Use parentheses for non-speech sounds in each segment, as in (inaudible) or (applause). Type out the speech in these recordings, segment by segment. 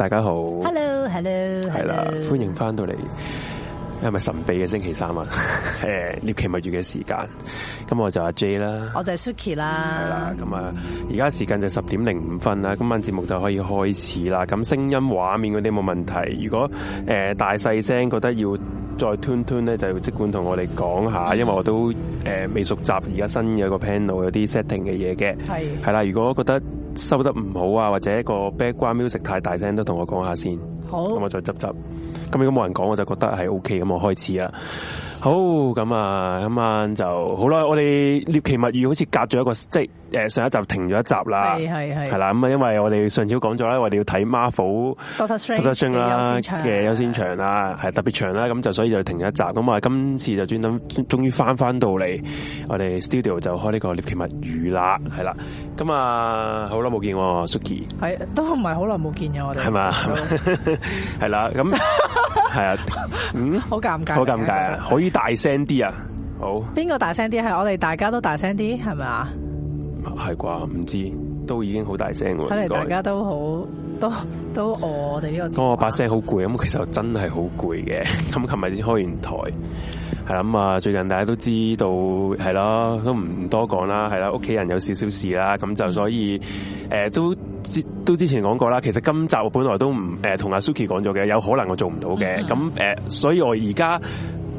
大家好，Hello，Hello，係啦，歡迎翻到嚟，係咪神秘嘅星期三啊？誒， (laughs) 獵奇物語嘅時間，咁我就阿 J 啦，我就係 Suki 啦，係啦，咁啊，而家時間就十點零五分啦，今晚節目就可以開始啦。咁聲音、畫面嗰啲冇問題。如果誒、呃、大細聲，覺得要再 turn turn 咧，就即管同我哋講下，是的 因為我都誒、呃、未熟習而家新有個 panel 有啲 setting 嘅嘢嘅，係，係啦。如果覺得，收得唔好啊，或者個 background music 太大聲，都同我講下先。好，咁我再執執，咁如果冇人講，我就覺得係 O K，咁我開始啦。好，咁啊，咁晚就好啦。我哋獵奇物語好似隔咗一個，即係誒，上一集停咗一集啦，係係啦。咁啊，因為我哋上次講咗咧，我哋要睇 Marvel Doctor Strange 嘅優先場啦，係特別長啦，咁就所以就停咗一集。咁啊，今次就專登終於翻翻到嚟，我哋 Studio 就開呢個獵奇物語啦，係啦。咁啊，好耐冇見，Suki 係都唔係好耐冇見嘅，的我哋係嘛。 (laughs) 係啦，咁係啊，嗯，好尷尬，好尷尬啊，可以大聲啲啊，好，邊個大聲啲？係我哋大家都大聲啲，係咪啊？係啩？唔知都已經好大聲啦，睇嚟，大家都好謝謝 都都，都我哋呢個聲音，當我把聲好攰啊，咁其實真係好攰嘅。咁琴日先開完台，係啦，咁啊，最近大家都知道係咯，都唔多講啦，係啦，屋企人有少少事啦，咁就所以誒、呃、都。之都之前講過啦，其實今集我本來都唔誒同、呃、阿 Suki 講咗嘅，有可能我做唔到嘅，咁誒、mm hmm. 呃，所以我而家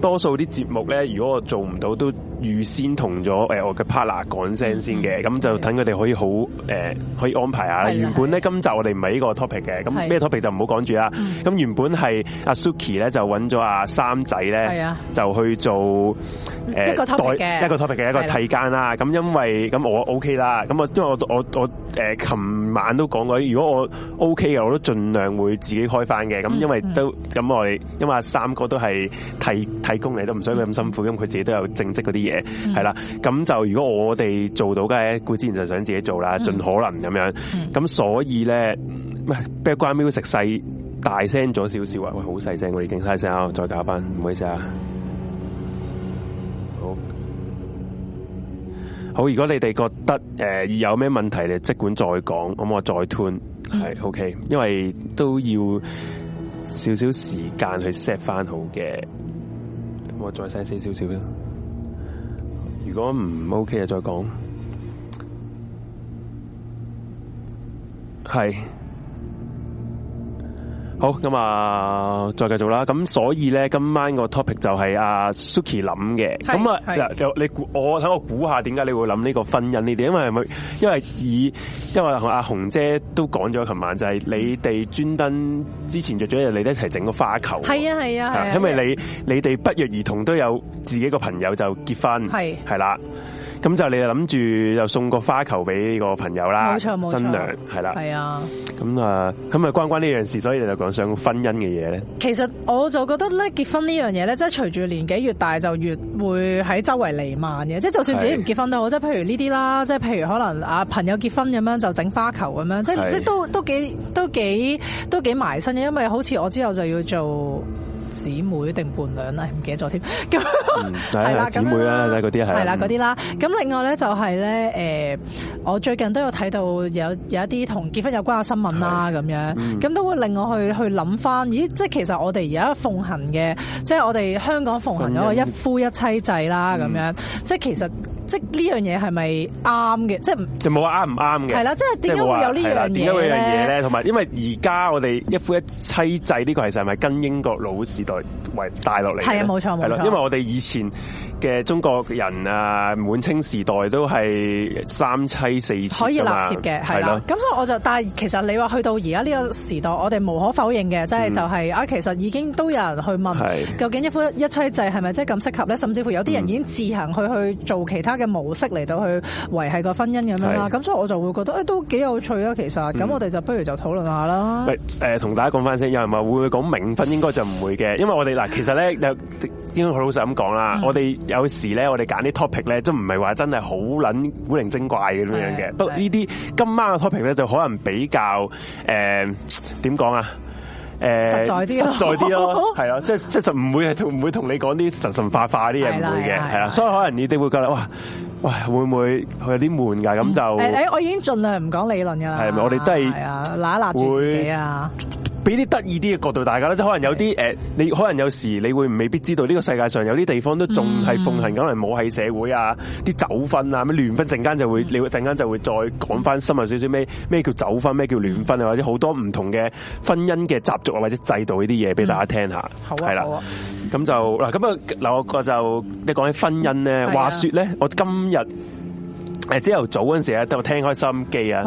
多數啲節目咧，如果我做唔到都。預先同咗誒我嘅 partner 講聲先嘅，咁就等佢哋可以好誒可以安排下。原本咧今集我哋唔係呢個 topic 嘅，咁咩 topic 就唔好講住啦。咁原本係阿 Suki 咧就揾咗阿三仔咧，就去做一個代一個 topic 嘅一個替更啦。咁因為咁我 OK 啦，咁啊因為我我我誒琴晚都講過，如果我 OK 嘅我都盡量會自己開翻嘅。咁因為都咁我哋，因為阿三哥都係替替工嚟，都唔使咁辛苦，因為佢自己都有正職啲嘢。係啦，咁、嗯、就如果我哋做到嘅，顧之然就想自己做啦，盡可能咁樣。咁、嗯嗯、所以咧，咩關 music 食細，大聲咗少少啊！喂，好細聲，我哋靜晒聲再搞翻，唔好意思啊。好，好，如果你哋覺得誒、呃、有咩問題你即管再講，咁我再 turn 係、嗯、OK，因為都要少少時間去 set 翻好嘅。我再細聲少少啦。如果唔 OK 再講係。好咁啊，再繼續啦。咁所以咧，今晚個 topic 就係阿 Suki 諗嘅。咁啊，就你估我睇，我估下點解你會諗呢個婚姻呢啲，因為咪因為以因為阿紅姐都講咗，琴晚就係你哋專登之前著咗一日，你哋一齊整個花球。係啊係啊，啊啊啊因為你你哋不約而同都有自己個朋友就結婚。係係啦。咁就你又諗住又送個花球俾個朋友啦，冇錯，新娘係啦，係啊，咁啊，咁啊關關呢樣事，所以你就講想婚姻嘅嘢咧。其實我就覺得咧，結婚呢樣嘢咧，即係隨住年紀越大，就越會喺周圍彌漫嘅。即係就算自己唔結婚都好，即係是 譬如呢啲啦，即係譬如可能啊朋友結婚咁樣就整花球咁樣，即係是 即係都都幾都幾都幾埋身嘅，因為好似我之後就要做。姊妹定伴娘咧，唔記得咗添。咁係啦，姊 (laughs) 了妹啦，嗰啲係。係啦，啲啦了。咁、嗯、另外咧、就係，就係咧，誒，我最近都有睇到有有一啲同結婚有關嘅新聞啦，咁樣，咁、嗯、都會令我去去諗翻，咦，即係其實我哋而家奉行嘅，即係我哋香港奉行咗個一夫一妻制啦，咁、嗯、樣，即係其實。即呢樣嘢係咪啱嘅？即係冇話啱唔啱嘅。係啦，即係點解會有呢樣嘢咧？同埋因為而家我哋一夫一妻制呢個其實係咪跟英國老時代遺帶落嚟。係啊，冇錯冇錯。係啦，因為我哋以前。嘅中國人啊，滿清時代都係三妻四妾，可以立妾嘅，係啦。咁所以我就，但係其實你話去到而家呢個時代，我哋無可否認嘅，即係就係啊，其實已經都有人去問，究竟一夫一妻制係咪即係咁適合咧？甚至乎有啲人已經自行去去做其他嘅模式嚟到去維係個婚姻咁樣啦。咁所以我就會覺得，誒都幾有趣啊。其實咁，我哋就不如就討論下啦。誒，同大家講翻先，有人話會唔會講冥婚，應該就唔會嘅，因為我哋嗱，其實咧又應該好老實咁講啦，我哋。有時咧，我哋揀啲 topic 咧，即係唔係話真係好撚古靈精怪嘅咁樣嘅。的不過呢啲今晚嘅 topic 咧，就可能比較誒點講啊？誒、呃呃、實在啲囉，實在啲咯，係啊， (laughs) 即係即係就唔會係唔會同你講啲神神化化啲嘢唔會嘅，係啦的，所以可能你哋會覺得哇！喂，會唔會佢有啲悶㗎？咁就、欸、我已經盡量唔講理論㗎啦。係咪？我哋都係拿一拿住自己啊，俾啲得意啲嘅角度的大家啦。即係可能有啲的、呃、你可能有時你會未必知道呢、這個世界上有啲地方都仲係奉行緊母系社會啊，啲走婚啊，咩亂婚，陣間就會你會陣間就會再講翻深入點點，聞少少咩咩叫走婚，咩叫亂婚啊，或者好多唔同嘅婚姻嘅習俗啊，或者制度呢啲嘢俾大家聽下。係啦、嗯。的咁就嗱，咁啊，嗱，我就你講起婚姻咧，是的 話說咧，我今日誒朝頭早嗰陣時啊，都聽開收音機啊，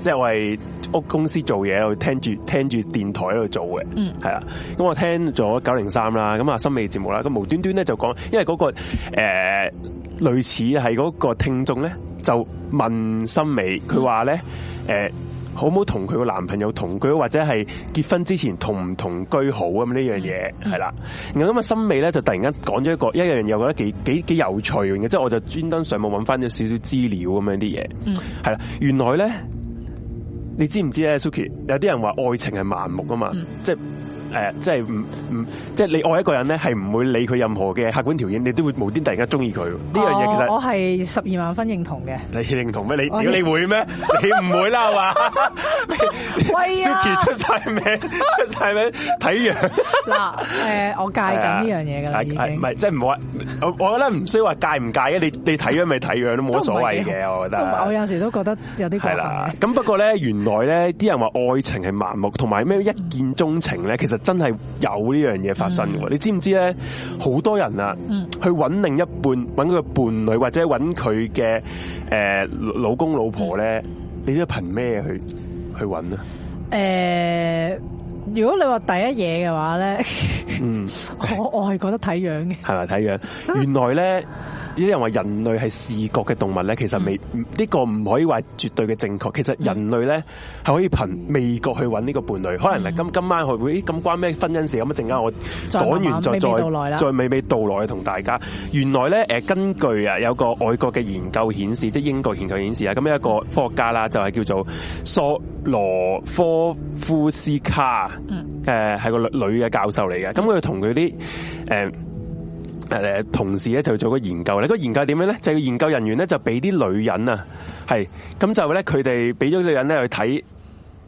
即係是的 我係屋公司做嘢，聽聽我聽住聽住電台喺度做嘅，係啦。咁我聽咗九零三啦，咁啊，心美節目啦，咁無端端咧就講，因為嗰、嗰個誒、呃、類似係嗰個聽眾咧，就問心美，佢話咧誒。呃好唔好同佢個男朋友同居，或者係結婚之前同唔同居好咁呢樣嘢係啦。然後咁嘅心尾咧，就突然間講咗一個一樣嘢，我覺得幾幾幾有趣嘅。即係我就專登上網揾翻咗少少資料咁樣啲嘢。嗯，係啦，原來咧，你知唔知咧？Suki 有啲人話愛情係盲目啊嘛，嗯、即係。誒，即係唔唔，即係你愛一個人咧，係唔會理佢任何嘅客觀條件，你都會無端突然間中意佢呢樣嘢。其實、哦、我係十二萬分認同嘅。你認同咩？你認你會咩？ (laughs) 你唔會 (laughs) 啦，係嘛？喂啊 Suki 出晒名，出晒名？睇樣嗱，誒，我戒緊呢樣嘢噶啦，已係即係唔好。我我覺得唔需要話戒唔戒嘅，你你睇樣未睇樣都冇所謂嘅。我覺得戒戒我覺得有，有時候都覺得有啲係啦。咁不過咧，原來咧啲人話愛情係盲目，同埋咩一見鍾情咧，其實。真係有呢樣嘢發生嘅，你知唔知咧？好多人啊，去揾另一半，揾佢嘅伴侶或者揾佢嘅誒老公老婆咧，你都憑咩去去揾啊？誒，如果你話第一嘢嘅話咧，嗯， (laughs) 我我係覺得睇樣嘅，係咪睇樣？原來咧。呢啲人話人類係視覺嘅動物咧，其實未呢、嗯、個唔可以話絕對嘅正確。其實人類咧係可以憑味覺去揾呢個伴侶。可能嚟今今晚會咁關咩婚姻事？咁一陣間我講完再再再娓娓道來同大家。原來咧誒，根據啊有個外國嘅研究顯示，即係英國研究顯示啊，咁有一個科學家啦，就係、是、叫做索羅科夫斯卡，誒係、嗯、個女女嘅教授嚟嘅。咁佢同佢啲誒。嗯誒，同事咧就做個研究咧，呢個研究點樣咧？就係要研究人員咧就俾啲女人啊，係咁就咧，佢哋俾咗女人咧去睇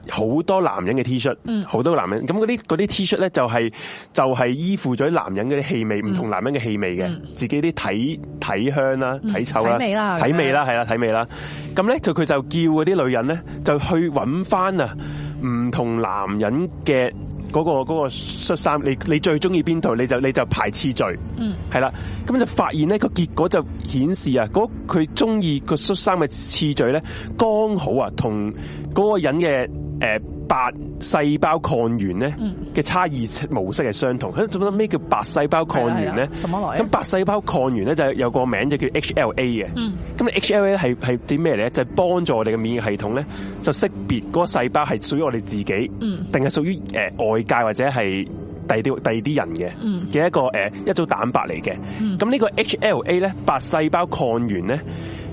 好多男人嘅 T 恤，好、嗯、多男人，咁嗰啲嗰啲 T 恤咧就係、是、就係、是、依附咗男人嗰啲氣味，唔同男人嘅氣味嘅，嗯、自己啲體體香啦、體臭啦、體味啦，係啦、體味啦，咁咧就佢就叫嗰啲女人咧就去揾返啊唔同男人嘅。嗰、那個嗰、那個恤衫，你你最中意邊套，你就你就排次序，嗯，係啦，咁就發現呢、那個結果就顯示啊，嗰佢中意個恤衫嘅次序咧，剛好啊，同嗰個人嘅。誒，白細胞抗原咧嘅差異模式係相同。咁做咩叫白細胞抗原咧？咁白細胞抗原咧就有個名就叫 H L A 嘅，嗯。咁 H L A 係係啲咩咧？就係幫助我哋嘅免疫系統咧，就識別嗰個細胞係屬於我哋自己，定係屬於誒外界或者係第啲第二啲人嘅嘅一個誒，嗯，一組蛋白嚟嘅。咁呢，嗯，個 H L A 咧，白細胞抗原咧，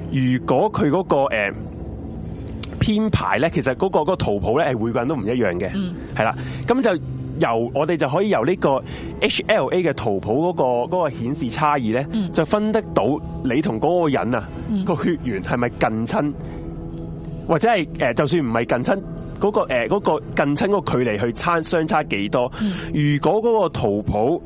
如果佢嗰，那個誒。呃編排咧，其實嗰、嗰個、嗰個圖譜咧，係每個人都唔一樣嘅，係啦、嗯。咁就由我哋就可以由呢個 HLA 嘅圖譜嗰、嗰個嗰、嗰個、顯示差異咧，嗯、就分得到你同嗰個人啊個血緣係咪近親，嗯、或者係誒就算唔係近親，嗰、嗰個誒、嗰個、近親嗰個距離去差相差幾多，如果嗰個圖譜。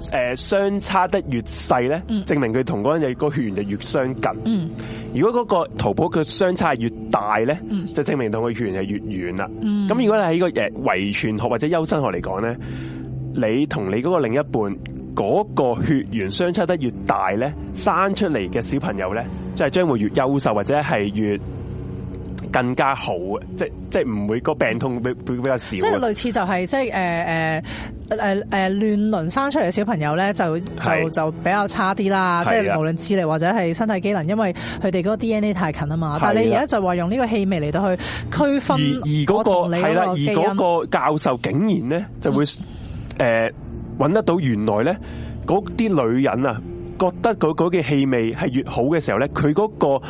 誒、呃，相差得越細咧，證明佢同嗰個血緣就越相近。嗯、如果嗰個圖譜佢相差越大咧，就證明同佢血緣係越遠啦。咁、嗯、如果你喺個誒遺傳學或者優生學嚟講咧，你同你嗰個另一半嗰、嗰個血緣相差得越大咧，生出嚟嘅小朋友咧，即係將會越優秀或者係越。更加好嘅，即係即係唔會個病痛比比比較少。即係類似就係即係誒誒誒誒，亂倫生出嚟嘅小朋友咧，就就就比較差啲啦。即係對 無論智力或者係身體機能，因為佢哋嗰個 DNA 太近啊嘛。對 但係你而家就話用呢個氣味嚟到去區分。而嗰、嗰個係啦，而嗰個教授竟然咧就會誒揾得到原來咧嗰啲女人啊。覺得嗰嗰嘅氣味係越好嘅時候咧，佢嗰個誒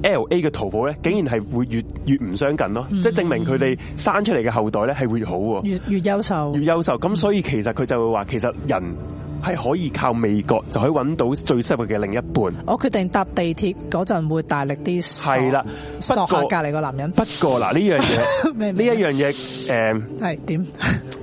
HLA 嘅圖譜咧，竟然係會越越唔相近咯，嗯、即係證明佢哋生出嚟嘅後代咧係會越好喎，越越優秀，越優秀。咁所以其實佢就會話，嗯、其實人。係可以靠味覺就可以揾到最適合嘅另一半。我決定搭地鐵嗰陣會大力啲。係啦，不過隔籬個男人。不過嗱呢樣嘢，呢一 (laughs) 嗎樣嘢，誒係點？誒，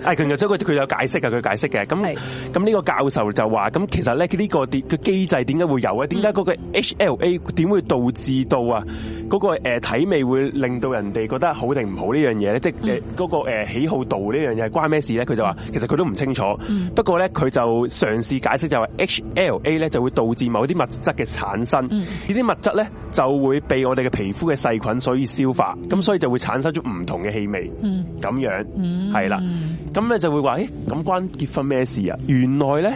佢其實佢佢有解釋嘅，佢解釋嘅。咁咁呢個教授就話，咁其實咧呢、呢個點機制點解會有啊？點解嗰個 HLA 點、嗯、會導致到啊嗰個誒體味會令到人哋覺得好定唔好呢樣嘢咧？即係嗰個誒喜好度這什麼呢樣嘢關咩事咧？佢就話其實佢都唔清楚。嗯、不過咧佢就嘗試解釋就係 H L A 咧就會導致某啲物質嘅產生，呢啲物質咧就會被我哋嘅皮膚嘅細菌所以消化，咁所以就會產生咗唔同嘅氣味，咁、嗯、樣係啦，咁咧就會話，誒、欸，咁關結婚咩事啊？原來咧，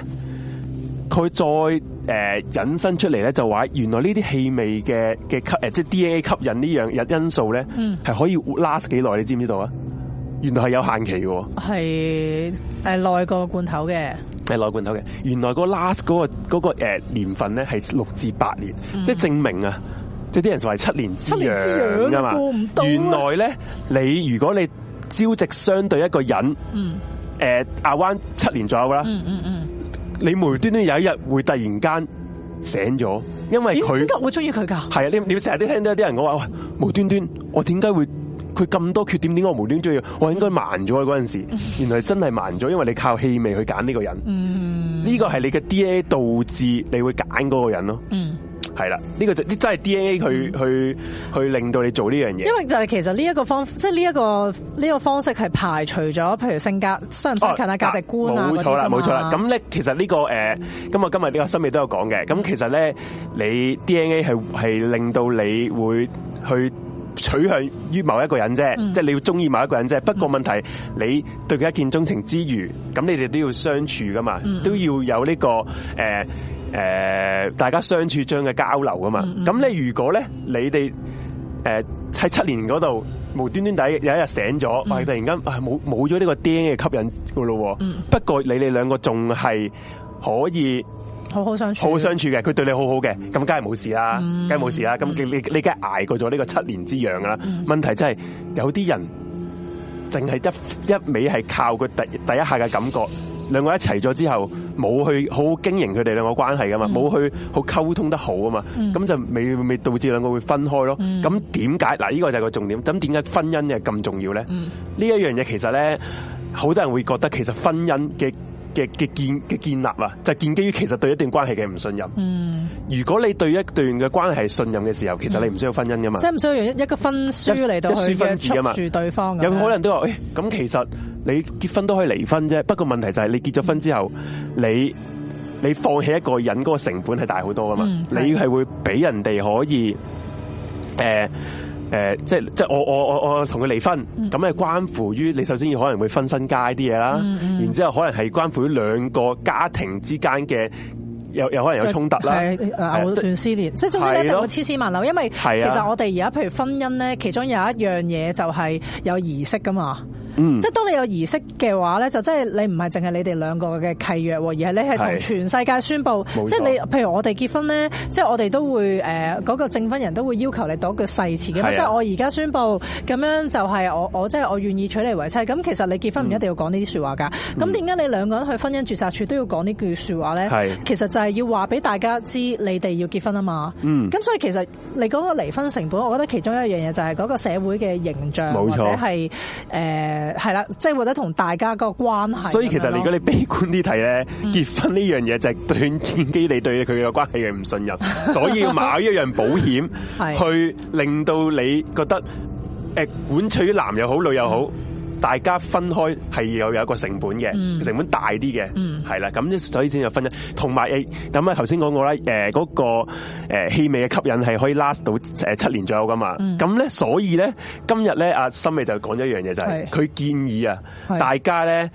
佢再誒引申出嚟咧就話，原來呢啲氣、呃、味嘅嘅吸誒即係 D N A 吸引呢樣因因素咧，係、嗯、可以 last 幾耐，你知唔知道啊？原來係有限期嘅，係誒內個罐頭嘅，係內罐頭嘅。原來嗰 last 嗰個嗰年份咧係六至八年，即係、嗯、證明啊！即係啲人就話七年之七年之癢原來咧，你如果你朝夕相對一個人，誒、嗯呃、亞灣七年左右啦，嗯嗯嗯、你無端端有一日會突然間醒咗，因為佢點解會鍾意佢㗎？係啊！你你成日都聽到啲人講話，喂，無端端我點解會？佢咁多缺點，點解我無端端要？我應該盲咗嗰陣時，原來真係盲咗，因為你靠氣味去揀呢個人，呢個係你嘅 DNA 導致你會揀嗰個人咯。嗯，係啦，呢、呢個就係、真係 DNA 去去、嗯、去令到你做呢樣嘢。因為就係其實呢一個方，即係呢一個呢、呢個方式係排除咗，譬如性格相唔相近啊、價值觀啊、冇錯啦，冇錯啦。咁咧，其實呢、呢個誒，咁、呃、我今日呢個新嘢都有講嘅。咁其實咧，你 DNA 係係令到你會去。取向於某一個人啫，嗯、即係你要中意某一個人啫。不過問題，你對佢一見鍾情之餘，咁你哋都要相處噶嘛，嗯、都要有呢、呢個誒誒、呃呃，大家相處中嘅交流噶嘛。咁、嗯嗯、你如果咧，你哋誒喺七年嗰度無端端地有一日醒咗，或、嗯、突然間冇冇咗呢個 DNA 吸引噶咯。不過你哋兩個仲係可以。好好相處，好，好相處嘅，佢對你好好嘅，咁梗係冇事啦，梗係冇事啦，咁你你梗係挨過咗呢個七年之癢噶啦？嗯、問題真、就、係、係、有啲人淨係一一味係靠佢第一第一下嘅感覺，兩個一齊咗之後，冇去好好經營佢哋兩個關係噶嘛，冇、嗯、去好溝通得好啊嘛，咁、嗯、就未未導致兩個會分開咯。咁點解嗱？呢、呢個就係個重點。咁點解婚姻又咁重要咧？呢一、嗯、樣嘢其實咧，好多人會覺得其實婚姻嘅。嘅嘅建嘅建立啊，就係、建基於其實對一段關係嘅唔信任。嗯，如果你對一段嘅關係信任嘅時候，其實你唔需要婚姻噶嘛。即係唔需要用一一個婚書嚟到去約束住對方。有可能都話，咁、哎、其實你結婚都可以離婚啫。不過問題就係你結咗婚之後，嗯、你你放棄一個人嗰個成本係大好多噶嘛。嗯、你係會俾人哋可以誒。呃誒，即係即係我我我我同佢離婚，咁係關乎於你首先要可能會分身家啲嘢啦，嗯嗯，然之後可能係關乎於兩個家庭之間嘅有有可能有衝突啦，誒，藕斷絲連，即係總之咧一定會千絲萬縷，是的 因為其實我哋而家譬如婚姻咧，其中有一樣嘢就係有儀式噶嘛。嗯，即係當你有儀式嘅話咧，就即係你唔係淨係你哋兩個嘅契約，而係你係同全世界宣布，即係你，譬如我哋結婚咧，即係我哋都會誒嗰、呃那個證婚人都會要求你讀一句誓詞嘅嘛，是啊、即係我而家宣布咁樣就係我我即係、就是、我願意娶你為妻。咁其實你結婚唔一定要講呢啲說話噶，咁點解你兩個人去婚姻註冊處都要講呢句說話咧？是 其實就係要話俾大家知你哋要結婚啊嘛。咁、嗯、所以其實你嗰個離婚成本，我覺得其中一樣嘢就係嗰個社會嘅形象沒錯 或者係誒。呃係啦，即係或者同大家個關係。所以其實如果你悲觀啲睇咧，嗯、結婚呢樣嘢就係斷戰機，你對佢嘅關係嘅唔信任，所以要買一樣保險，係去令到你覺得誒，管取男又好，女又好。嗯大家分開係要有一個成本嘅，嗯、成本大啲嘅，係啦、嗯。咁所以先有婚姻。同埋誒，咁啊頭先講過啦，誒、那、嗰個誒氣味嘅吸引係可以 last 到誒七年左右噶嘛。咁咧、嗯，所以咧，今日咧，阿森美就講咗一樣嘢就係、是，佢是建議啊，大家咧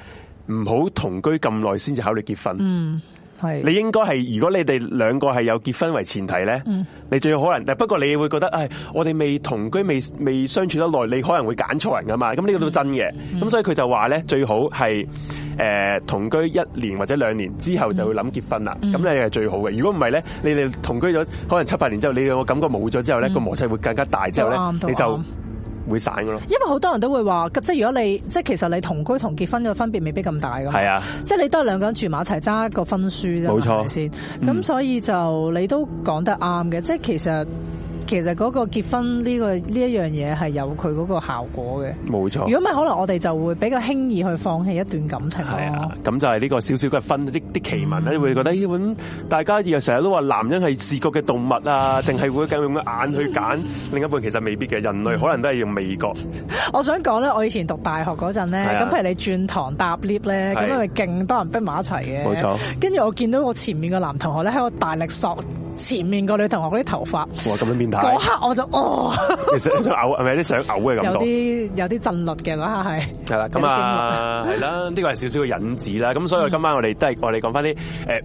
唔好同居咁耐先至考慮結婚。嗯係，你應該係，如果你哋兩個係有結婚為前提咧，嗯、你最有可能。不過你會覺得，唉，我哋未同居，未未相處得耐，你可能會揀錯人噶嘛。咁呢個都真嘅。咁、嗯、所以佢就話咧，最好係誒、呃、同居一年或者兩年之後就會諗結婚啦。咁、嗯、你係最好嘅。如果唔係咧，你哋同居咗可能七八年之後，你兩個感覺冇咗之後咧，個、嗯、磨擦會更加大之後咧，就你就。會散噶咯，因為好多人都會話，即係如果你即係其實你同居同結婚嘅分別未必咁大噶，係是啊，即係你都係兩個人住埋一齊，揸一個分書啫，冇錯先，咁所以就你都講得啱嘅，即係其實。其實嗰個結婚呢、呢個呢一樣嘢係有佢嗰個效果嘅，冇錯。如果唔係，可能我哋就會比較輕易去放棄一段感情咯。咁就係呢個少少嘅分啲啲奇聞啦，會覺得呢本大家又成日都話男人係視覺嘅動物啊，淨係會咁用眼去揀另一半，其實未必嘅，人類可能都係用味覺。我想講咧，我以前讀大學嗰陣咧，咁對 譬如你轉堂搭 lift 咧，咁係咪勁多人逼埋一齊嘅？冇沒錯。跟住我見到我前面嘅男同學咧，喺度大力索。前面個女同學嗰啲頭髮，咁樣變態，嗰刻我就哦，你想嘔，係咪？你想嘔嘅感覺有？有啲了有啲震慄嘅嗰刻係，係啦，咁啊，係啦，呢個係少少嘅引子啦。咁所以今晚我哋都係我哋講返啲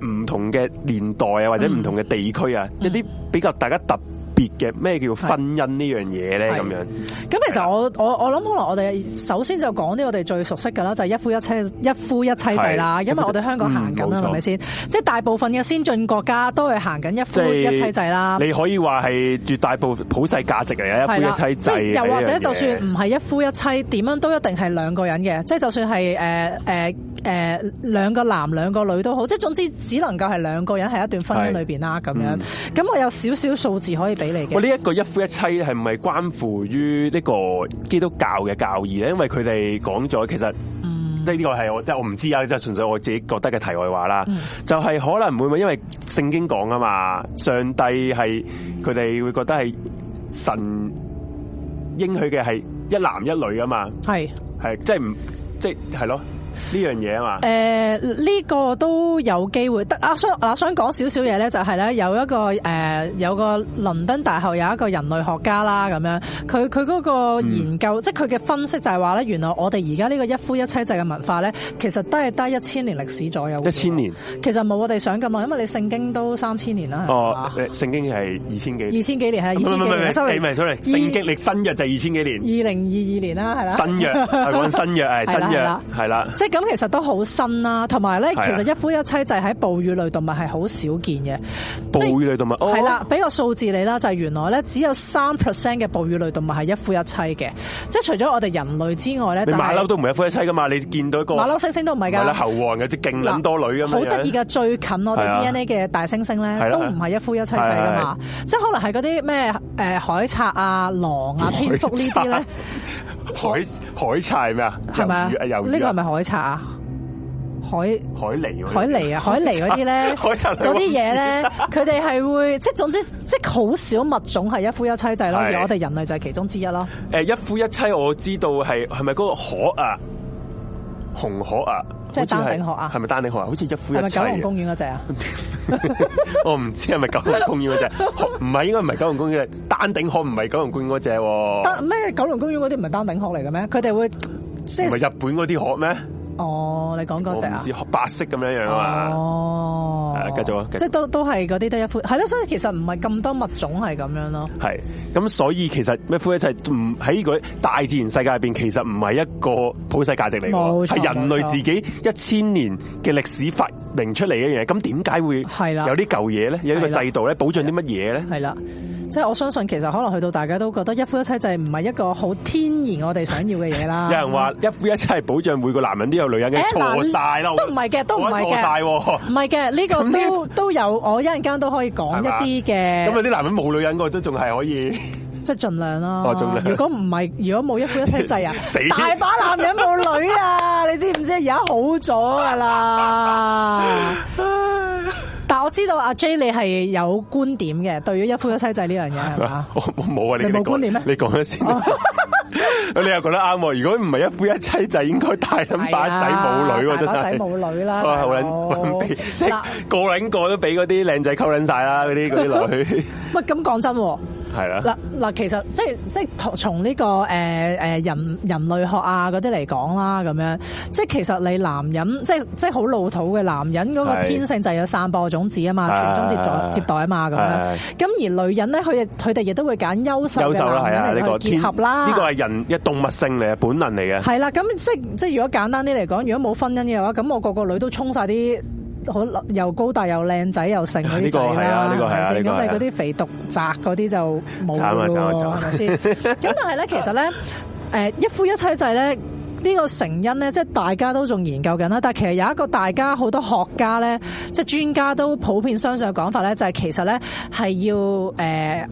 誒唔同嘅年代啊，或者唔同嘅地區啊，一啲比較大家突。別嘅咩叫婚姻呢樣嘢咧？咁樣，咁其實我我我諗可能我哋首先就講啲我哋最熟悉嘅啦，就係一夫一妻、一夫一妻制啦。因為我哋香港行緊啦，係咪先？即係大部分嘅先進國家都係行緊一夫一妻制啦。你可以話係絕大部分普世價值嘅一夫一妻制。即又或者就算唔係一夫一妻，點樣都一定係兩個人嘅。即係就算係誒誒誒兩個男兩個女都好，即係總之只能夠係兩個人喺一段婚姻裏邊啦。咁樣，嗯，咁我有少少數字可以俾。我呢一個一夫一妻係唔係關乎於呢個基督教嘅教義咧？因為佢哋講咗，其實即係呢個係我即係我唔知啊，即係純粹我自己覺得嘅題外話啦。嗯、就係可能會唔會因為聖經講啊嘛，上帝係佢哋會覺得係神應許嘅係一男一女啊嘛，係係即係唔即係係咯。就是呢樣嘢啊嘛？誒、呃，呢、這個都有機會。得啊，我想啊，想講少少嘢咧，就係、是、咧、呃，有一個誒，有個倫敦大學有一個人類學家啦，咁樣，佢佢嗰個研究，嗯、即係佢嘅分析，就係話咧，原來我哋而家呢個一夫一妻制嘅文化咧，其實都係得一千年歷史左右。一千年，其實冇我哋想咁啊，因為你聖經都三千年啦，哦，係嘛？聖經係二千幾，二千幾年係二千幾。收尾出嚟，聖經歷新約就二千幾年。二零二二年啦，係啦。新約係講新約，係新約係啦。即咁其實都好新啦，同埋咧，其實一夫一妻制喺哺乳類動物係好少見嘅。哺乳類動物係啦，俾、哦、個數字你啦，就係、是、原來咧，只有三 percent 嘅哺乳類動物係一夫一妻嘅，即係除咗我哋人類之外咧，馬騮都唔係一夫一妻噶嘛，你見到一個馬騮猩猩都唔係噶，猴王有即係勁多女噶嘛。好得意噶，最近我哋 DNA 嘅大猩猩咧都唔係一夫一妻制噶嘛，即係可能係嗰啲咩誒海賊啊、狼啊、蝙蝠賊呢啲咧。海海柴咩啊？係咪啊？呢吧個係咪海柴啊？海海狸，海狸啊，海狸嗰啲咧，嗰啲嘢咧，佢哋係會即係 (laughs) 總之即係好少物種係一夫一妻制咯，而我哋人類就係其中之一咯。誒，一夫一妻，我知道係係咪嗰個河啊？紅鶴啊，即係丹頂鶴啊，係咪丹頂鶴啊？好似一夫一妻，係咪九龍公園嗰隻啊？ (laughs) 我唔知係咪九龍公園嗰隻，唔係 (laughs) 應該唔係九龍公園，丹頂鶴唔係九龍公園嗰隻。咩？九龍公園嗰啲唔係丹頂鶴嚟嘅咩？佢哋會即係唔係日本嗰啲鶴咩？哦，你講嗰隻啊，白色咁樣樣啊嘛，哦，係啊，繼續啊，即係都都係嗰啲得一科，係啦，所以其實唔係咁多物種係咁樣咯，係，咁所以其實咩科一齊唔喺個大自然世界入邊，其實唔係一個普世價值嚟，冇錯，係人類自己一千年嘅歷史發明出嚟嘅嘢，咁點解會係啦？有啲舊嘢咧，有呢個制度咧，對了 保障啲乜嘢咧？係啦。即係我相信其實可能去到大家都覺得一夫一妻制唔係一個好天然我哋想要嘅嘢啦。有人話一夫一妻係保障每個男人都有女人嘅錯曬囉，都唔係嘅，都唔係嘅，唔係嘅，呢個都都有，我一陣間都可以講一啲嘅。咁有啲男人冇女人我都仲係可以，即係盡量啦、哦、盡量。如果唔係，如果冇一夫一妻制啊，大把糟了 男人冇女啊，你知唔知而家好咗噶啦？我知道阿 J，你係有觀點嘅，對於一夫一妻制呢樣嘢係嘛？我冇啊，你冇觀點咩？你講咗先， (laughs) 你又覺得啱喎。如果唔係一夫一妻制，應該大咁把仔冇女，的真大把仔冇女啦。好卵俾即係個撚個都俾嗰啲靚仔溝撚晒啦，嗰啲女。喂咁講真。係啦，嗱嗱是，其實即係即係，從呢個人人類學啊嗰啲嚟講啦，咁樣即其實你男人即即好老土嘅男人嗰，那個天性就係有散播種子是啊嘛，傳宗接代接代啊嘛咁樣咁而女人咧，佢佢哋亦都會揀優秀啦嚟去結合啦。呢，啊這個係，這個，人嘅動物性嚟嘅本能嚟嘅，啊。係啦，咁即即如果簡單啲嚟講，如果冇婚姻嘅話，咁我個個女都衝晒啲。好又高大又靚仔又成嗰啲仔呢係咪先？咁但係嗰啲肥毒宅嗰啲就冇咗係咪先？咁但係咧，其實咧，一夫一妻制咧呢個成因咧，即係大家都仲研究緊啦。但係其實有一個大家好多學家咧，即係專家都普遍相信嘅講法咧，就係其實咧係要誒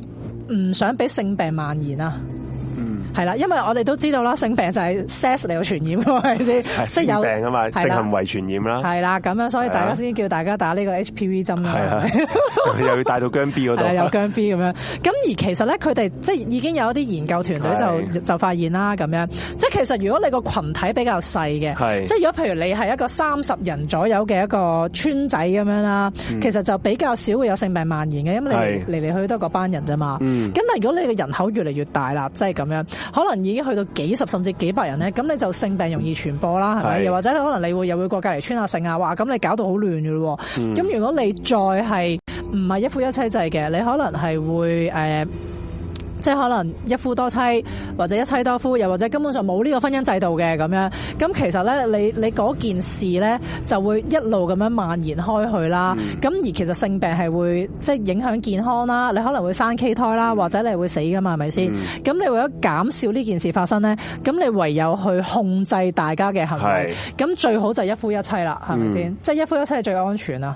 唔想俾性病蔓延啊。係啦，因為我哋都知道啦，性病就係 s e s 嚟有傳染嘅，係咪先？即係有性行為傳染啦。係啦，咁樣所以大家先叫大家打呢個 HPV 針啦。係啊，又要帶到姜 B 嗰度。係啊，有姜 B 咁樣。咁而其實咧，佢哋即係已經有一啲研究團隊就就發現啦，咁樣即係其實如果你個群體比較細嘅，即係如果譬如你係一個三十人左右嘅一個村仔咁樣啦，其實就比較少會有性病蔓延嘅，因為嚟嚟去去都係嗰班人啫嘛。咁但係如果你嘅人口越嚟越大啦，即係咁樣。可能已經去到幾十甚至幾百人咧，咁你就性病容易傳播啦，係咪？又係或者你可能你會又會過隔籬村穿下性啊？哇！咁你搞到好亂嘅咯，咁、嗯、如果你再係唔係一夫一妻制嘅，你可能係會誒。呃即係可能一夫多妻或者一妻多夫，又或者根本就冇呢個婚姻制度嘅咁樣。咁其實咧，你你嗰件事咧就會一路咁樣蔓延開去啦。咁、嗯、而其實性病係會即係影響健康啦，你可能會生畸胎啦，嗯、或者你會死噶嘛，係咪先？咁、嗯、你為咗減少呢件事發生咧，咁你唯有去控制大家嘅行為。咁、係、最好就一夫一妻啦，係咪先？嗯、即係一夫一妻係最安全啦。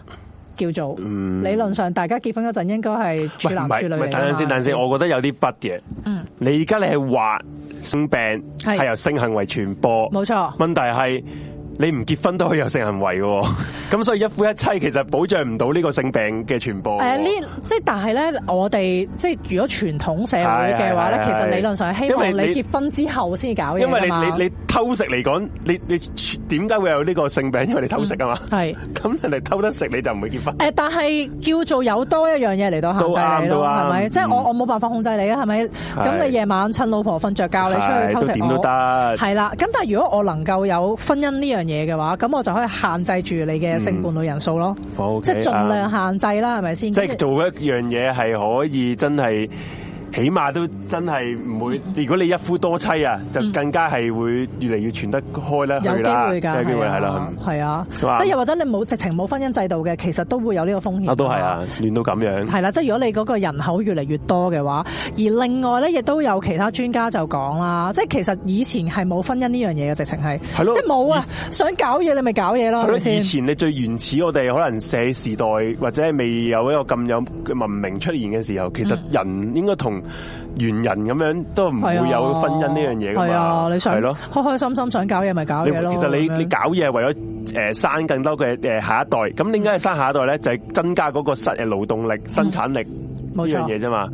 叫做，嗯、理論上大家結婚嗰陣應該係處男處女嚟嘅嘛。唔係，唔係，等陣先，等陣先，我覺得有啲不嘅。嗯，你而家你係話性病，係由性行為傳播，冇錯，問題係。你唔結婚都可以有性行為喎。咁 (laughs) 所以一夫一妻其實保障唔到呢個性病嘅傳播、呃。誒，呢即係但係咧，我哋即係如果傳統社會嘅話咧，其實理論上係希望你結婚之後先搞嘢，因為你因為你，你，你，你偷食嚟講，你你點解會有呢個性病因為你偷食啊嘛？係、嗯，咁人哋偷得食你就唔會結婚。誒、嗯，但係叫做有多一樣嘢嚟到控制你咯，係咪？即係我我冇辦法控制你啊，係咪？咁、嗯、你夜晚趁老婆瞓着覺，教你出去偷食都得。係啦，咁但係如果我能夠有婚姻呢樣。嘢嘅話，咁我就可以限制住你嘅性伴侶人數咯。嗯，好，即係盡量限制啦，係咪先？即係做一樣嘢，係可以真係。起碼都真係唔會，如果你一夫多妻啊，就更加係會越嚟越傳得開啦，去啦，有機會㗎，有機會，係啦，係啊，即係又或者你冇直情冇婚姻制度嘅，其實都會有呢個風險。都係啊，亂到咁樣。係啦，即係如果你嗰個人口越嚟越多嘅話，而另外咧亦都有其他專家就講啦，即係其實以前係冇婚姻呢樣嘢嘅，直情係，即係冇啊，想搞嘢你咪搞嘢咯，以前你最原始我哋可能石時代或者未有一個咁有文明出現嘅時候，其實人應該同猿人咁樣都唔會有婚姻呢、啊、樣嘢㗎嘛，係咯、啊，你是啊、開開心心想搞嘢咪搞嘢咯。其實你樣你搞嘢係為咗誒生更多嘅誒下一代，咁點解要生下一代咧？就係、是、增加嗰個實誒勞動力生產力呢、嗯、樣嘢啫嘛。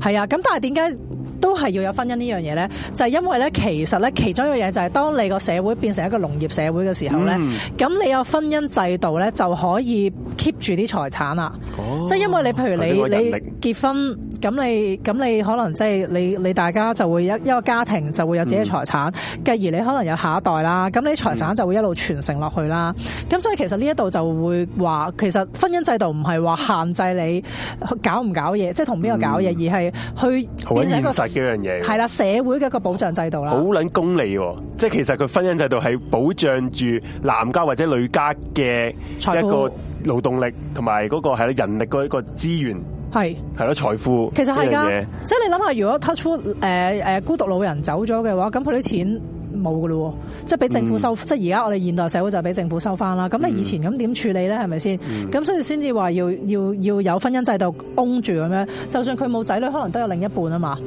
係啊，咁但係點解？都係要有婚姻呢樣嘢咧，就係、是、因為咧，其實咧，其中一個嘢就係當你個社會變成一個農業社會嘅時候咧，咁、嗯、你有婚姻制度咧，就可以 keep 住啲財產啦。哦、即係因為你，譬如你你結婚，咁你咁你可能即係你你大家就會一一個家庭就會有自己財產，繼、嗯、而你可能有下一代啦，咁你財產就會一路傳承落去啦。咁、嗯、所以其實呢一度就會話，其實婚姻制度唔係話限制你去搞唔搞嘢，即係同邊個搞嘢，嗯、而係去變成一個。幾樣嘢係啦，社會嘅一個保障制度啦，好捻功利，即係其實佢婚姻制度係保障住男家或者女家嘅一個勞動力同埋嗰個係人力嗰一個資源，係係咯，財富。其實係噶，即係你諗下，如果 Touchwood 誒、呃、誒、呃、孤獨老人走咗嘅話，咁佢啲錢冇噶喎，即係俾政府收，嗯、即係而家我哋現代社會就俾政府收翻啦。咁你以前咁點處理咧？係咪先？咁、嗯、所以先至話要要要有婚姻制度供住咁樣，就算佢冇仔女，可能都有另一半啊嘛。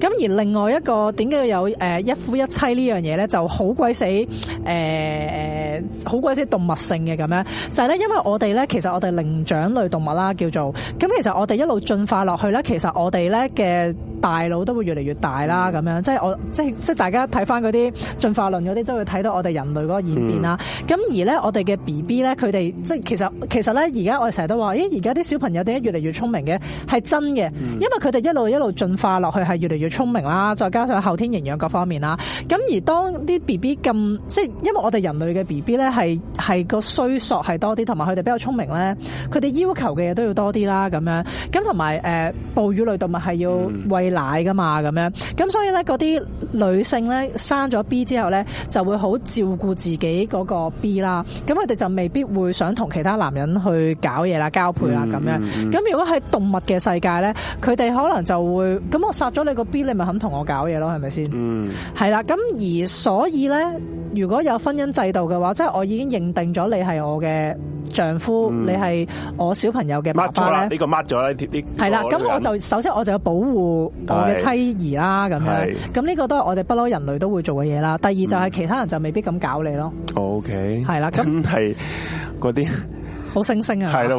咁而另外一個點解有誒一夫一妻呢樣嘢咧，就好鬼死誒好、呃、鬼死動物性嘅咁樣。就係咧，因為我哋咧，其實我哋領長類動物啦，叫做咁，其實我哋一路進化落去咧，其實我哋咧嘅大腦都會越嚟越大啦，咁樣、嗯、即係我即係即大家睇翻嗰啲進化論嗰啲，都會睇到我哋人類嗰個演變啦。咁、嗯、而咧，我哋嘅 B B 咧，佢哋即係其實其實咧，而家我哋成日都話，咦，而家啲小朋友點解越嚟越聰明嘅？係真嘅，因為佢哋一路一路進化落去係越就要聰明啦，再加上後天營養各方面啦，咁而當啲 B B 咁，即係因為我哋人類嘅 B B 咧，係係個衰索係多啲，同埋佢哋比較聰明咧，佢哋要求嘅嘢都要多啲啦，咁樣，咁同埋誒哺乳類動物係要餵奶噶嘛，咁樣，咁所以咧，嗰啲女性咧生咗 B 之後咧，就會好照顧自己嗰個 B 啦，咁佢哋就未必會想同其他男人去搞嘢啦，交配啦，咁樣，咁如果喺動物嘅世界咧，佢哋可能就會，咁我殺咗你。個 B 你咪肯同我搞嘢咯，係咪先？嗯，係啦。咁而所以咧，如果有婚姻制度嘅話，即係我已經認定咗你係我嘅丈夫，嗯、你係我小朋友嘅爸爸咧。呢、這個抹咗啦，貼啲係啦。咁、這個這個、我就首先我就要保護我嘅妻兒啦。咁是 樣，咁呢是 個都係我哋不嬲人類都會做嘅嘢啦。第二就係其他人就未必咁搞你咯。OK，係啦。咁係嗰啲。的 (laughs) 好星星啊！係啦，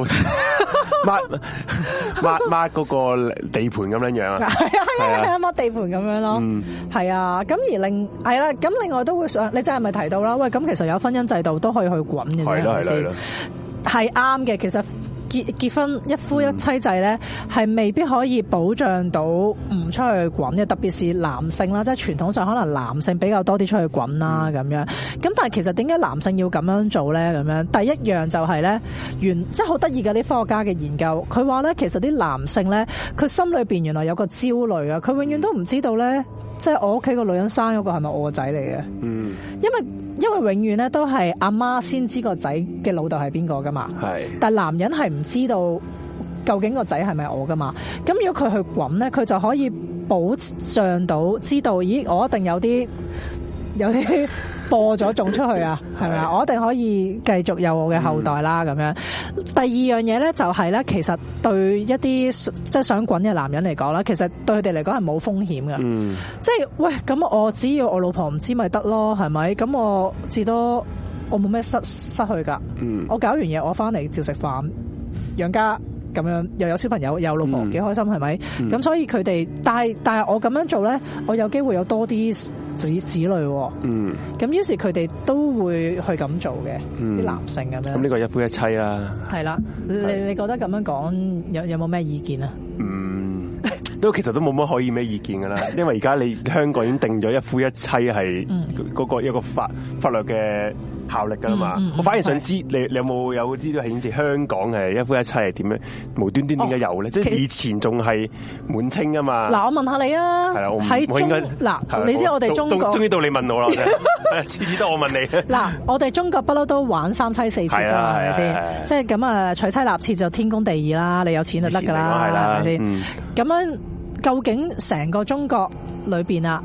抹抹抹嗰個地盤咁樣樣啊，係啊， (laughs) 對抹地盤咁樣咯，係啊、嗯。咁而另係啦，咁另外都會想，你真係咪提到啦？喂，咁其實有婚姻制度都可以去滾嘅，係啦，係啦，係啱嘅，其實。結結婚一夫一妻制呢，係未必可以保障到唔出去滾嘅，特別是男性啦，即係傳統上可能男性比較多啲出去滾啦咁樣。咁但係其實點解男性要咁樣做呢？咁樣第一樣就係呢，原即係好得意嘅啲科學家嘅研究，佢話呢，其實啲男性呢，佢心裏面原來有個焦慮啊，佢永遠都唔知道呢。即係我屋企個女人生嗰個係咪我個仔嚟嘅？嗯，因為因為永遠咧都係阿媽先知個仔嘅老豆係邊個噶嘛。係，是的 但係男人係唔知道究竟個仔係咪我噶嘛。咁如果佢去滾咧，佢就可以保障到知道，咦，我一定有啲。 (laughs) 有啲播咗種出去啊，係咪啊？是的 我一定可以繼續有我嘅後代啦，咁樣。嗯、第二樣嘢咧，就係、是、咧，其實對一啲即係想滾嘅男人嚟講啦，其實對佢哋嚟講係冇風險㗎。嗯即，即係喂，咁我只要我老婆唔知咪得咯，係咪？咁我至多我冇咩失失去噶。嗯，我搞完嘢我翻嚟照食飯養家。咁樣又有小朋友又有老婆幾、嗯、開心係咪？咁、嗯、所以佢哋但係但係我咁樣做咧，我有機會有多啲子子女、啊。嗯，咁於是佢哋都會去咁做嘅，啲、嗯、男性咁樣。咁呢個一夫一妻啦。係啦，你是你覺得咁樣講有有冇咩意見啊？嗯，都其實都冇乜可以咩意見噶啦， (laughs) 因為而家你香港已經定咗一夫一妻係嗰個一個法、嗯、法、法律嘅。效力噶啦嘛，我反而想知你你有冇有啲都係好似香港嘅一夫一妻係點樣無端端點解有咧？即係以前仲係滿清噶嘛？嗱，我問下你啊，喺中嗱，你知我哋中國終於到你問我啦，次次都我問你。嗱，我哋中國不嬲都玩三妻四妾啦，係咪先？即係咁啊，娶妻納妾就天公地義啦，你有錢就得噶啦，係咪先？咁樣究竟成個中國裏邊啊？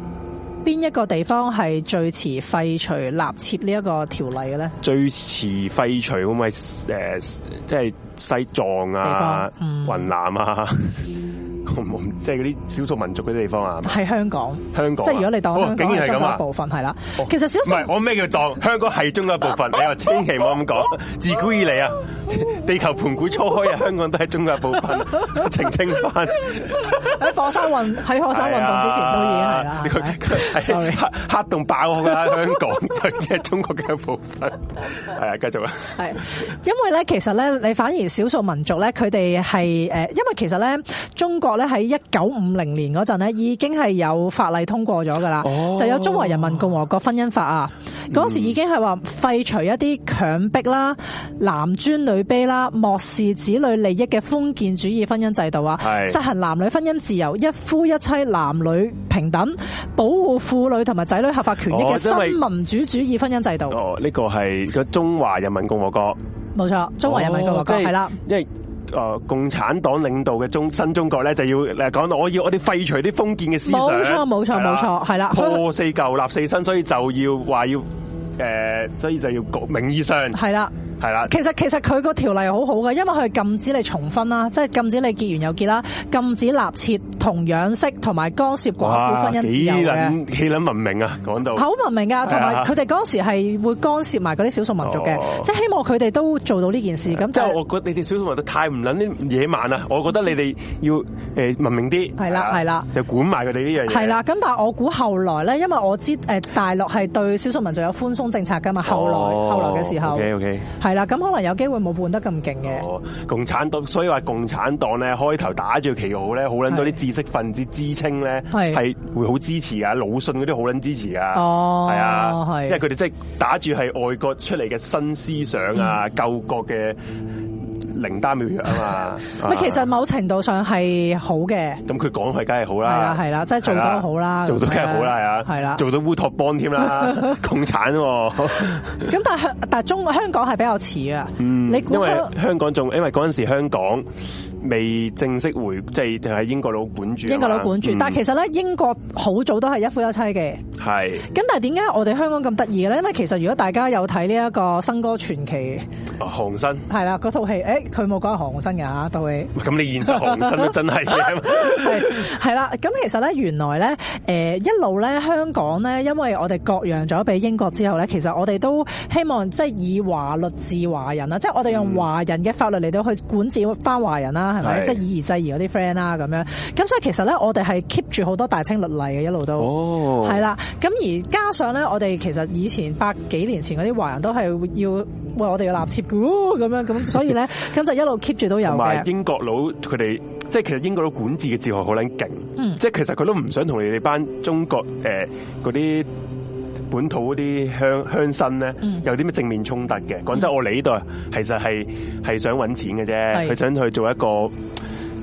邊一個地方係最遲廢除納妾呢一個條例嘅咧？最遲廢除會唔會誒，即係西藏啊、雲、嗯、南啊，即係嗰啲少數民族嗰啲地方啊？係香港，香港、啊。即係如果你當我香港係一部分，係啦、哦。其實小唔係我咩叫藏？香港係中一部分。你又 (laughs) 千祈唔好咁講。自古以嚟啊。地球盤古初開啊，香港都係中國一部分，澄清，清翻喺火山運喺火山運動之前都已經係啦，黑洞爆啊！ (laughs) 香港即係中國嘅一部分，係 (laughs) 啊，繼續啦。係因為咧，其實咧，你反而少數民族咧，佢哋係誒，因為其實咧，實中國咧喺一九五零年嗰陣咧，已經係有法例通過咗㗎啦，哦、就有中華人民共和國婚姻法啊，嗰、嗯、時已經係話廢除一啲強迫啦，男尊女女卑啦，漠視子女利益嘅封建主義婚姻制度啊！實是行男女婚姻自由，一夫一妻，男女平等，保護婦女同埋仔女合法權益嘅新民主主義婚姻制度。哦，呢個係個中華人民共和國，冇錯，中華人民共和國係啦，因為誒共產黨領導嘅中新中國咧，就要嚟講，我要我哋廢除啲封建嘅思想，冇錯冇錯冇錯，係啦了了破四舊立四新，所以就要話要誒、呃，所以就要名義上係啦。係啦，其實其實佢個條例好好嘅，因為佢禁止你重婚啦，即係禁止你結完又結啦，禁止納妾同童養媳，同埋干涉寡婦婚姻自由嘅。哇，幾捻幾捻文明啊，講到好文明啊，同埋佢哋當時係會干涉埋嗰啲少數民族嘅，哦、即係希望佢哋都做到呢件事。咁對就係、是、我覺得你哋少數民族太唔捻啲野蠻啦，我覺得你哋要誒文明啲。係啦係啦，就管埋佢哋呢樣嘢。係啦，咁但係我估後來咧，因為我知誒大陸係對少數民族有寬鬆政策噶嘛，後來後來嘅時候。ok、哦係啦，咁可能有機會冇判得咁勁嘅。哦，共產黨，所以話共產黨咧，開頭打住旗號咧，好撚多啲知識分子支撐咧，係是的 會好支持啊，魯迅嗰啲好撚支持啊，哦，係啊，即係佢哋即係打住係外國出嚟嘅新思想啊，嗯、救國嘅。嗯靈丹妙藥啊嘛，咪其實某程度上係好嘅。咁佢講係梗係好啦，係啦，係啦，即係做到好啦，做到梗係好啦了，係啦，做到烏托邦添啦，共產啊。咁但係但係中國香港係比較似啊，你估因為香港仲，因為嗰陣時香港。未正式回，即係喺英國佬管住。英國佬管住，吧嗯、但其實咧，英國好早都係一夫一妻嘅。係。咁但係點解我哋香港咁得意嘅咧？因為其實如果大家有睇呢一個《新歌傳奇》，啊，韓生係啦，嗰套戲，誒、欸，佢冇講韓生嘅㗎、啊，都係。咁你現實韓生都真係係啦。咁其實咧，原來咧、呃，一路咧，香港咧，因為我哋割讓咗俾英國之後咧，其實我哋都希望即係以華律治華人啦，嗯、即係我哋用華人嘅法律嚟到去管治翻華人啦。係咪？即係、就是、以夷制夷嗰啲 friend 啦，咁樣咁，所以其實咧，我哋係 keep 住好多大清律例嘅一路都，係啦、哦。咁而加上咧，我哋其實以前百幾年前嗰啲華人都係要喂我哋要納妾嘅，咁、哦、樣咁，所以咧咁 (laughs) 就一路 keep 住都有嘅。英國佬佢哋即係其實英國佬管治嘅哲學好撚勁，嗯、即係其實佢都唔想同你哋班中國誒嗰啲。呃本土嗰啲鄉鄉紳咧，有啲咩正面衝突嘅？講真，我嚟呢度啊，其實係係想揾錢嘅啫，佢想去做一個誒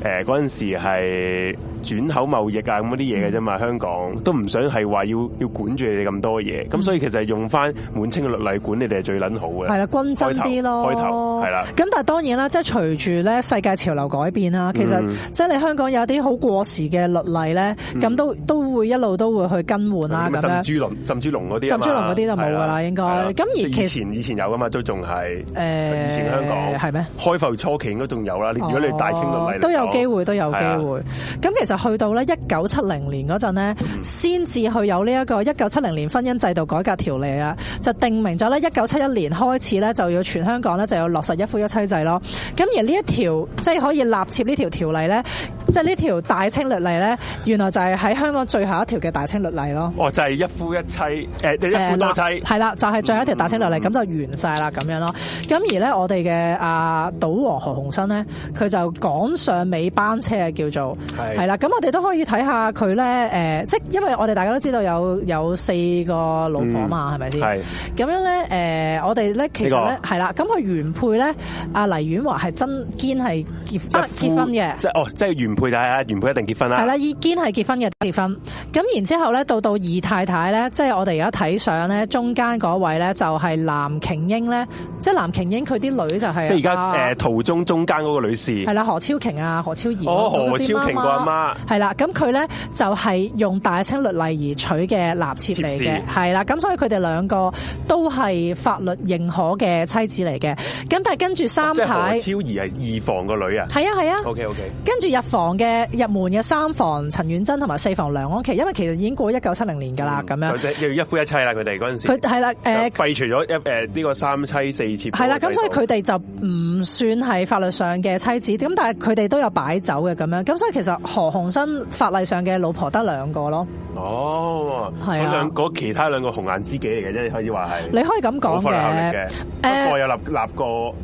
嗰陣時係。轉口貿易㗎咁啲嘢嘅啫嘛，香港都唔想係話要要管住你哋咁多嘢，咁所以其實用翻滿清嘅律例管你哋係最撚好嘅。係啦，均真啲咯，開頭係啦。咁但係當然啦，即係隨住咧世界潮流改變啦，其實即係你香港有啲好過時嘅律例咧，咁都都會一路都會去更換啦咁樣。浸豬籠嗰啲，浸豬籠嗰啲就冇㗎啦，應該。咁以前，以前有㗎嘛，都仲係誒以前香港係咩？開埠初期應該仲有啦。如果你大清律例都有機會，都有機會，咁其實。去到咧一九七零年嗰陣呢，先至去有呢一個一九七零年婚姻制度改革條例啊，就定明咗咧一九七一年開始咧就要全香港咧就要落實一夫一妻制咯。咁而呢一條即係可以立設呢條條例咧，即係呢條大清律例咧，原來就係喺香港最後一條嘅大清律例咯。哦，就係、是、一夫一妻誒，哎、一夫多妻係啦、啊，就係、是、最後一條大清律例，咁、嗯、就完晒啦咁樣咯、啊。咁而呢，我哋嘅啊賭王何鴻燊呢，佢就趕上尾班車嘅叫做係啦。咁我哋都可以睇下佢咧，誒，即係因為我哋大家都知道有有四個老婆嘛，係咪先？係咁樣咧，誒，我哋咧其實咧係啦，咁佢原配咧，阿黎婉華係真堅係結結婚嘅，即係哦，即係原配就係阿原配一定結婚啦。係啦，依堅係結婚嘅結婚。咁然之後咧，到到二太太咧，即係我哋而家睇上咧，中間嗰位咧就係藍瓊英咧，即係藍瓊英佢啲女就係即係而家誒途中中間嗰個女士係啦，何超瓊啊，何超儀。哦，何超瓊個阿媽。係啦，咁佢咧就係、是、用大清律例而取嘅納妾嚟嘅，係啦妾事，咁所以佢哋兩個都係法律認可嘅妻子嚟嘅。咁但係跟住三排，哦、何超儀係二房個女啊？係啊係啊。OK OK。跟住入房嘅入門嘅三房陳婉珍同埋四房梁安琪，因為其實已經過一九七零年噶啦，咁、嗯、樣佢哋要一夫一妻啦。佢哋嗰陣時佢係啦，誒廢除咗誒呢個三妻四妾。係啦，咁所以佢哋就唔算係法律上嘅妻子，咁但係佢哋都有擺酒嘅咁樣，咁所以其實何重新法例上嘅老婆得兩個咯。哦，係啊，嗰兩個其他兩個紅顏知己嚟嘅，即係可以話係，你可以咁講嘅。誒，我、呃、有立立過，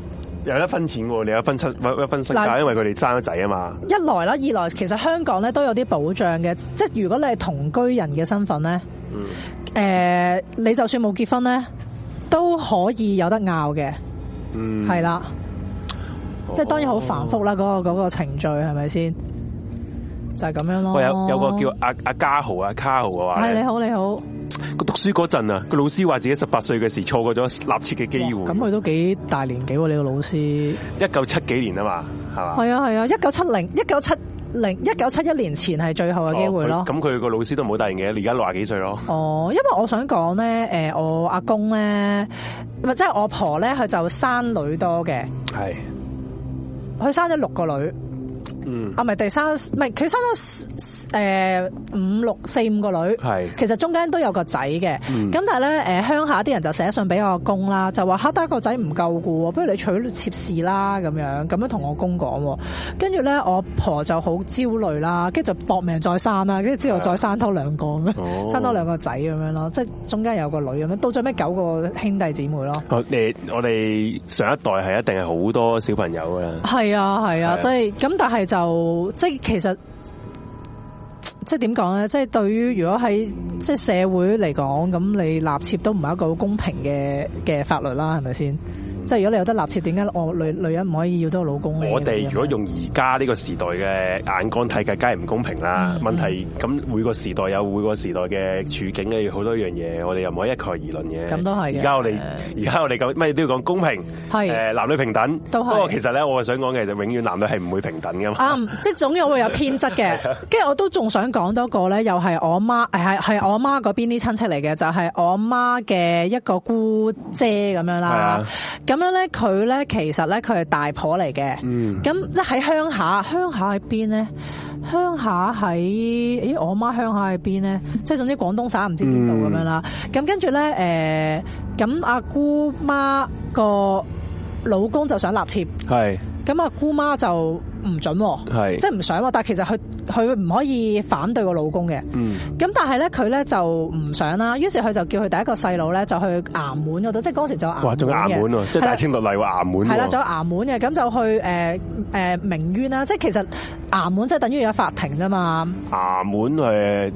有得分錢嘅，你有分七，有一分身但因為佢哋生咗仔啊嘛。一來啦，二來其實香港咧都有啲保障嘅，即係如果你係同居人嘅身份咧，誒、嗯呃，你就算冇結婚咧，都可以有得拗嘅。嗯，係啦了，哦、即係當然好繁複啦，嗰、嗰個、嗰個程序係咪先？是不是就係咁樣咯。我有有個叫阿阿家豪阿卡豪啊。話，係你好你好。個讀書嗰陣啊，個、啊哦、老師話自己十八歲嘅時錯過咗立切嘅機會。咁佢都幾大年紀？你個老師一九七幾年啊嘛，係嘛？係啊係啊，一九七零一九七零一九七一年前係最後嘅機會咯。咁佢個老師都冇大年嘅，而家六廿幾歲咯。哦，因為我想講咧，誒，我阿公咧，咪即係我阿婆咧，佢就生女多嘅。係，佢生咗六個女。嗯啊，啊咪第三唔係，佢生咗誒五六四、呃、四,四五個女，係，是 其實中間都有個仔嘅，咁、嗯、但係咧誒鄉下啲人就寫信俾我阿公啦，就話嚇得一個仔唔夠故，不如你娶妾侍啦咁樣，咁樣同我公講，跟住咧我阿婆就好焦慮啦，跟住就搏命再生啦，跟住之後再生多兩個咁樣，是啊、 (laughs) 生多兩個仔咁樣咯，哦、即係中間有個女咁樣，到最尾九個兄弟姊妹咯，哦。我哋我哋上一代係一定係好多小朋友噶啦，係啊係啊，即係咁但。係就即係其實即係點講咧？即係對於如果喺即係社會嚟講，咁你納妾都唔係一個好公平嘅嘅法律啦，係咪先？即係如果你有得立切，點解我女女人唔可以要到老公呢？我哋如果用而家呢個時代嘅眼光睇嘅，梗係唔公平啦。問題咁每個時代有每個時代嘅處境嘅，好多樣嘢，我哋又唔可以一概而論嘅。咁都係。而家我哋而家我哋咁乜嘢都要講公平，係男女平等。都係。不過其實咧，我係想講嘅，就永遠男女係唔會平等㗎嘛。嗯，即係總有會有偏執嘅。跟住我都仲想講多個咧，又係我媽係我媽嗰邊啲親戚嚟嘅，就係我媽嘅一個姑姐咁樣啦。咁樣咧，佢咧其實咧，佢係大婆嚟嘅。咁即喺鄉下，鄉下喺邊咧？鄉下喺誒，我媽鄉下喺邊咧？即係總之廣東省唔知邊度咁樣啦。咁、嗯、跟住咧，誒、呃，咁阿姑媽個老公就想立妾，係。咁阿姑媽就。唔准喎、啊，是 即係唔想喎、啊。但係其實佢佢唔可以反對個老公嘅。咁但係咧，佢咧就唔想啦、啊。於是佢就叫佢第一個細佬咧就去衙門嗰度，即係嗰時仲有衙門仲有衙門喎，即係大清律例喎，衙門。係啦，仲有衙門嘅、啊，咁就去誒誒鳴冤啦。即係其實衙門即係等於有法庭啫嘛。衙門係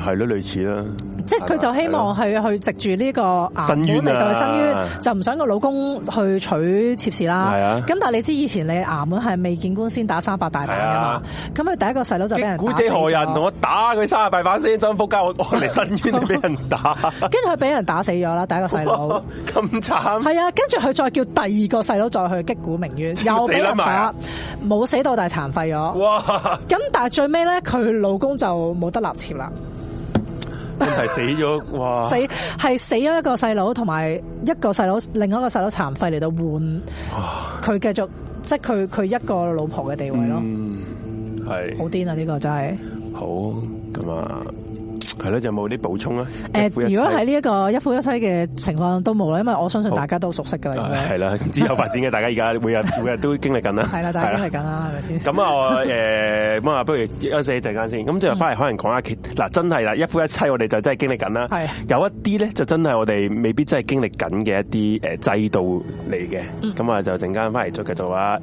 係咯，類似啦。即係佢就希望對了 去去藉住呢個衙門。伸冤啊！就係伸冤，就唔想個老公去取妾侍啦。咁對了 但係你知以前你衙門係未見官先。打三百大板噶嘛？咁佢、啊、第一個細佬就俾人估，姐何人，同我打佢三百大板先，仲仆街我我嚟伸冤你俾人打。跟住佢俾人打死咗啦，第一個細佬咁慘。係啊，跟住佢再叫第二個細佬再去擊鼓鳴冤，又人死人冇死到，但係殘廢咗哇。哇！咁但係最尾咧，佢老公就冇得立妾啦，係死咗哇！死係死咗一個細佬，同埋一個細佬，另一個細佬殘廢嚟到換，佢繼續。哇繼續即係佢佢一個老婆嘅地位咯，係好癲啊！呢個真係好咁啊！係咧，就冇啲補充啦。誒，如果喺呢一個一夫一妻嘅情況都冇啦，因為我相信大家都熟悉噶啦。係啦，之後發展嘅，大家而家每日每日都經歷緊啦。係啦，大家都經歷緊啦，係咪先？咁啊，誒，咁啊，不如休息一陣間先。咁最後翻嚟可能講下其嗱真係啦，一夫一妻，我哋就真係經歷緊啦。係有一啲咧，就真係我哋未必真係經歷緊嘅一啲誒制度嚟嘅。咁啊，就陣間翻嚟再繼續話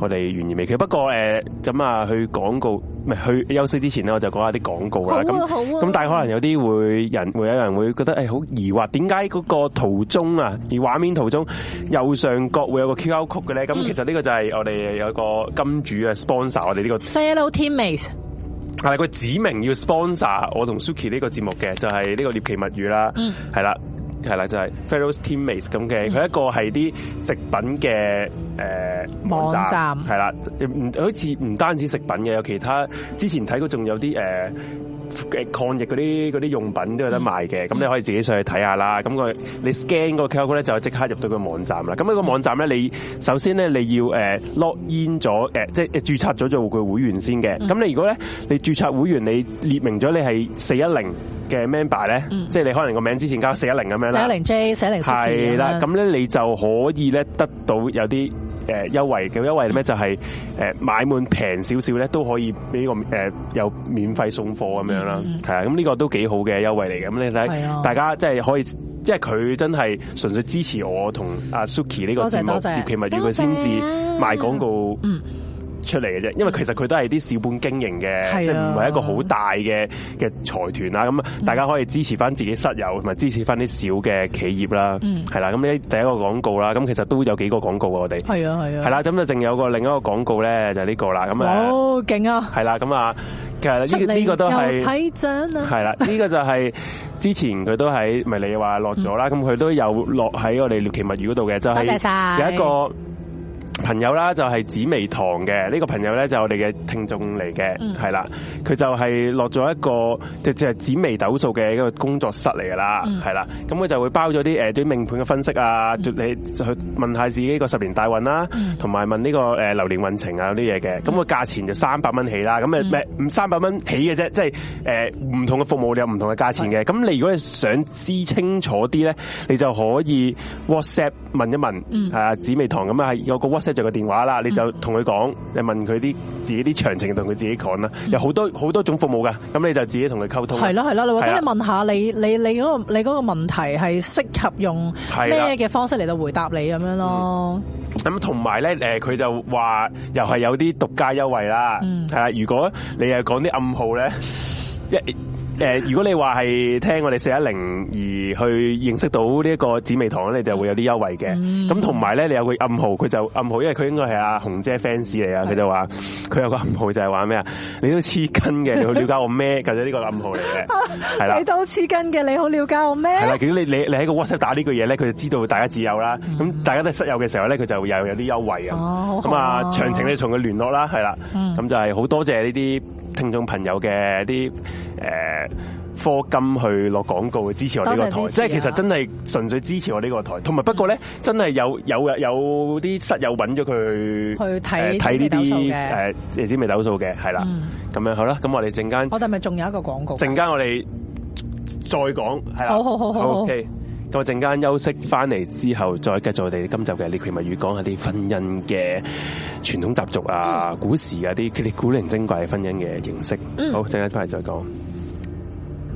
我哋完完未企，不過誒，咁、呃、啊，去廣告，咪係去休息之前咧，我就講下啲廣告啦。咁咁、啊啊，但係可能有啲會人，會有人會覺得誒，好、欸、疑惑，點解嗰個途中啊，而畫面途中右上角會有個 Q d 曲嘅咧？咁、嗯、其實呢個就係我哋有個金主啊，sponsor 我哋呢、這個 fellow teammates，係佢指明要 sponsor 我同 Suki 呢個節目嘅，就係、是、呢個獵奇物語啦。嗯，係啦。係啦，就係、是、f e r l o s Teammates 咁嘅，佢一個係啲食品嘅誒、網站，網站，係啦，唔好似唔單止食品嘅，有其他之前睇過仲有啲誒。誒，抗疫嗰啲嗰啲用品都有得賣嘅，咁、嗯、你可以自己上去睇下啦。咁佢、嗯、你 scan 嗰個 code 咧，就即刻入到網、嗯、個網站啦。咁呢個網站咧，你首先咧你要誒 log in 咗，誒即係註冊咗做佢會員先嘅。咁你、嗯、如果咧你註冊會員，你列明咗你係四一零嘅 member 咧，嗯、即係你可能個名之前交四一零咁樣啦。四一零 J，四一零。係啦，咁咧你就可以咧得到有啲。誒，優惠嘅優惠咧，就係誒買滿平少少咧，都可以俾個誒有免費送貨咁樣啦。係啊、嗯嗯，咁呢個都幾好嘅優惠嚟嘅。咁你睇大家即係是的 可以，即係佢真係純粹支持我同阿 Suki 呢個節目，尤其是佢先至賣廣告。嗯出嚟嘅啫，因為其實佢都係啲小本經營嘅，即係唔係一個好大嘅嘅財團啦。咁大家可以支持翻自己室友，同埋支持翻啲小嘅企業啦。係係啦，咁呢第一個廣告啦，咁其實都有幾個廣告我哋係啊係啊，係啦，咁就仲有個另一個廣告咧就係呢、這個啦。咁啊，哦，勁啊！係啦，咁啊，其實呢個個都係係啦，呢、這個就係之前佢都喺咪你話落咗啦，咁佢都有落喺我哋獵奇物語嗰度嘅，就係、是、有一個。朋友啦，就係紫微堂嘅呢個朋友咧、嗯，就係我哋嘅聽眾嚟嘅，係啦，佢就係落咗一個即係紫微斗數嘅一個工作室嚟噶啦，係啦、嗯，咁佢就會包咗啲誒啲命盤嘅分析啊，你、嗯、去問下自己個十年大運啦、啊，同埋、嗯、問呢個誒流年運程啊嗰啲嘢嘅，咁個價錢就三百蚊起啦，咁誒咩？唔三百蚊起嘅啫，即係誒唔同嘅服務你有唔同嘅價錢嘅，咁的你如果你想知清楚啲咧，你就可以 WhatsApp 問一問，係啊、嗯、紫微堂咁啊，有個。WhatsApp 接著個電話啦，你就同佢講，你問佢啲自己啲詳情，同佢自己講啦。有好多好多種服務噶，咁你就自己同佢溝通。係咯係咯，你或者你問下你你你嗰個你嗰個問題係適合用咩嘅方式嚟到回答你咁樣咯。咁同埋咧，誒，佢就話又係有啲獨家優惠啦。係啊，如果你係講啲暗號咧，一。誒，如果你話係聽我哋四一零而去認識到呢一個紫薇堂咧，你就會有啲優惠嘅。咁同埋咧，你有個暗號，佢就暗號，因為佢應該係阿紅姐 fans 嚟啊。佢是的 就話佢有個暗號就係話咩啊？你都黐筋嘅，你好了解我咩？其實呢個暗號嚟嘅，係啦。你都黐筋嘅，你好了解我咩？係啦，你你你喺個 WhatsApp 打呢句嘢咧，佢就知道大家自有啦。咁、嗯、大家都室友嘅時候咧，佢就會有有啲優惠啊。咁啊、哦，詳情、哦、你同佢聯絡啦，係啦。咁就係好多謝呢啲聽眾朋友嘅啲誒。呃科金去落廣告去支持我呢個台，即係其實真係純粹支持我呢個台。同埋不過咧，真係有有有啲室友揾咗佢去睇睇呢啲誒，亦都未抖數嘅，係啦。咁、啊嗯、樣好啦，咁我哋陣間我哋咪仲有一個廣告。陣間我哋再講，係好好好好。O K，咁我陣間休息翻嚟之後再繼續我哋今集嘅 l i q u i 語，講下啲婚姻嘅傳統習俗啊，嗯、古時啊啲佢哋古靈精怪嘅婚姻嘅形式。好，陣間翻嚟再講。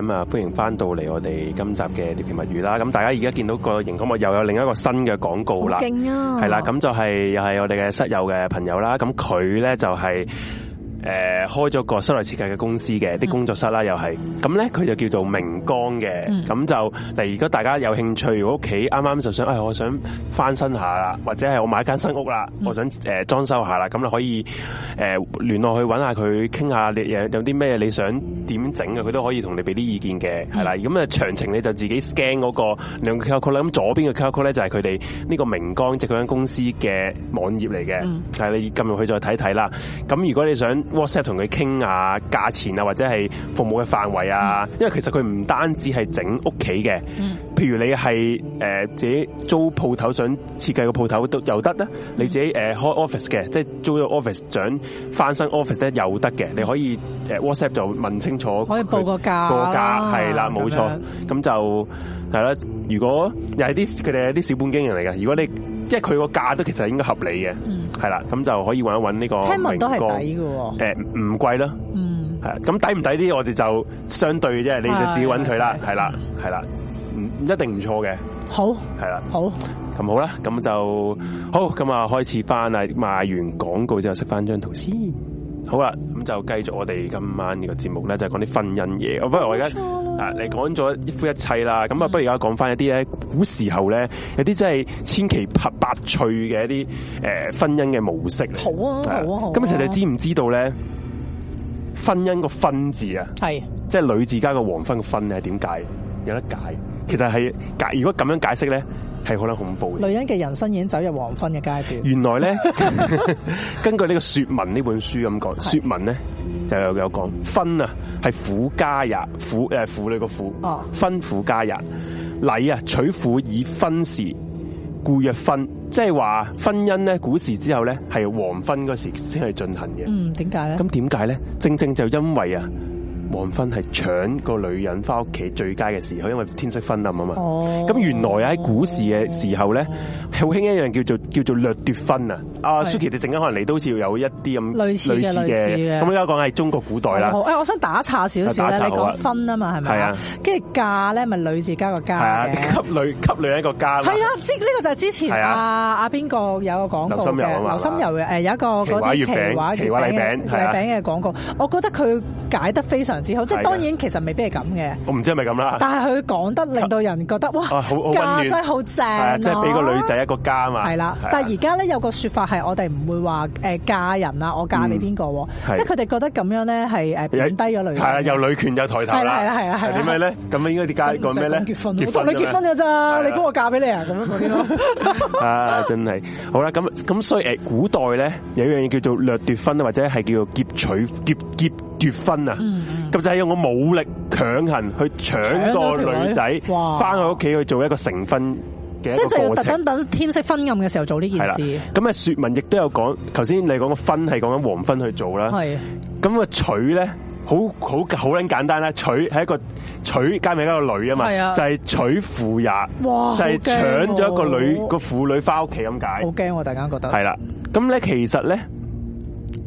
咁啊，歡迎翻到嚟我哋今集嘅《碟奇物語》啦！咁大家而家見到個熒光幕又有另一個新嘅廣告啦，勁啊，係啦，咁就係又係我哋嘅室友嘅朋友啦。咁佢咧就係。誒，開咗個室內設計嘅公司嘅，啲工作室啦、嗯、又係，咁咧佢就叫做明光嘅，咁、嗯、就如果大家有興趣，屋企啱啱就想，誒、哎，我想翻新下啦，或者係我買間新屋啦，嗯、我想誒裝、呃、修下啦，咁你可以誒聯、呃、絡去搵下佢，傾下你有有啲咩你想點整嘅，佢都可以同你俾啲意見嘅，係啦、嗯。咁啊，詳情你就自己 scan 嗰、那個兩個 QR code 啦。咁左邊嘅 QR code 咧就係佢哋呢個明光即係佢間公司嘅網頁嚟嘅，就係、嗯、你撳入去再睇睇啦。咁如果你想，WhatsApp 同佢傾下價錢啊，或者係服務嘅範圍啊。因為其實佢唔單止係整屋企嘅，嗯，譬如你係誒自己租鋪頭想設計個鋪頭都又得咧。你自己誒開 office 嘅，即係租咗 office 想翻新 office 咧又得嘅。你可以誒 WhatsApp 就問清楚，可以報個價，報個價。係啦、冇錯。咁是嗎 就係咯。如果又係啲佢哋係啲小本經營嚟嘅，如果你。即係佢個價都其實應該合理嘅，係啦、嗯，咁就可以揾一揾呢個聽聞都係抵嘅，誒唔貴咯，係咁抵唔抵啲我哋就相對即係，你就自己揾佢啦，係啦、哎哎哎哎，係啦，一定唔錯嘅，好，係啦，好，咁好啦，咁就好，咁就開始翻啊，賣完廣告之後，識翻張圖先。好啦，咁就繼續我哋今晚個節呢個節目咧，就講，係、啲婚姻嘢不如我而家錯啊，啊，你講咗一夫一妻啦，咁啊，不如而家講翻一啲咧古時候咧有啲真係千奇百百趣嘅一啲誒婚姻嘅模式。好啊，好啊，咁啊，實你知唔知道咧？婚姻個婚字是啊，係即係女字加個黃昏個婚咧，點解有得解？其實係解，如果咁樣解釋咧。係可能恐怖！女人嘅人生已經走入黃昏嘅階段。原來咧， (laughs) (laughs) 根據呢個《說文》呢本書咁講，是《說文》咧就有有講，婚啊係婦家也婦誒，婦女嘅婦哦，婚婦家也，禮啊娶婦以昏時故曰婚，即係話婚姻咧，古時之後咧，係黃昏嗰時先係進行嘅。嗯，點解咧？咁點解咧？正正就因為啊。黃昏係搶個女人翻屋企最佳嘅時候，因為天色昏暗啊嘛。哦，咁原來喺古時嘅時候咧，好興一樣叫做叫做掠奪婚啊。阿 Suki，你陣間可能嚟，都似有一啲咁類似嘅，咁而家講係中國古代啦。我想打岔少少，你講婚啊嘛，係咪啊？跟住嫁咧，咪女字加個嫁嘅，給女給女一個嫁。係啊，呢個就係之前阿阿邊個有個廣告嘅，劉心悠啊嘛，劉心悠嘅誒有一個奇華月餅奇華禮餅嘅廣告，我覺得佢解得非常。之即係當然其實未必係咁嘅。我唔知係咪咁啦。但係佢講得令到人覺得哇，家真係好正即係俾個女仔一個家啊嘛。係啦，但係而家咧有個說法係我哋唔會話誒嫁人啊，我嫁俾邊個喎？即係佢哋覺得咁樣咧係誒低咗女仔。係啊，有女權有抬頭啦。係啦，係啦，係啦。點解咧？咁應該啲嫁講咩咧？結婚，結你結婚咋？你我嫁俾你啊？咁嗰啲咯。啊，真係好啦。咁咁所以誒，古代咧有一樣嘢叫做掠奪婚或者係叫做劫取、劫劫奪婚啊。咁就係用我武力強行去搶個女仔，翻去屋企去做一個成婚嘅一個過程。即係要特登等天色昏暗嘅時候做呢件事。咁啊，說文亦都有講，頭先你講個婚係講緊黃昏去做啦。係是的。咁啊，娶咧，好好好捻簡單啦，娶係一個娶加埋一個女啊嘛。係啊是的。就係娶婦也。哇！就係搶咗一個女，啊，一個婦女翻屋企咁解。好驚喎，大家覺得。係啦。咁咧，其實咧。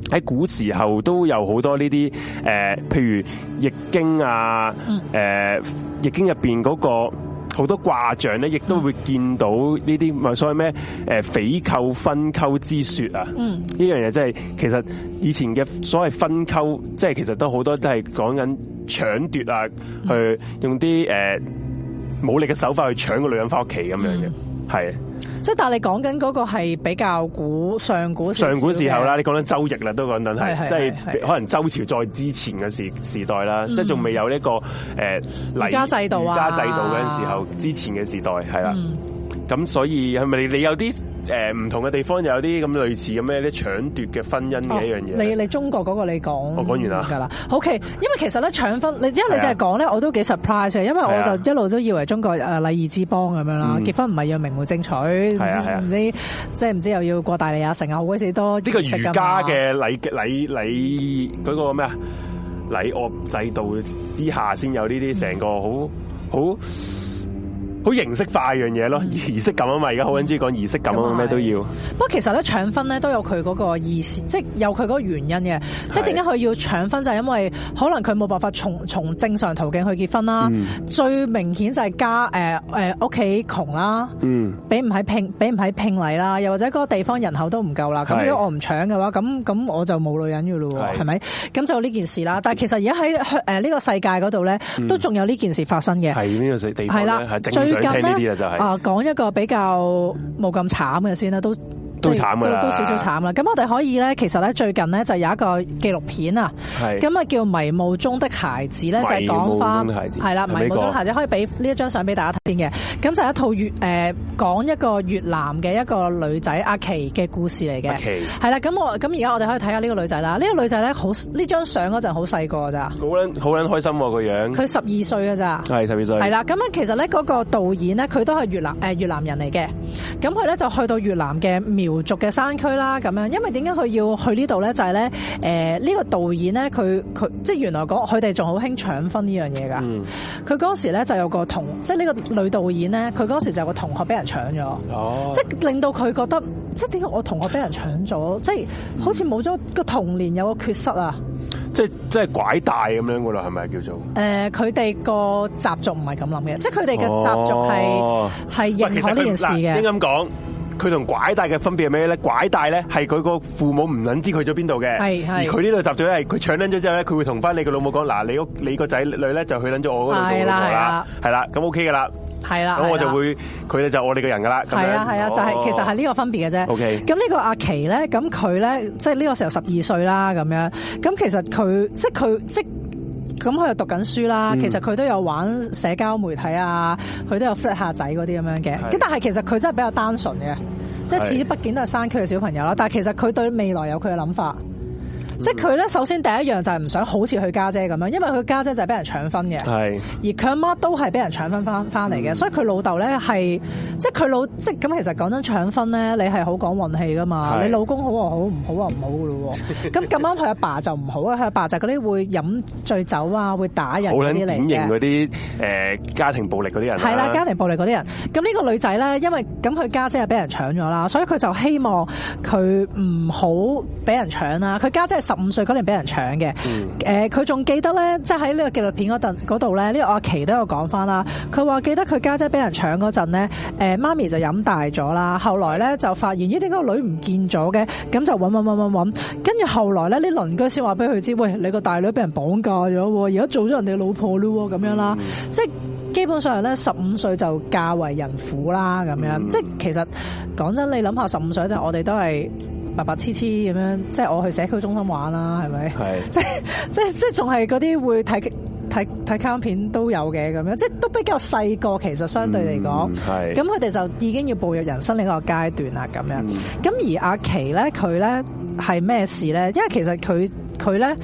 喺古時候都有好多呢啲誒，譬如易《易經》啊，誒《易經》入邊嗰個好多卦象咧，亦都會見到呢啲唔係所謂咩誒匪寇婚媾之説啊，呢樣嘢真係其實以前嘅所謂婚媾，即係其實都好多都係講緊搶奪啊，去用啲誒武力嘅手法去搶個女人翻屋企咁樣嘅，係。嗯即係，但係你講緊嗰個係比較古上古上古時候啦，你講緊周易啦，都講緊係，即係可能周朝再之前嘅時時代啦，即係仲未有呢、這個誒禮、呃、儒家制度啊，儒家制度嗰陣時候之前嘅時代係啦。咁所以係咪你有啲誒唔同嘅地方，又有啲咁類似咁咩？啲搶奪嘅婚姻嘅一樣嘢？你你中國嗰個你講，我講完啦，噶啦。OK，因為其實咧搶婚，你因為你就係講咧，我都幾 surprise 嘅，因為我就一路都以為中國誒禮儀之邦咁樣啦，結婚唔係要明媒正娶，唔知即係唔知又要過大禮啊成啊，好鬼死多呢個儒家嘅禮禮禮嗰個咩啊禮樂制度之下，先有呢啲成個好好。好形式化樣嘢咯，儀式感啊嘛，而家好緊要講儀式感啊咩都要。不過其實咧搶婚咧都有佢嗰個儀式，即有佢嗰個原因嘅。即係點解佢要搶婚？就係因為可能佢冇辦法從從正常途徑去結婚啦。最明顯就係加誒誒屋企窮啦，嗯，俾唔起聘俾唔起聘禮啦，又或者嗰個地方人口都唔夠啦。咁如果我唔搶嘅話，咁咁我就冇女人嘅咯，係咪？咁就呢件事啦。但係其實而家喺誒呢個世界嗰度咧，都仲有呢件事發生嘅。係呢個地係啦，最近咧，啊，講一個比較冇咁慘嘅先啦，都。都，都少少慘啦，咁了我哋可以咧，其實咧最近呢，就有一個紀錄片啊，咁啊是叫《迷霧中的孩子》咧，就係講翻，係啦，《迷霧中的孩子》孩子可以俾呢一張相俾大家睇嘅，咁就一套越誒、呃、講一個越南嘅一個女仔阿琪嘅故事嚟嘅，係啦奇，咁我咁而家我哋可以睇下呢個女仔啦，呢、這個女仔咧好呢張相嗰陣好細個咋，好撚好撚開心個、啊、樣，佢十二歲嘅咋，係十二歲，係啦，咁其實咧嗰個導演咧佢都係越南誒越南人嚟嘅，咁佢咧就去到越南嘅苗族嘅山區啦，咁樣，因為點解佢要去這裡呢度咧？就係咧，誒，呢個導演咧，佢佢即係原來講，佢哋仲好興搶婚呢樣嘢噶。佢嗰時咧就有個同，即係呢個女導演咧，佢嗰時就有個同學俾人搶咗，哦、即係令到佢覺得，即係點解我同學俾人搶咗，即係、嗯、好似冇咗個童年有個缺失啊！即係即係拐帶咁樣噶啦，係咪叫做？誒，佢哋個習俗唔係咁諗嘅，即係佢哋嘅習俗係係、哦、認可呢件事嘅。啱講。佢同拐帶嘅分別係咩咧？拐帶咧係佢個父母唔捻知佢咗邊度嘅，而佢呢度集咗，咧係佢搶撚咗之後咧，佢會同翻你個老母講：嗱，你屋你個仔女咧就去捻咗我嗰度啦。係啦，係啦，係啦。咁 OK 噶啦，係啦。咁我就會佢咧就我哋個人噶啦。係啊，係啊，就係、是、其實係呢個分別嘅啫。OK。咁呢個阿琪咧，咁佢咧即係呢個時候十二歲啦，咁樣。咁其實佢即係佢即。咁佢又讀緊書啦，嗯、其實佢都有玩社交媒體啊，佢都有 fit 下仔嗰啲咁樣嘅，咁是 但係其實佢真係比較單純嘅，即係始終畢竟都係山區嘅小朋友啦。但係其實佢對未來有佢嘅諗法。即係佢咧，首先第一樣就係唔想好似佢家姐咁樣，因為佢家姐，姐就係俾人搶婚嘅，是 而佢阿媽都係俾人搶婚翻翻嚟嘅，嗯、所以佢老豆咧係即係佢老即係咁。其實講真，搶婚咧，你係好講運氣噶嘛？是 你老公好啊，好唔好啊？唔 (laughs) 好噶咯喎。咁咁啱佢阿爸就唔好啊！佢阿爸就嗰啲會飲醉酒啊，會打人嗰啲嚟嘅典型嗰啲誒家庭暴力嗰啲人。係啦、呃，家庭暴力嗰啲人、啊、人。咁呢個女仔咧，因為咁佢家姐係俾人搶咗啦，所以佢就希望佢唔好俾人搶啦。佢家姐，姐十五歲嗰年俾人搶嘅，誒、嗯，佢仲、呃、記得咧，即係喺呢個紀錄片嗰度呢，咧，呢、這個阿奇都有講翻啦。佢話記得佢家姐俾人搶嗰陣咧，誒、呃，媽咪就飲大咗啦。後來咧就發現咦，點解個女唔見咗嘅？咁就搵搵搵搵搵，跟住後來咧，啲鄰居先話俾佢知，喂，你個大女俾人綁架咗，而家做咗人哋老婆啦，咁樣啦。嗯、即係基本上咧，十五歲就嫁為人婦啦，咁樣。嗯、即係其實講真，你諗下，十五歲就我哋都係。白白黐黐咁樣，即係我去社區中心玩啦，係咪？係是， (laughs) 即係即係即係仲係嗰啲會睇睇睇卡通片都有嘅咁樣，即係都比較細個，其實相對嚟講，係、嗯，咁佢哋就已經要步入人生呢個階段啦，咁樣。咁、嗯、而阿琪咧，佢咧係咩事咧？因為其實佢佢咧。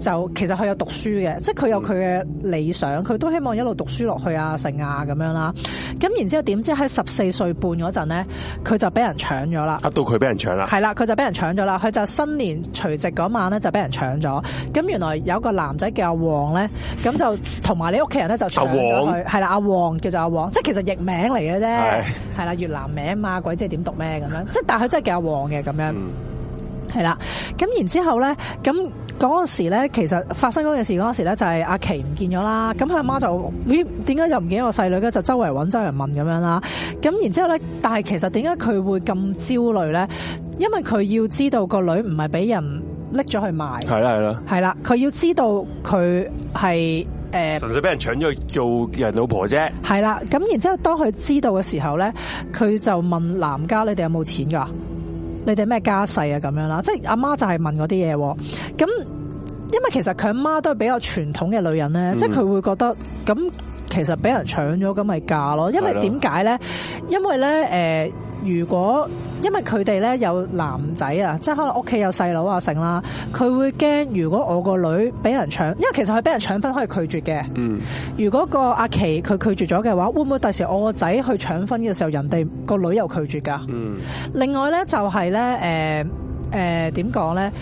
就其實佢有讀書嘅，即係佢有佢嘅理想，佢都、嗯、希望一路讀書落去啊，成啊咁樣啦。咁然之後點知喺十四歲半嗰陣咧，佢就俾人搶咗啦。啊！到佢俾人搶啦。係啦，佢就俾人搶咗啦。佢就，就新年除夕嗰晚咧就俾人搶咗。咁原來有個男仔叫阿黃咧，咁就同埋你屋企人咧就搶咗佢。係啦阿黃，阿黃叫做阿黃，即係其實譯名嚟嘅啫。係啦唉，越南名嘛，鬼知點讀咩咁樣？即係但係佢真係叫阿黃嘅咁樣。係啦，咁然之後咧，咁嗰個時咧，其實發生嗰件事嗰時咧，就係、是、阿琪唔見咗啦。咁佢阿媽就咦，點解又唔見我細女咧？就周圍揾周人問咁樣啦。咁然之後咧，但係其實點解佢會咁焦慮咧？因為佢要知道個女唔係俾人拎咗去賣，係啦係啦係啦。佢要知道佢係誒純粹俾人搶咗去做人老婆啫。係啦，咁然之後當佢知道嘅時候咧，佢就問男家你哋有冇錢㗎？你哋咩家世啊？咁樣啦，即係阿媽就係問嗰啲嘢，咁因為其實佢阿媽都係比較傳統嘅女人咧，嗯、即係佢會覺得，咁其實俾人搶咗咁咪嫁咯，因為點解咧？因為咧，誒、呃。如果因為佢哋咧有男仔啊，即係可能屋企有細佬啊成啦，佢會驚如果我個女俾人搶，因為其實佢俾人搶婚可以拒絕嘅。嗯，如果個阿琪佢拒絕咗嘅話，會唔會第時我個仔去搶婚嘅時候，人哋個女又拒絕噶？嗯，另外咧就係咧，誒誒點講咧？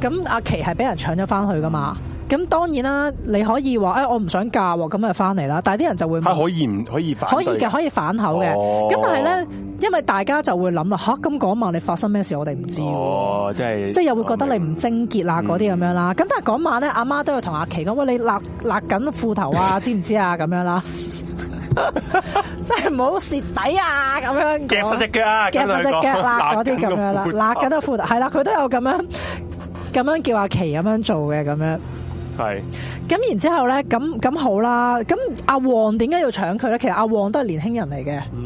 咁阿琪係俾人搶咗翻去噶嘛？咁當然啦，你可以話誒，我唔想嫁喎，咁咪翻嚟啦。但係啲人就會嚇，可以唔可以反？可以嘅，可以反口嘅。咁但係咧，因為大家就會諗啦吓，咁嗰晚你發生咩事，我哋唔知喎，即係即係又會覺得你唔貞潔啊嗰啲咁樣啦。咁但係嗰晚咧，阿媽都有同阿琪講，喂，你勒勒緊褲頭啊，知唔知啊？咁樣啦，即係唔好蝕底啊！咁樣夾實隻腳啊，夾實隻腳勒嗰啲咁樣啦，勒緊個褲頭係啦，佢都有咁樣咁樣叫阿琪咁樣做嘅咁樣。係，咁是 然之後咧，咁咁好啦，咁阿旺點解要搶佢咧？其實阿旺都係年輕人嚟嘅，嗯、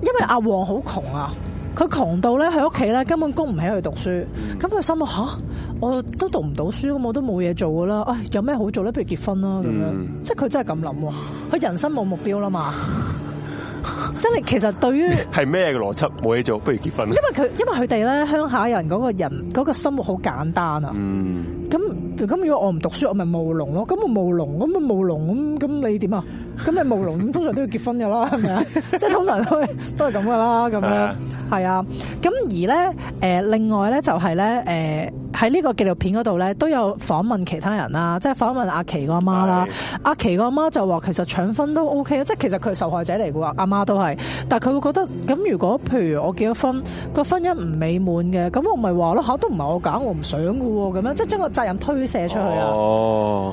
因為阿旺好窮啊，佢窮到咧喺屋企咧根本供唔起佢讀書，咁佢、嗯、心諗吓，我都讀唔到書，咁我都冇嘢做噶啦，啊有咩好做咧？譬如結婚啦，咁樣，嗯、即係佢真係咁諗，佢人生冇目標啦嘛。真係，其實對於係咩嘅邏輯冇嘢做，不如結婚因他。因為佢因為佢哋咧鄉下人嗰個人嗰、那個生活好簡單啊。嗯，咁咁如果我唔讀書，我咪務農咯。咁咪務農，咁咪務農，咁咁你點啊？咁咪務農，通常都要結婚噶啦，係咪啊？即係通常都係都係咁噶啦，咁樣係啊。咁而咧誒、呃，另外咧就係咧誒，喺、呃、呢個紀錄片嗰度咧都有訪問其他人啦，即係訪問阿琪個阿媽啦。是的 阿琪個阿媽就話其實搶婚都 OK 即係其實佢受害者嚟嘅阿媽。都係，但係佢會覺得咁。如果譬如我結咗婚，個婚姻唔美滿嘅，咁我咪話咯，吓都唔係我揀，我唔想嘅，咁樣即係將個責任推卸出去啊啦。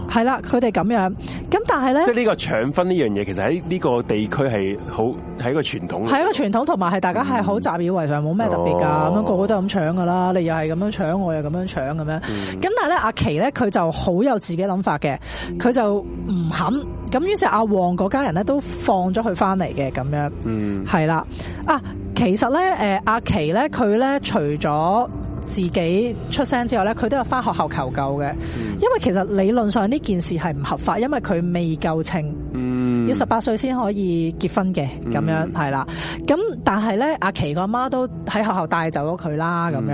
係啦、哦，佢哋咁樣。咁但係咧，即係呢個搶婚呢樣嘢，其實喺呢個地區係好，係一個傳統。係一個傳統，同埋係大家係好習以為常，冇咩特別噶。哦、咁樣個個都咁搶噶啦，你又係咁樣搶，我又咁樣搶，咁樣。咁但係咧，阿琪咧，佢就好有自己諗法嘅，佢就唔肯。咁於是阿旺嗰家人咧都放咗佢翻嚟嘅咁樣，係啦、嗯。啊，其實咧，阿、啊、琪咧佢咧除咗自己出聲之外咧，佢都有翻學校求救嘅，嗯、因為其實理論上呢件事係唔合法，因為佢未夠稱，嗯、要十八歲先可以結婚嘅，咁樣係啦。咁、嗯、但係咧，阿、啊、琪個媽都喺學校帶走咗佢啦，咁、嗯、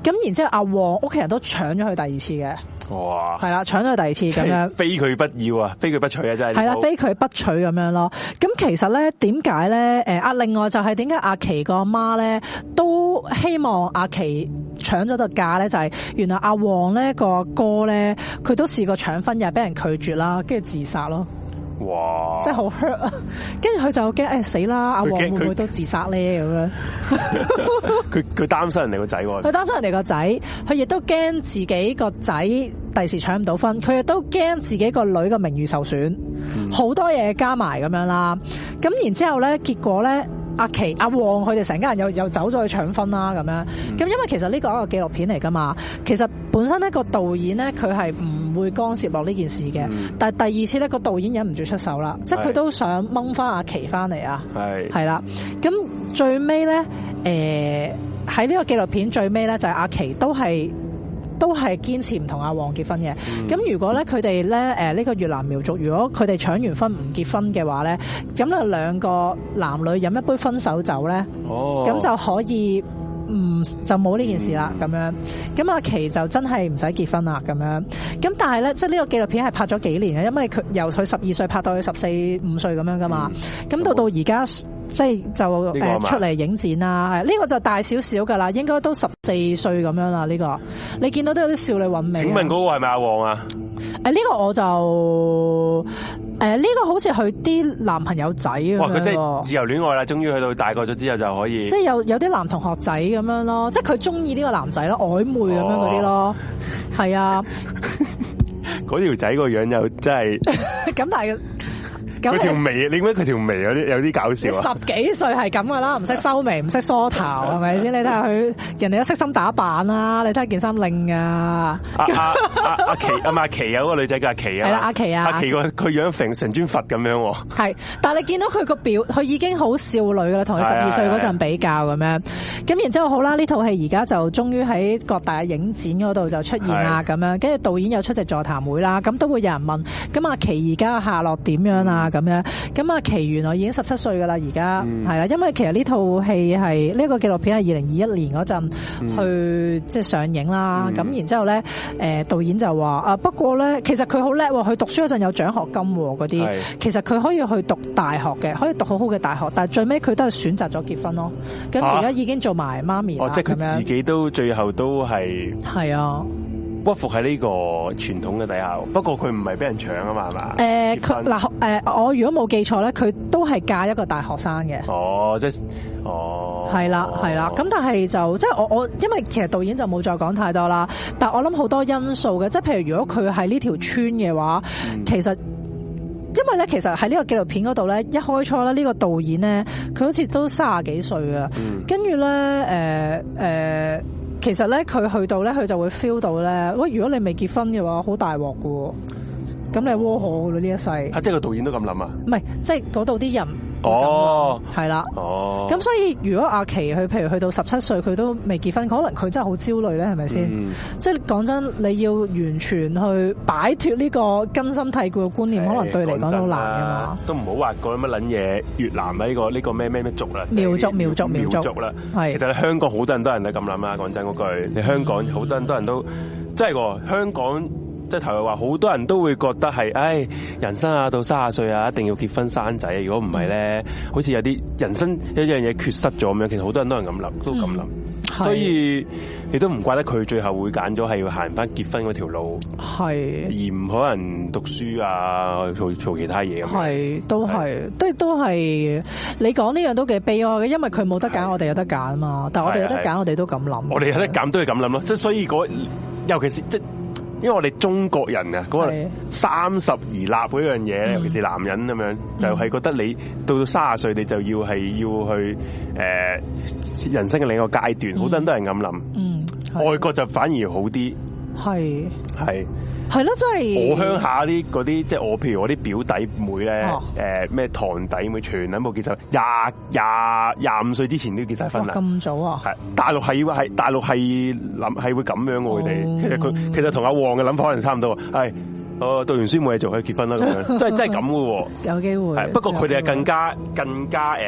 樣。咁然之後阿旺屋企人都搶咗佢第二次嘅。哇！係啦，搶咗第二次咁樣，非佢不要啊，非佢不娶啊，真係係啦，非佢不娶咁樣咯。咁對不其實咧，點解咧？誒，阿另外就係點解阿琪個媽咧，都希望阿琪搶咗個價咧，就係、是、原來阿黃咧個哥咧，佢都試過搶婚日，又係俾人拒絕啦，跟住自殺咯。哇真！真係好 hurt 啊，跟住佢就驚誒死啦，阿黃會唔會都自殺咧咁樣？佢佢 (laughs) 擔心人哋個仔喎，佢擔心人哋個仔，佢亦都驚自己個仔第時搶唔到分，佢亦都驚自己個女個名譽受損，好、嗯、多嘢加埋咁樣啦。咁然之後咧，結果咧。阿奇、阿旺佢哋成家人又又走咗去搶婚啦，咁樣。咁因為其實呢個係一個紀錄片嚟噶嘛，其實本身呢個導演呢，佢係唔會干涉落呢件事嘅。嗯、但係第二次呢個導演忍唔住出手啦，是 即係佢都想掹翻阿奇翻嚟啊。係係啦。咁最尾呢，誒喺呢個紀錄片最尾呢，就係、是、阿奇都係。都係堅持唔同阿黃結婚嘅。咁、嗯、如果咧，佢哋咧誒呢個越南苗族，如果佢哋搶完婚唔結婚嘅話咧，咁就兩個男女飲一杯分手酒咧，咁、哦、就可以唔就冇呢件事啦。咁、嗯、樣咁阿琪就真係唔使結婚啦。咁樣咁但係咧，即係呢個紀錄片係拍咗幾年啊，因為佢由佢十二歲拍到佢十四五歲咁樣噶嘛，咁、嗯、到到而家。嗯即係就誒出嚟影展啦，係呢個，這個就大少少噶啦，應該都十四歲咁樣啦。呢、這個你見到都有啲少女韻味。請問嗰個係咪阿黃啊？誒，呢個我就誒，呢、這個好似佢啲男朋友仔咁哇，佢即係自由戀愛啦！終於去到大個咗之後就可以。即係有有啲男同學仔咁樣咯，即係佢中意呢個男、哦是啊、仔咯，曖昧咁樣嗰啲咯，係啊。嗰條仔個樣又真係咁 (laughs) 但嘅。佢條眉，你覺得佢條眉有啲有啲搞笑啊？十幾歲係咁噶啦，唔識收眉，唔識梳頭，係咪先？你睇下佢，人哋都悉心打扮啦，你睇下件衫靚啊！阿阿阿阿奇啊，嗰個女仔叫阿奇啊，係啦奇，阿奇啊，阿奇個佢樣成成尊佛咁樣喎。係，但係你見到佢個表，佢已經好少女噶啦，同佢十二歲嗰陣比較咁樣對。咁然之後好啦，呢套戲而家就終於喺各大影展嗰度就出現啦，咁樣跟住導演又出席座談會啦，咁都會有人問，咁阿奇而家嘅下落點樣啊？咁樣，咁啊奇原來已經十七歲噶啦，而家係啦，因為其實呢套戲係呢個紀錄片係二零二一年嗰陣去即係上映啦，咁、嗯、然之後咧，誒導演就話啊、嗯、不過咧，其實佢好叻喎，佢讀書嗰陣有獎學金喎嗰啲，是、其實佢可以去讀大學嘅，可以讀好好嘅大學，但係最尾佢都係選擇咗結婚咯。咁而家已經做埋媽咪、啊哦、即係佢自己都最後都係係啊。屈服喺呢個傳統嘅底下，不過佢唔係俾人搶啊嘛，係嘛？誒、呃，佢嗱，誒、呃，我如果冇記錯咧，佢都係嫁一個大學生嘅、哦就是。哦，即係了，哦，係啦，係啦。咁但係就即係我我，因為其實導演就冇再講太多啦。但係我諗好多因素嘅，即係譬如如果佢喺呢條村嘅話，嗯、其實因為咧，其實喺呢個紀錄片嗰度咧，一開初咧，呢個導演咧，佢好似都卅幾歲啊。跟住咧，誒、呃，誒、呃。其實咧，佢去到咧，佢就會 feel 到咧。喂，如果你未結婚嘅話，好大鑊嘅喎。咁你窩火呢一世。啊，即係個導演都咁諗啊？唔係，即係嗰度啲人。哦，係啦，對哦，咁所以如果阿琪去，譬如去到十七歲，佢都未結婚，可能佢真係好焦慮咧，係咪先？嗯、即係講真，你要完全去擺脫呢個根深蒂固嘅觀念，的可能對你嚟講都難噶嘛。都唔好話個乜捻嘢越南啊、這、呢個呢、這個咩咩咩族啦，苗、就是、族苗族苗族啦。係，的其實你香港好多人都人咁諗啊。講真嗰句，你香港好多人都、嗯、都真係喎，香港。即係頭話，好多人都會覺得係，唉，人生啊到卅歲啊，一定要結婚生仔。如果唔係咧，好似有啲人生一樣嘢缺失咗咁樣。其實好多人都係咁諗，都咁諗。所以亦都唔怪得佢最後會揀咗係要行翻結婚嗰條路，係而唔可能讀書啊，做做其他嘢。係都係，都都係。你講呢樣都幾悲哀嘅，因為佢冇得揀，我哋有得揀嘛。但係我哋有得揀，我哋都咁諗。我哋有得揀都係咁諗咯。即係所以嗰，尤其是即因為我哋中國人啊，嗰個三十而立嗰樣嘢，的嗯、尤其是男人咁樣，就係、是、覺得你到到卅歲，你就要係要去誒、呃、人生嘅另一個階段，好多人都係咁諗。的嗯、外國就反而好啲。係係係咯，即係、就是、我鄉下啲嗰啲，即係我譬如我啲表弟妹咧，誒咩堂弟妹，全都冇結晒，廿廿廿五歲之前都要結晒婚啦。咁早啊？係大陸係話係大陸係諗係會咁樣，佢哋其實佢其實同阿黃嘅諗法可能差唔多，係。哦，讀完書冇嘢做，可以結婚啦咁 (laughs) 樣，即係真係咁嘅喎。有機會，不過佢哋係更加更加誒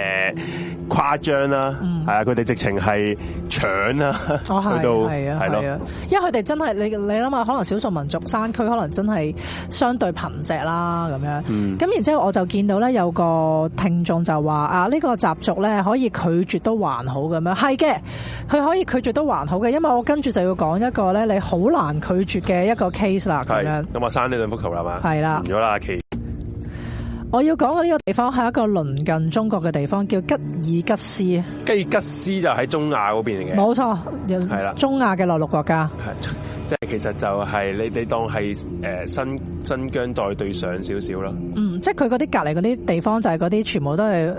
誇張啦，係啊、嗯，佢哋直情係搶啦，哦、去到係啊係啊，因為佢哋真係你你諗下，可能少數民族山區可能真係相對貧瘠啦咁樣。咁、嗯、然之後，我就見到咧有個聽眾就話啊，呢、呢個習俗咧可以拒絕都還好咁樣，係嘅，佢可以拒絕都還好嘅，因為我跟住就要講一個咧你好難拒絕嘅一個 case 啦咁樣。咁呢。足球係嘛，完咗啦。阿其，我要講嘅呢個地方係一個鄰近中國嘅地方，叫吉爾吉斯。吉爾吉斯就喺中亞嗰邊嚟嘅，冇錯。係啦，中亞嘅內陸國家。係，即係其實就係、是、你哋當係誒、呃、新新疆再對上少少啦。嗯，即係佢嗰啲隔籬嗰啲地方就係嗰啲，全部都係。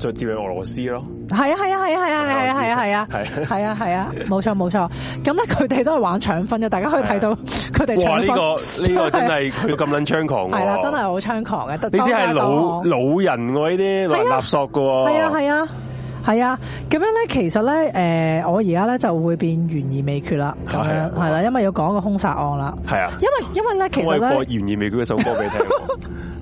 就接去俄羅斯咯，係啊係啊係啊係啊係啊係啊係啊係啊係啊冇錯冇錯，咁咧佢哋都係玩搶分嘅，大家可以睇到佢哋搶分嘅。哇！呢、這個呢、這個真係佢咁捻猖狂。係啦，真係好猖狂嘅。呢啲係老對老人喎，呢啲垃圾索喎。係啊係啊係啊，咁樣咧，其實咧，誒，我而家咧就會變懸而未決啦。咁樣，係啦，因為要講個凶殺案啦。係啊，因為因為咧，其實咧，我播懸而未決嗰首歌俾你聽，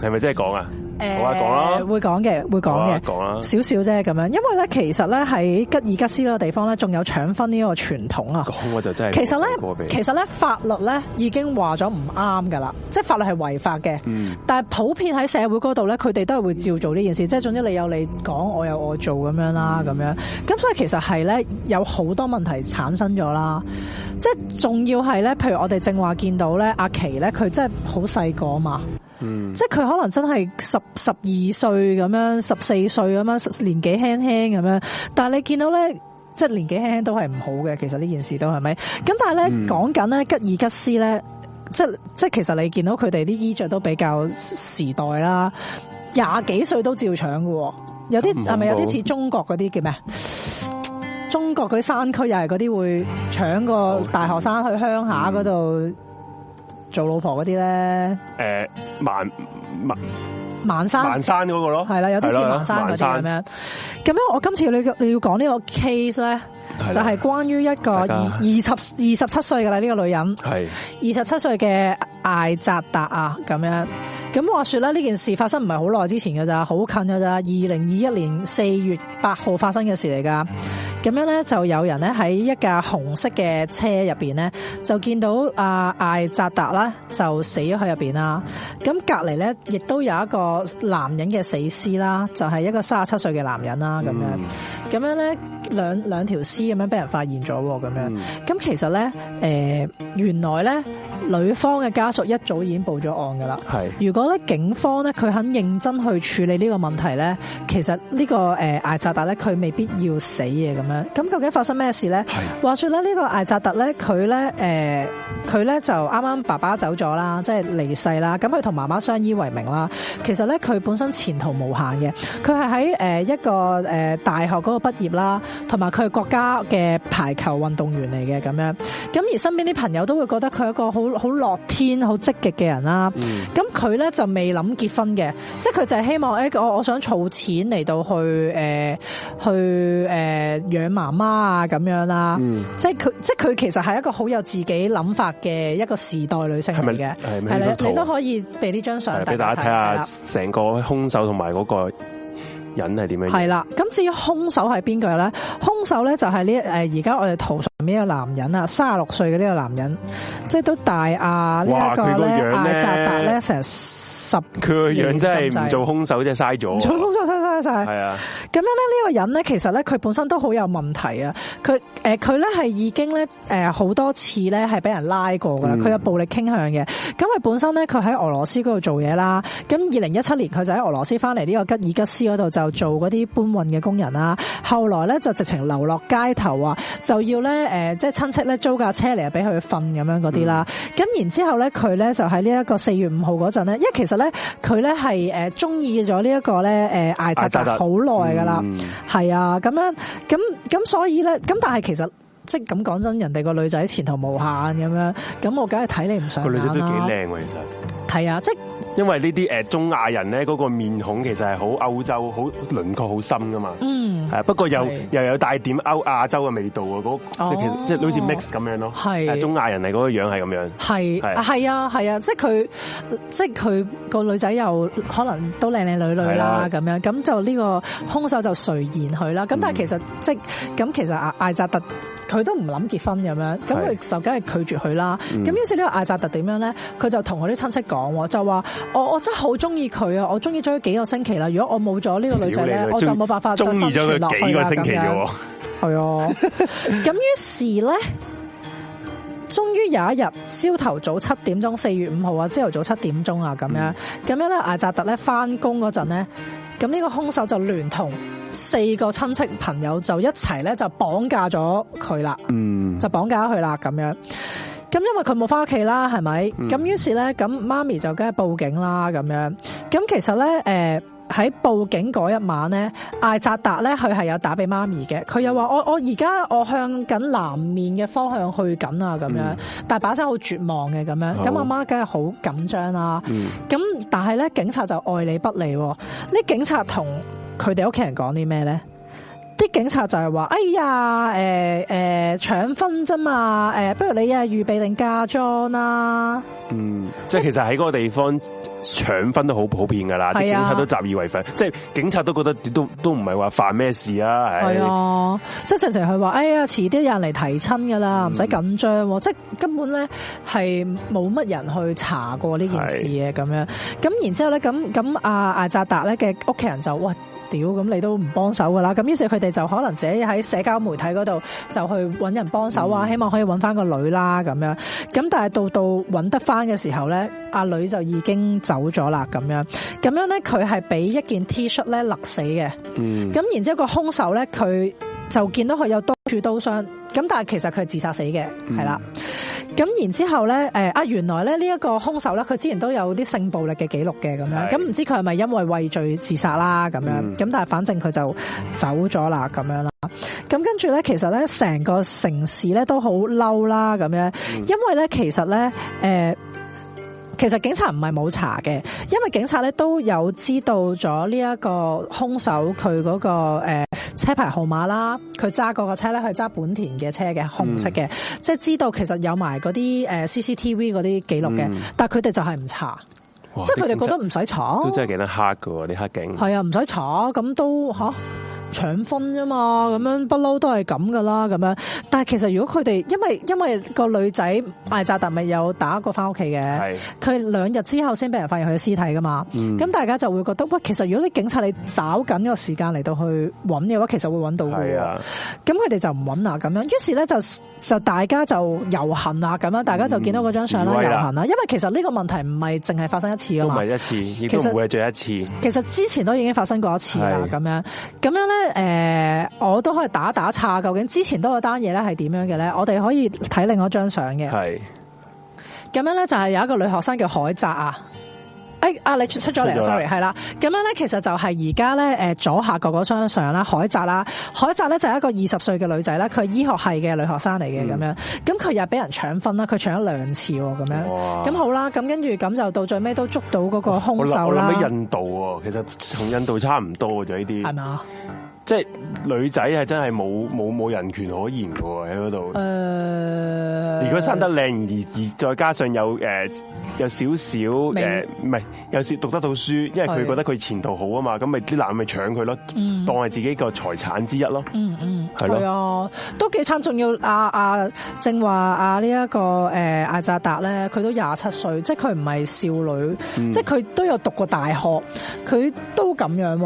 係咪 (laughs) 真係講啊？誒、欸啊，會講嘅，會講嘅，講少少啫咁樣。因為咧，其實咧喺吉爾吉斯呢個地方咧，仲有搶婚呢個傳統啊。講就真係，其實咧，其實咧法律咧已經話咗唔啱噶啦，即係法律係違法嘅。嗯。但係普遍喺社會嗰度咧，佢哋都係會照做呢件事，即係總之你有你講，我有我做咁樣啦，咁樣。咁所以其實係咧，有好多問題產生咗啦。即係仲要係咧，譬如我哋正話見到咧，阿琪咧，佢真係好細個嘛。嗯、即係佢可能真係十十二歲咁樣，十四歲咁樣，年紀輕輕咁樣。但係你見到咧，即係年紀輕輕都係唔好嘅，其實呢件事都係，咪？咁但係咧，講緊咧吉爾吉斯咧，即係即係其實你見到佢哋啲衣着都比較時代啦，廿幾歲都照搶喎。有啲係咪有啲似中國嗰啲叫咩？中國嗰啲山區又係嗰啲會搶個大學生去鄉下嗰度。嗯嗯做老婆嗰啲咧，誒、呃，晚晚晚山晚山嗰個咯，係啦，有啲似晚山嗰啲咁樣。咁樣山我今次你你要講呢個 case 咧。是就係關於一個二十大家 二十二十七歲噶啦呢個女人，係是的 二十七歲嘅艾扎達啊，咁樣。咁話說啦，呢件事發生唔係好耐之前噶咋，好近噶咋。二零二一年四月八號發生嘅事嚟噶。咁樣咧就有人咧喺一架紅色嘅車入邊咧，就見到阿艾扎達啦，就死咗喺入邊啦。咁隔籬咧亦都有一個男人嘅死屍啦，就係、是、一個三十七歲嘅男人啦，咁樣。咁、嗯、樣咧。兩兩,兩條屍咁樣俾人發現咗喎，咁樣咁、嗯、其實咧，誒、呃，原來咧。女方嘅家屬一早已經報咗案㗎啦。係，如果咧警方咧佢肯認真去處理呢個問題咧，其實呢個艾扎特咧佢未必要死嘅咁樣。咁究竟發生咩事咧？係。話說咧呢個艾扎特咧佢咧佢咧就啱啱爸爸走咗啦，即係離世啦。咁佢同媽媽相依為命啦。其實咧佢本身前途無限嘅。佢係喺一個大學嗰個畢業啦，同埋佢係國家嘅排球運動員嚟嘅咁樣。咁而身邊啲朋友都會覺得佢一個好好樂天、好積極嘅人啦，咁佢咧就未諗結婚嘅，即係佢就係希望誒我我想儲錢嚟到去誒去誒養媽媽啊咁樣啦，即係佢即係佢其實係一個好有自己諗法嘅一個時代女性係咪嘅？係啦嗎，嗎你都可以俾呢張相俾大家睇下成個凶手同埋嗰個人係點樣，係啦。咁至於凶手係邊個咧？凶手咧就係呢誒而家我哋圖。呢個男人啊？三十六歲嘅呢個男人，即係都大啊。呢一個阿扎達咧，成十，佢個樣真係唔做凶手即係嘥咗，做凶手嘥晒，係啊的。咁樣咧，呢、呢個人咧，其實咧佢本身都好有問題啊。佢誒，佢咧係已經咧誒好多次咧係俾人拉過噶啦。佢有、嗯、暴力傾向嘅。咁佢本身咧，佢喺俄羅斯嗰度做嘢啦。咁二零一七年佢就喺俄羅斯翻嚟呢個吉爾吉斯嗰度就做嗰啲搬運嘅工人啦。後來咧就直情流落街頭啊，就要咧。誒，即係親戚咧租架車嚟啊，俾佢瞓咁樣嗰啲啦。咁然之後咧，佢咧就喺呢一個四月五號嗰陣咧，因為其實咧佢咧係誒中意咗呢一個咧誒艾澤好耐噶啦，係啊，咁樣咁咁所以咧，咁但係其實即係咁講真，人哋個女仔前途無限咁樣，咁我梗係睇你唔上。個女仔都幾靚，其實係啊，即因為呢啲誒中亞人咧，嗰個面孔其實係好歐洲，好輪廓好深噶嘛。嗯。係啊，不過又是 又有帶點歐亞洲嘅味道啊，嗰、那個哦、即係即係好似 mix 咁樣咯。係。是 中亞人嚟嗰個樣係咁樣。係是。係啊，係啊，啊，即係佢，即係佢個女仔又可能都靚靚女女啦，咁是、啊、樣咁就呢個兇手就垂涎佢啦。咁但係其實、嗯、即係咁，其實艾艾扎特佢都唔諗結婚咁樣，咁佢就梗係拒絕佢啦。咁、嗯、於是呢個艾扎特點樣咧？佢就同佢啲親戚講，就話。我我真係好中意佢啊！我中意咗幾個星期啦。如果我冇咗呢個女仔咧，我就冇辦法再生存落去啦。咁樣，係啊。咁於是咧，終於有一日，朝頭早七點鐘，四月五號啊，朝頭早七點鐘啊，咁樣咁樣咧，艾扎特咧翻工嗰陣咧，咁呢個兇手就聯同四個親戚朋友就一齊咧就綁架咗佢啦。嗯，就綁架咗佢啦，咁樣。咁因為佢冇翻屋企啦，係咪？咁於、嗯、是咧，咁媽咪就梗係報警啦，咁樣。咁其實咧，誒、呃、喺報警嗰一晚咧，艾扎達咧佢係有打俾媽咪嘅，佢又話我我而家我向緊南面嘅方向去緊啊，咁樣，但、嗯、把聲好絕望嘅咁樣。咁阿媽梗係好緊張啦。咁、嗯、但係咧，警察就愛理不理喎。呢警察同佢哋屋企人講啲咩咧？啲警察就係話，哎呀，誒誒搶婚啫嘛，誒、呃，不如你預啊預備定嫁妝啦。嗯，即係是其實喺嗰個地方搶婚都好普遍噶啦，啲是、啊、警察都習以為常，即係警察都覺得都都唔係話犯咩事啊。係啊，即係直情佢話，哎呀，遲啲有人嚟提親噶啦，唔使緊張，嗯、即係根本咧係冇乜人去查過呢件事嘅咁是 樣。咁然之後咧，咁咁阿阿扎達咧嘅屋企人就喂。哇屌，咁你都唔幫手噶啦，咁於是佢哋就可能自己喺社交媒體嗰度就去揾人幫手啊，嗯、希望可以揾翻個女啦咁樣，咁但係到到揾得翻嘅時候咧，阿女就已經走咗啦咁樣，咁樣咧佢係俾一件 T 恤咧勒死嘅，咁、嗯、然之後個兇手咧佢，就見到佢有多處刀傷，咁但係其實佢係自殺死嘅，係啦、嗯。咁然之後咧，誒啊原來咧呢一個兇手咧，佢之前都有啲性暴力嘅記錄嘅，咁樣。咁唔知佢係咪因為畏罪自殺啦？咁樣。咁但係反正佢就走咗啦，咁樣啦。咁跟住咧，其實咧成個城市咧都好嬲啦，咁樣。因為咧其實咧，誒、呃。其實警察唔係冇查嘅，因為警察咧都有知道咗呢一個兇手佢嗰個誒車牌號碼啦，佢揸個個車咧係揸本田嘅車嘅，紅色嘅，即係、嗯、知道其實有埋嗰啲誒 CCTV 嗰啲記錄嘅，嗯、但係佢哋就係唔查，哇即係佢哋覺得唔使坐，都真係幾得黑噶啲黑警，係啊，唔使坐，咁都吓。啊搶婚啫嘛，咁樣不嬲都係咁噶啦，咁樣。但係其實如果佢哋，因為因為個女仔艾扎達咪有打過翻屋企嘅，佢兩日之後先俾人發現佢嘅屍體噶嘛。咁、嗯、大家就會覺得，喂，其實如果你警察你找緊個時間嚟到去搵嘅話，其實會搵到嘅。咁佢哋就唔搵啦，咁樣。於是咧就就，就大家就遊行啦，咁樣，大家就見到嗰張相啦，為遊行啦。因為其實呢個問題唔係淨係發生一次噶嘛，唔係一次，其實唔係最一次。其實之前都已經發生過一次啦，咁是 樣，咁樣咧。誒、嗯，我都可以打打岔，究竟之前嗰個單嘢咧係點樣嘅咧？我哋可以睇另外一張相嘅。係咁是樣咧，就係有一個女學生叫海澤、哎、啊。誒，啊你出咗嚟，sorry，係啦。咁樣咧，其實就係而家咧，誒，左下角嗰張相啦，海澤啦，海澤咧就係一個二十歲嘅女仔啦，佢係醫學系嘅女學生嚟嘅，咁樣。咁佢、嗯、又俾人搶分啦，佢搶咗兩次，咁樣。咁哇好啦，咁跟住咁就到最尾都捉到嗰個凶手啦。我諗喺印度，其實同印度差唔多嘅，就呢啲係嘛。即係女仔係真係冇冇冇人權可言嘅喎喺嗰度。如果生得靚，而而再加上有誒，有少少誒，唔係有少讀得到書，因為佢覺得佢前途好啊嘛，咁咪啲男咪搶佢咯，當係自己個財產之一咯。嗯嗯，係咯。係啊，都幾慘，仲要啊啊正話啊呢一個誒，阿扎達咧，佢都廿七歲，即係佢唔係少女，即係佢都有讀過大學，佢都咁樣。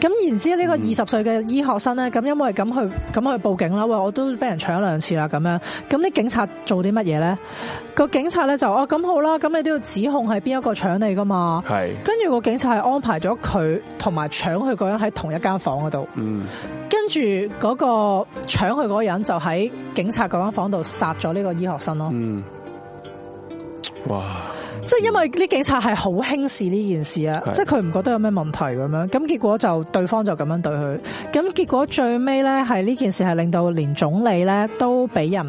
咁然之後呢個二十歲嘅。嗯醫學生咧，咁因為咁去咁去報警啦，喂，我都俾人搶咗兩次啦，咁樣，咁啲警察做啲乜嘢咧？個警察咧就哦咁好啦，咁你都要指控係邊一個搶你噶嘛？係，跟住個警察係安排咗佢同埋搶佢個人喺同一間房嗰度，嗯，跟住嗰個搶佢個人就喺警察嗰間房度殺咗呢個醫學生咯，嗯，哇。即係因為呢，警察係好輕視呢件事啊，即係佢唔覺得有咩問題咁樣，咁結果就對方就咁樣對佢，咁結果最尾咧係呢件事係令到連總理咧都俾人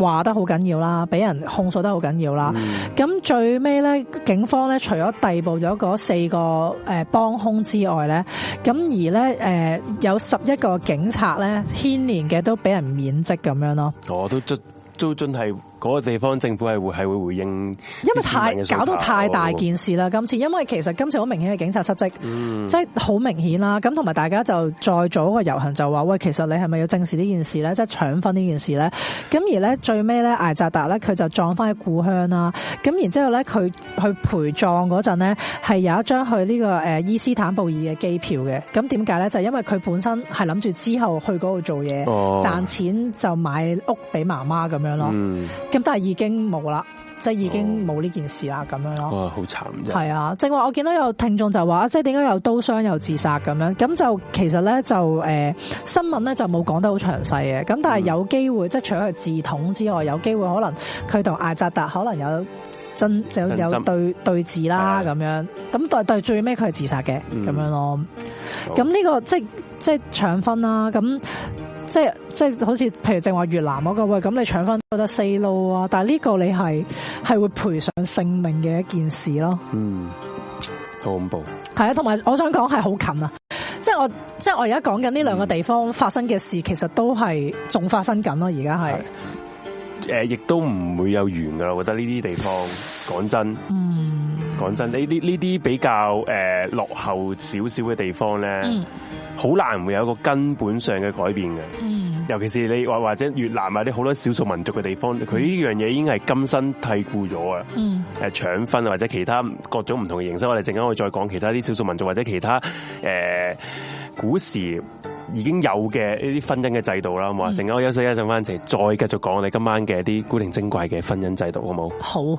話得好緊要啦，俾人控訴得好緊要啦，咁、嗯、最尾咧警方咧除咗逮捕咗嗰四個誒幫兇之外咧，咁而咧誒有十一個警察咧牽連嘅都俾人免職咁樣咯，我、哦、都都真係。嗰個地方政府係會係會回應，因為太搞到太大件事啦！今次，因為其實今次好明顯係警察失職，即係好明顯啦。咁同埋大家就再做一個遊行，就話喂，其實你係咪要正視呢件事咧？即係搶婚呢件事咧？咁而咧最尾咧艾扎達咧佢就葬翻喺故鄉啦。咁然之後咧佢去陪葬嗰陣咧係有一張去呢個誒伊斯坦布爾嘅機票嘅。咁點解咧？就係因為佢本身係諗住之後去嗰度做嘢賺錢，就買屋俾媽媽咁樣咯。嗯咁但係已經冇啦，即係已經冇呢件事啦，咁、哦、樣咯。哇，好慘！係啊，正話我見到有聽眾就話，即係點解有刀傷又自殺咁樣？咁就其實咧就誒、呃，新聞咧就冇講得好詳細嘅。咁但係有機會，嗯、即係除咗係自捅之外，有機會可能佢同阿扎達可能有真就有，有對對峙啦，咁真針 樣。咁但係但係最尾佢係自殺嘅，咁、嗯、樣咯好、這個。咁呢個即係即係腸粉啦，咁。即係即係，好似譬如正話越南嗰、那個位，咁你搶翻多得四路啊！但係呢個你係係會賠上性命嘅一件事咯。嗯，好恐怖。係啊，同埋我想講係好近啊！即係我即係我而家講緊呢兩個地方發生嘅事，嗯、其實都係仲發生緊咯、啊。而家係誒，亦都唔會有完噶啦。我覺得呢啲地方，講真。嗯。講真，呢啲呢啲比較誒落後少少嘅地方咧，好難會有一個根本上嘅改變嘅。尤其是你或或者越南啊，啲好多少數民族嘅地方，佢呢樣嘢已經係根深蒂固咗啊。誒，搶婚啊，或者其他各種唔同嘅形式，我哋陣間可以再講其他啲少數民族或者其他誒古時已經有嘅一啲婚姻嘅制度啦。咁啊，陣間我休息一陣翻嚟，再繼續講我哋今晚嘅一啲古靈精怪嘅婚姻制度，好冇？好。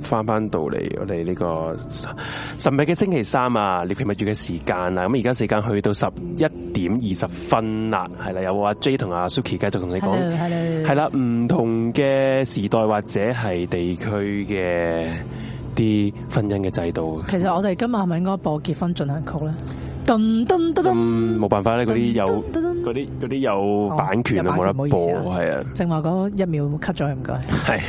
翻翻到嚟，我哋呢個神秘嘅星期三啊，你平日住嘅時間啊，咁而家時間去到十一點二十分啦，係啦，有阿 J 和同阿 Suki 繼續同你講，係啦，係啦，唔同嘅時代或者係地區嘅啲婚姻嘅制度。其實我哋今日係咪應該播結婚進行曲咧？咁冇辦法咧，嗰啲有嗰啲嗰啲有版權啊，冇得播係啊。正話嗰一秒 cut 咗，唔該。係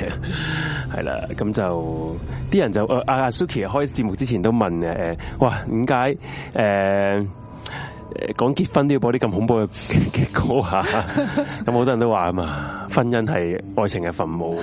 係啦，咁就啲人就阿啊 Suki 開節目之前都問誒誒，呃，哇，點解誒？呃講結婚都要播啲咁恐怖嘅嘅歌下，咁好多人都話啊嘛，婚姻係愛情嘅墳墓，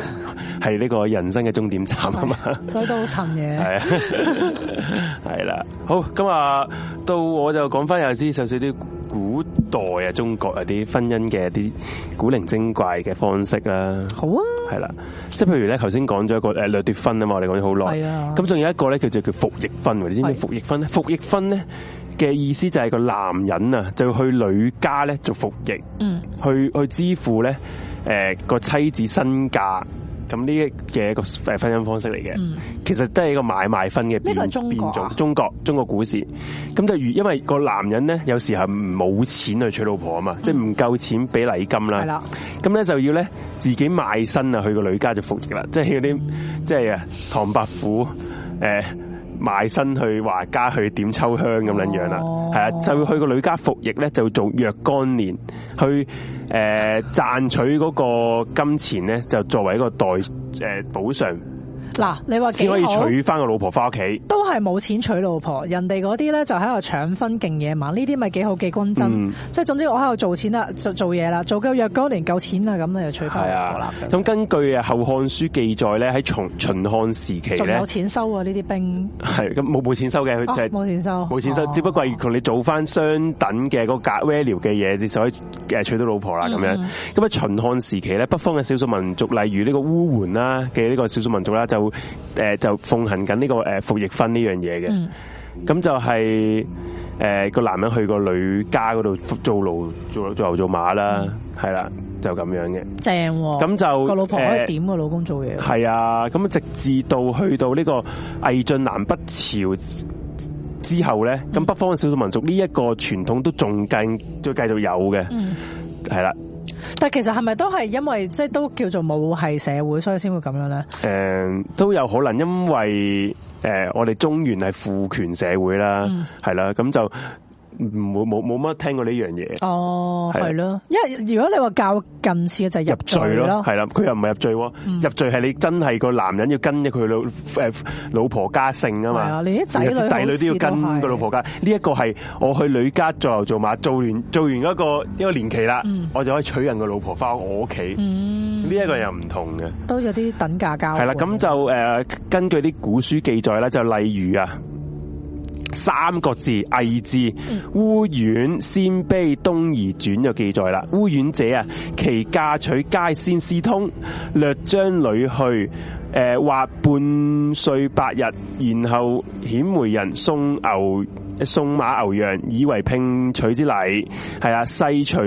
係呢個人生嘅終點站啊嘛，所以都好沉嘅，係啊，係啦，好，咁呀到我就講翻有啲少少啲。古代啊，中國啊啲婚姻嘅啲古靈精怪嘅方式啦，好啊，係啦，即係譬如咧，頭先講咗一個誒掠奪婚啊嘛，我哋講咗好耐，係啊，咁仲有一個咧，叫做叫服役婚，你知唔知服役婚咧？是服役婚咧嘅意思就係個男人啊，就要去女家咧做服役，嗯，去去支付咧，誒、呃、個妻子身價。咁呢嘅個誒婚姻方式嚟嘅，嗯、其實都係一個買賣婚嘅，變變中國、啊、變種中國中國股市，咁就如因為個男人咧，有時候冇錢去娶老婆啊嘛，嗯、即係唔夠錢俾禮金啦，咁咧對了 就要咧自己賣身啊，去個女家就服役啦，即係嗰啲即係啊唐伯虎誒。呃賣身去華家去點秋香咁樣樣啦，係啊、oh.，就去個女家服役咧，就做若干年，去誒賺、呃、取嗰個金錢咧，就作為一個代誒補償。呃嗱，你話幾可以娶翻個老婆翻屋企，都係冇錢娶老婆。人哋嗰啲咧就喺度搶婚勁野猛，呢啲咪幾好幾均真，即係、嗯、總之我喺度做錢啦，做做嘢啦，做夠若干年夠錢啦，咁你就娶翻。係啊了，咁吧根據啊《後漢書》記載咧，喺秦秦漢時期仲有錢收啊呢啲兵。係咁冇冇錢收嘅，佢就冇、是啊、錢收，冇錢收。哦、只不過係同你做翻相等嘅嗰、那個 value 嘅嘢，你就可以誒娶到老婆啦咁樣。咁喺、嗯、秦漢時期咧，北方嘅少數民族，例如呢個烏桓啦嘅呢個少數民族啦，就誒、呃，就奉行緊呢、這個誒服役婚呢樣嘢嘅，咁、嗯、就係誒個男人去個女家嗰度做奴做做牛做馬啦，係啦、嗯，就咁樣嘅。正、啊，咁就個老婆可以點個老公做嘢、呃。係啊，咁直至到去到呢個魏晉南北朝之後咧，咁、嗯、北方嘅少數民族呢一個傳統都仲繼再繼續有嘅，係啦。但其實係咪都係因為即係都叫做冇係社會，所以先會咁樣咧？誒，都有可能，因為誒我哋中原係父權社會啦，係啦、嗯，咁就。唔會冇冇乜聽過呢樣嘢哦，係咯的，因為如果你話較近似嘅就係入罪咯，係啦，佢又唔係入罪喎，入罪係、嗯、你真係個男人要跟咗佢老老婆家姓啊嘛，係啊，你啲仔女仔女都要跟個老婆家，呢一是個係我去女家做牛做馬，做完做完一個一個年期啦，嗯、我就可以娶人個老婆翻我屋企，呢一、嗯、個又唔同嘅，都有啲等價交。係啦，咁就誒根據啲古書記載啦，就例如啊。三國志，魏志烏丸鮮卑東夷傳就記載啦。烏丸者啊，其嫁娶皆先私通，略將女去，誒、呃，或半歲百日，然後遣媒人送牛。送馬牛羊以為聘娶之禮，係啊，婿除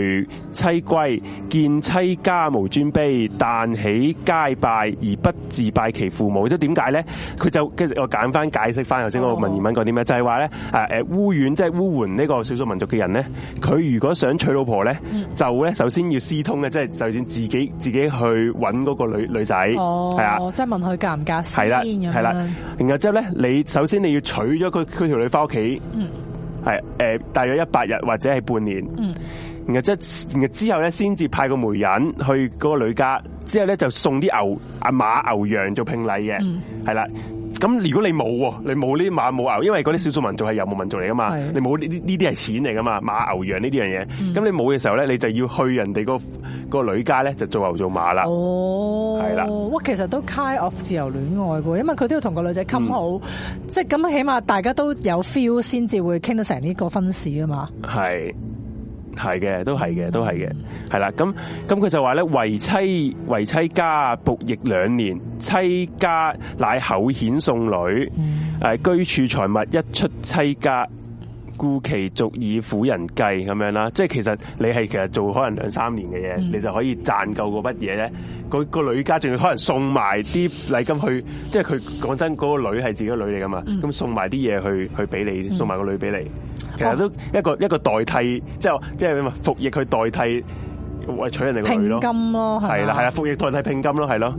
妻歸，見妻家無尊卑，但起皆拜而不自拜其父母。即係點解咧？佢就跟住我揀翻解釋翻頭先嗰個文言文講啲咩？Oh. 就係話咧，誒誒，烏丸即係烏桓呢個少數民族嘅人咧，佢如果想娶老婆咧，就咧首先要私通嘅，即係就算自己自己去揾嗰個女女仔，係啊、oh, 的，即係問佢夾唔夾，係啦係啦，然後之後咧，你首先你要娶咗佢佢條女翻屋企。Oh. 係誒、呃、大約一百日或者係半年，嗯、然後即係然後之後咧先至派個媒人去嗰個女家。之後咧就送啲牛、阿馬、牛羊做聘禮嘅，係啦、嗯。咁如果你冇，你冇呢馬冇牛，因為嗰啲少數民族係游牧民族嚟噶嘛，是的 你冇呢呢啲係錢嚟噶嘛，馬牛羊呢啲樣嘢。咁、嗯、你冇嘅時候咧，你就要去人哋個個女家咧就做牛做馬啦。哦，係啦，我其實都 k i n of 自由戀愛喎，因為佢都要同個女仔親好，嗯、即係咁起碼大家都有 feel 先至會傾得成呢個婚事啊嘛。係。係嘅，都係嘅，都係嘅，係啦。咁咁佢就話咧，為妻為妻家僕役兩年，妻家乃厚遣送女，誒、嗯、居處財物一出妻家，故其俗以婦人計咁樣啦。即係其實你係其實做可能兩三年嘅嘢，嗯、你就可以賺夠嗰筆嘢咧。嗰、嗰個女家仲要可能送埋啲禮金去，即係佢講真嗰、嗰個女係自己嘅女嚟噶嘛。咁、嗯、送埋啲嘢去去俾你，送埋個女俾你。嗯其實都一個一個代替，即係即係服役去代替為娶人哋個女咯。聘金咯，係啦，係啊，服役代替聘金咯，係咯。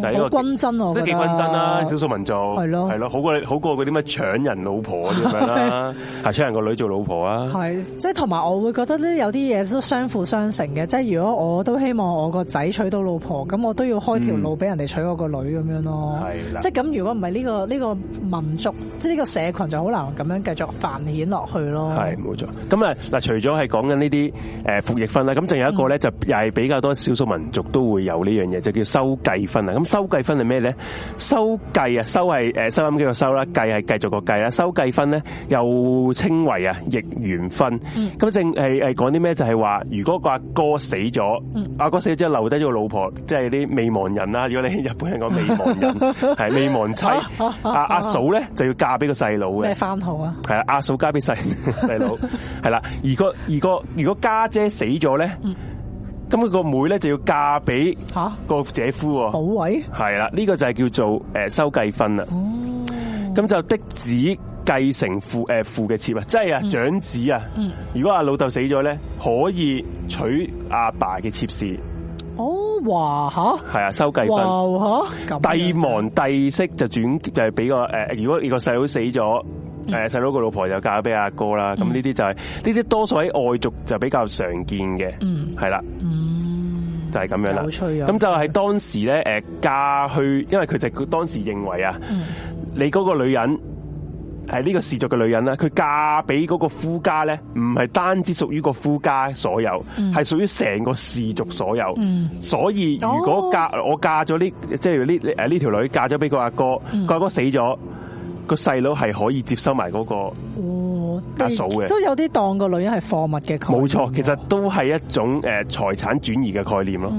就係呢個均真咯，都幾均真啦、啊！少數民族係咯，係咯對了，好過好過嗰啲咩搶人老婆咁樣啦，係對了 了搶人個女做老婆啊！係即係同埋，我會覺得呢，有啲嘢都相輔相成嘅。即、就、係、是、如果我都希望我個仔娶到老婆，咁我都要開條路俾、嗯、人哋娶我個女咁樣咯。係即係咁，如果唔係呢個呢、呢個民族，即係呢個社群，就好難咁樣繼續繁衍落去咯。係冇錯。咁啊嗱，除咗係講緊呢啲誒服役婚啦，咁仲有一個咧，嗯、就又係比較多少數民族都會有呢樣嘢，就叫收繼婚啊。咁收繼婚係咩咧？收繼啊，收係誒收音機個收啦，繼係繼續個繼啦。收繼婚咧又稱為啊逆緣婚。咁、嗯、正係係講啲咩？就係、是、話如果個阿哥死咗，阿、嗯、哥，哥死咗之後留低咗個老婆，即係啲未亡人啦。如果你日本人講未亡人，係 (laughs) 未亡妻。阿阿嫂咧就要嫁俾個細佬嘅。咩番號啊？係啊，阿嫂嫁俾細細佬係啦。如果如果如果家姐，姐死咗咧？嗯咁佢個妹咧就要嫁俾吓個姐夫，啊，補位係啦，呢、這個就係叫做誒收繼婚啦。哦，咁就嫡子繼承父誒父嘅妾啊，即係啊長子啊，嗯嗯如果阿老豆死咗咧，可以娶阿爸嘅妾侍。哦，哇吓，係啊，收繼婚哇吓，帝亡帝息就轉就係俾個誒，如果個細佬死咗。誒，細佬個老婆就嫁俾阿哥啦，咁呢啲就係呢啲多數喺外族就比較常見嘅，係啦，就係咁樣啦。冇咁就係當時咧，誒嫁去，因為佢就佢當時認為啊，你嗰個女人係呢個氏族嘅女人啦，佢嫁俾嗰個夫家咧，唔係單止屬於個夫家所有，係屬於成個氏族所有。所以如果嫁我嫁咗呢，即係呢誒呢條女嫁咗俾個阿哥，個阿哥死咗。個細佬係可以接收埋嗰個，哦，阿嫂嘅，都有啲當個女人係貨物嘅概念。冇錯，其實都係一種誒財產轉移嘅概念咯，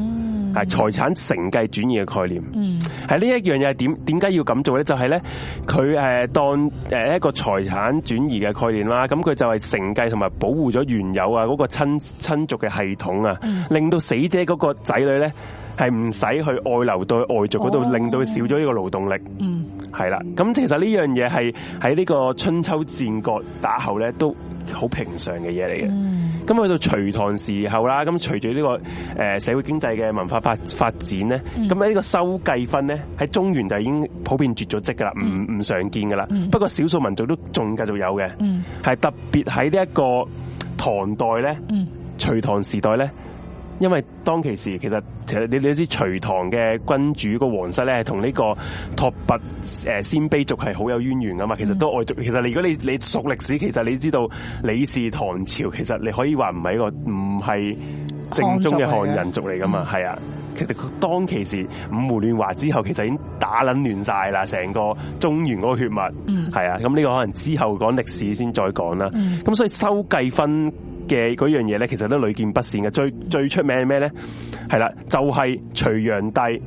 係財產承繼轉移嘅概念。嗯，係呢一樣嘢係點點解要咁做咧？就係咧佢誒當誒一個財產轉移嘅概念啦。咁佢就係承繼同埋保護咗原有啊嗰個親親族嘅系統啊，令到死者嗰個仔女咧。係唔使去外流到去外族嗰度，oh, okay. 令到佢少咗呢個勞動力。嗯、mm.，係啦。咁其實呢樣嘢係喺呢個春秋戰國打後咧，都好平常嘅嘢嚟嘅。咁去、mm. 到隋唐時候啦，咁隨住呢個誒社會經濟嘅文化發發展咧，咁喺呢個收繼婚咧，喺中原就已經普遍絕咗跡噶啦，唔唔常見噶啦。Mm. 不過少數民族都仲繼續有嘅。嗯，係特別喺呢一個唐代咧，嗯，隋唐時代咧。因為當其時，其實其實你你都知隋唐嘅君主個皇室咧，同呢個拓跋誒鮮卑族係好有淵源噶嘛。其實都外族。其實你如果你你熟歷史，其實你知道李氏唐朝，其實你可以話唔係一個唔係正宗嘅漢人族嚟噶嘛。係啊、嗯，其實當其時五胡亂華之後，其實已經打撚亂晒啦，成個中原嗰個血脈。嗯是，係啊。咁呢個可能之後講歷史先再講啦。咁、嗯、所以收繼婚嘅嗰樣嘢咧，其實都屢見不鮮嘅。最最出名係咩咧？係啦，就係隋煬帝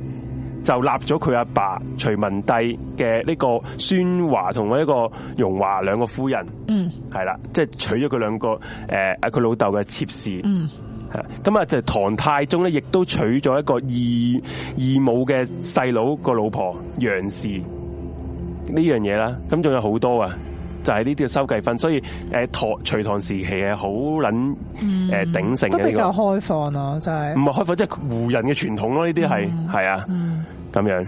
就立咗佢阿爸隋文帝嘅呢個宣華同呢一個容華兩個夫人。嗯，係啦，即係娶咗佢兩個誒阿佢老豆嘅妾侍。嗯，係咁啊，就係唐太宗咧，亦都娶咗一個異異母嘅細佬個老婆楊氏呢樣嘢啦。咁仲有好多啊！就係呢啲嘅收計分，所以誒隋、呃、唐時期係好撚誒鼎盛嘅一個。嗯、都比較開放咯，就係、是。唔係開放，即、就、係、是、胡人嘅傳統咯。呢啲係係啊，咁樣。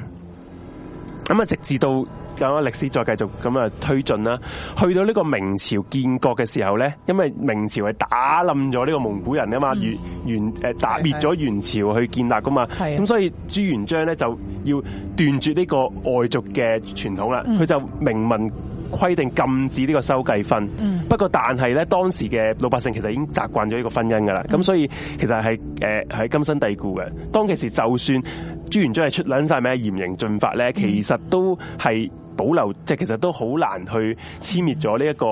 咁啊，直至到講下歷史，再繼續咁啊推進啦。去到呢個明朝建國嘅時候咧，因為明朝係打冧咗呢個蒙古人啊嘛、嗯，元元誒打滅咗元朝去建立噶嘛，咁的所以朱元璋咧就要斷絕呢個外族嘅傳統啦，佢、嗯、就明文。規定禁止呢個收繼婚，不過但係咧，當時嘅老百姓其實已經習慣咗呢個婚姻㗎啦，咁、嗯、所以其實係誒係根深蒂固嘅。當其時就算朱元璋係出撚晒咩嚴刑峻法咧，其實都係。.保留即係其實都好難去殲滅咗呢一個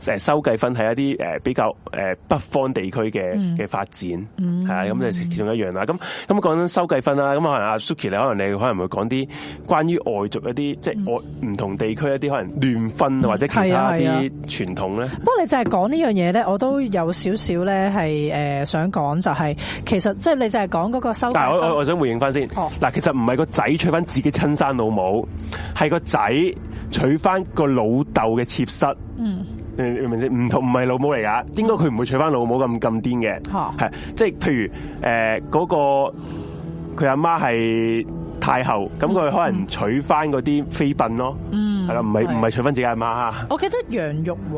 誒收繼婚，係一啲誒比較誒北方地區嘅嘅發展，係啊，咁就其中一樣啦。咁咁講緊收繼婚啦，咁可能阿 Suki 你可能你可能會講啲關於外族一啲、嗯、即係外唔同地區一啲可能亂婚或者其他一啲傳統咧、啊啊。不過你就係講呢樣嘢咧，我都有少少咧係誒想講就係、是、其實即係、就是、你就係講嗰個收繼婚但我我，我想回應翻先，嗱、哦、其實唔係個仔娶翻自己親生老母，係個仔。喺娶翻個老豆嘅妾室，嗯，明唔明？唔同，唔係老母嚟噶，應該佢唔會娶翻老母咁咁癲嘅，係，即係譬如誒，嗰個佢阿媽係太后，咁佢可能娶翻嗰啲妃嬪咯，嗯，係啦，唔係唔係娶翻自己阿媽吓。我記得楊玉環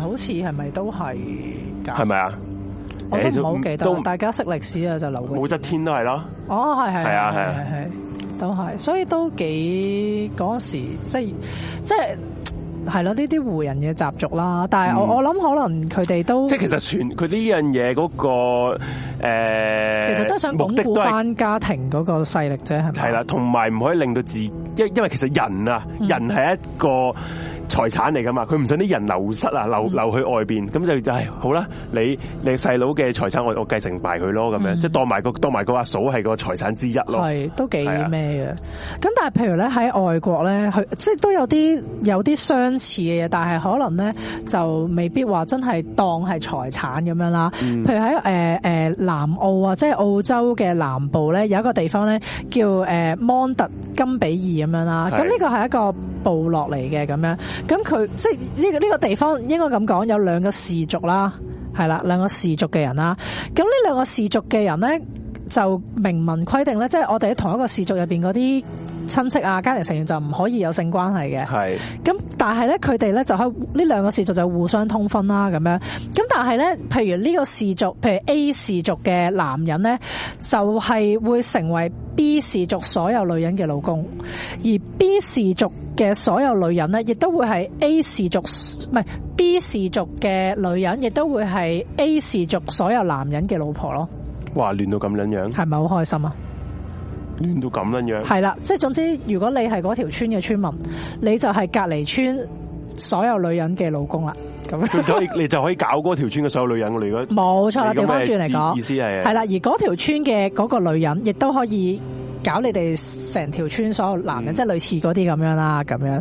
好似係咪都係，係咪啊？我都冇記得，大家識歷史啊，就劉武則天都係咯，哦，係係係啊係。都係，所以都幾嗰時，即係即係係咯，呢啲湖人嘅習俗啦。但係我我諗可能佢哋都、嗯、即係其實全佢呢樣嘢嗰個誒，呃、其實都想鞏固翻家庭嗰個勢力啫，係咪？係啦，同埋唔可以令到自己，因因為其實人啊，人係一個。嗯嗯財產嚟噶嘛？佢唔想啲人流失啊，流流去外邊，咁、嗯、就就係好啦。你你細佬嘅財產，我我繼承埋佢咯，咁樣、嗯、即係當埋、個當埋個阿嫂係個財產之一咯。係，都幾咩嘅？咁是、啊、但係譬如咧喺外國咧，佢即係都有啲有啲相似嘅嘢，但係可能咧就未必話真係當係財產咁樣啦。嗯、譬如喺、呃呃、南澳啊，即係澳洲嘅南部咧，有一個地方咧叫誒芒、呃、特金比爾咁樣啦。咁呢是 個係一個。部落嚟嘅咁樣，咁佢即係呢個呢個地方，應該咁講，有兩個氏族啦，係啦，兩個氏族嘅人啦，咁呢兩個氏族嘅人呢，就明文規定呢，即係我哋喺同一個氏族入邊嗰啲。親戚啊，家庭成員就唔可以有性關係嘅。係咁是，但係咧，佢哋咧就喺呢兩個氏族就互相通婚啦，咁樣。咁但係咧，譬如呢個氏族，譬如 A 氏族嘅男人咧，就係、是、會成為 B 氏族所有女人嘅老公，而 B 氏族嘅所有女人咧，亦都會係 A 氏族唔係 B 氏族嘅女人，亦都會係 A 氏族所有男人嘅老婆咯。哇，亂到咁樣樣，係咪好開心啊？亂到咁樣樣，係啦，即係總之，如果你係嗰條村嘅村民，你就係隔籬村所有女人嘅老公啦。咁樣，所以你就可以搞嗰條村嘅所有女人。如果，冇錯啦，調翻轉嚟講，意思係係啦。而嗰條村嘅嗰個女人，亦都可以搞你哋成條村所有男人，嗯、即係類似嗰啲咁樣啦。咁樣，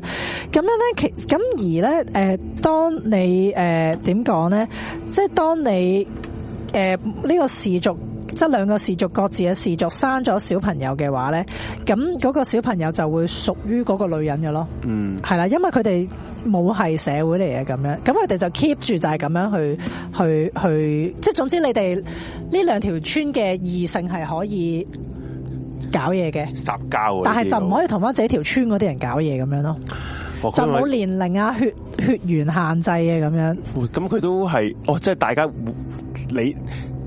咁樣咧，其咁而咧，誒，當你誒點講咧，即係當你誒呢、呃這個氏族。即係兩個氏族各自嘅氏族生咗小朋友嘅話咧，咁、那、嗰個小朋友就會屬於嗰個女人嘅咯。嗯，係啦，因為佢哋冇係社會嚟嘅，咁樣，咁佢哋就 keep 住就係咁樣去去去，即係總之你哋呢兩條村嘅異性係可以搞嘢嘅，雜交、啊。但係就唔可以同返自己條村嗰啲人搞嘢咁樣咯，哦、就冇年齡啊、哦、血血緣限制嘅咁樣。咁佢都係，哦，即係大家你。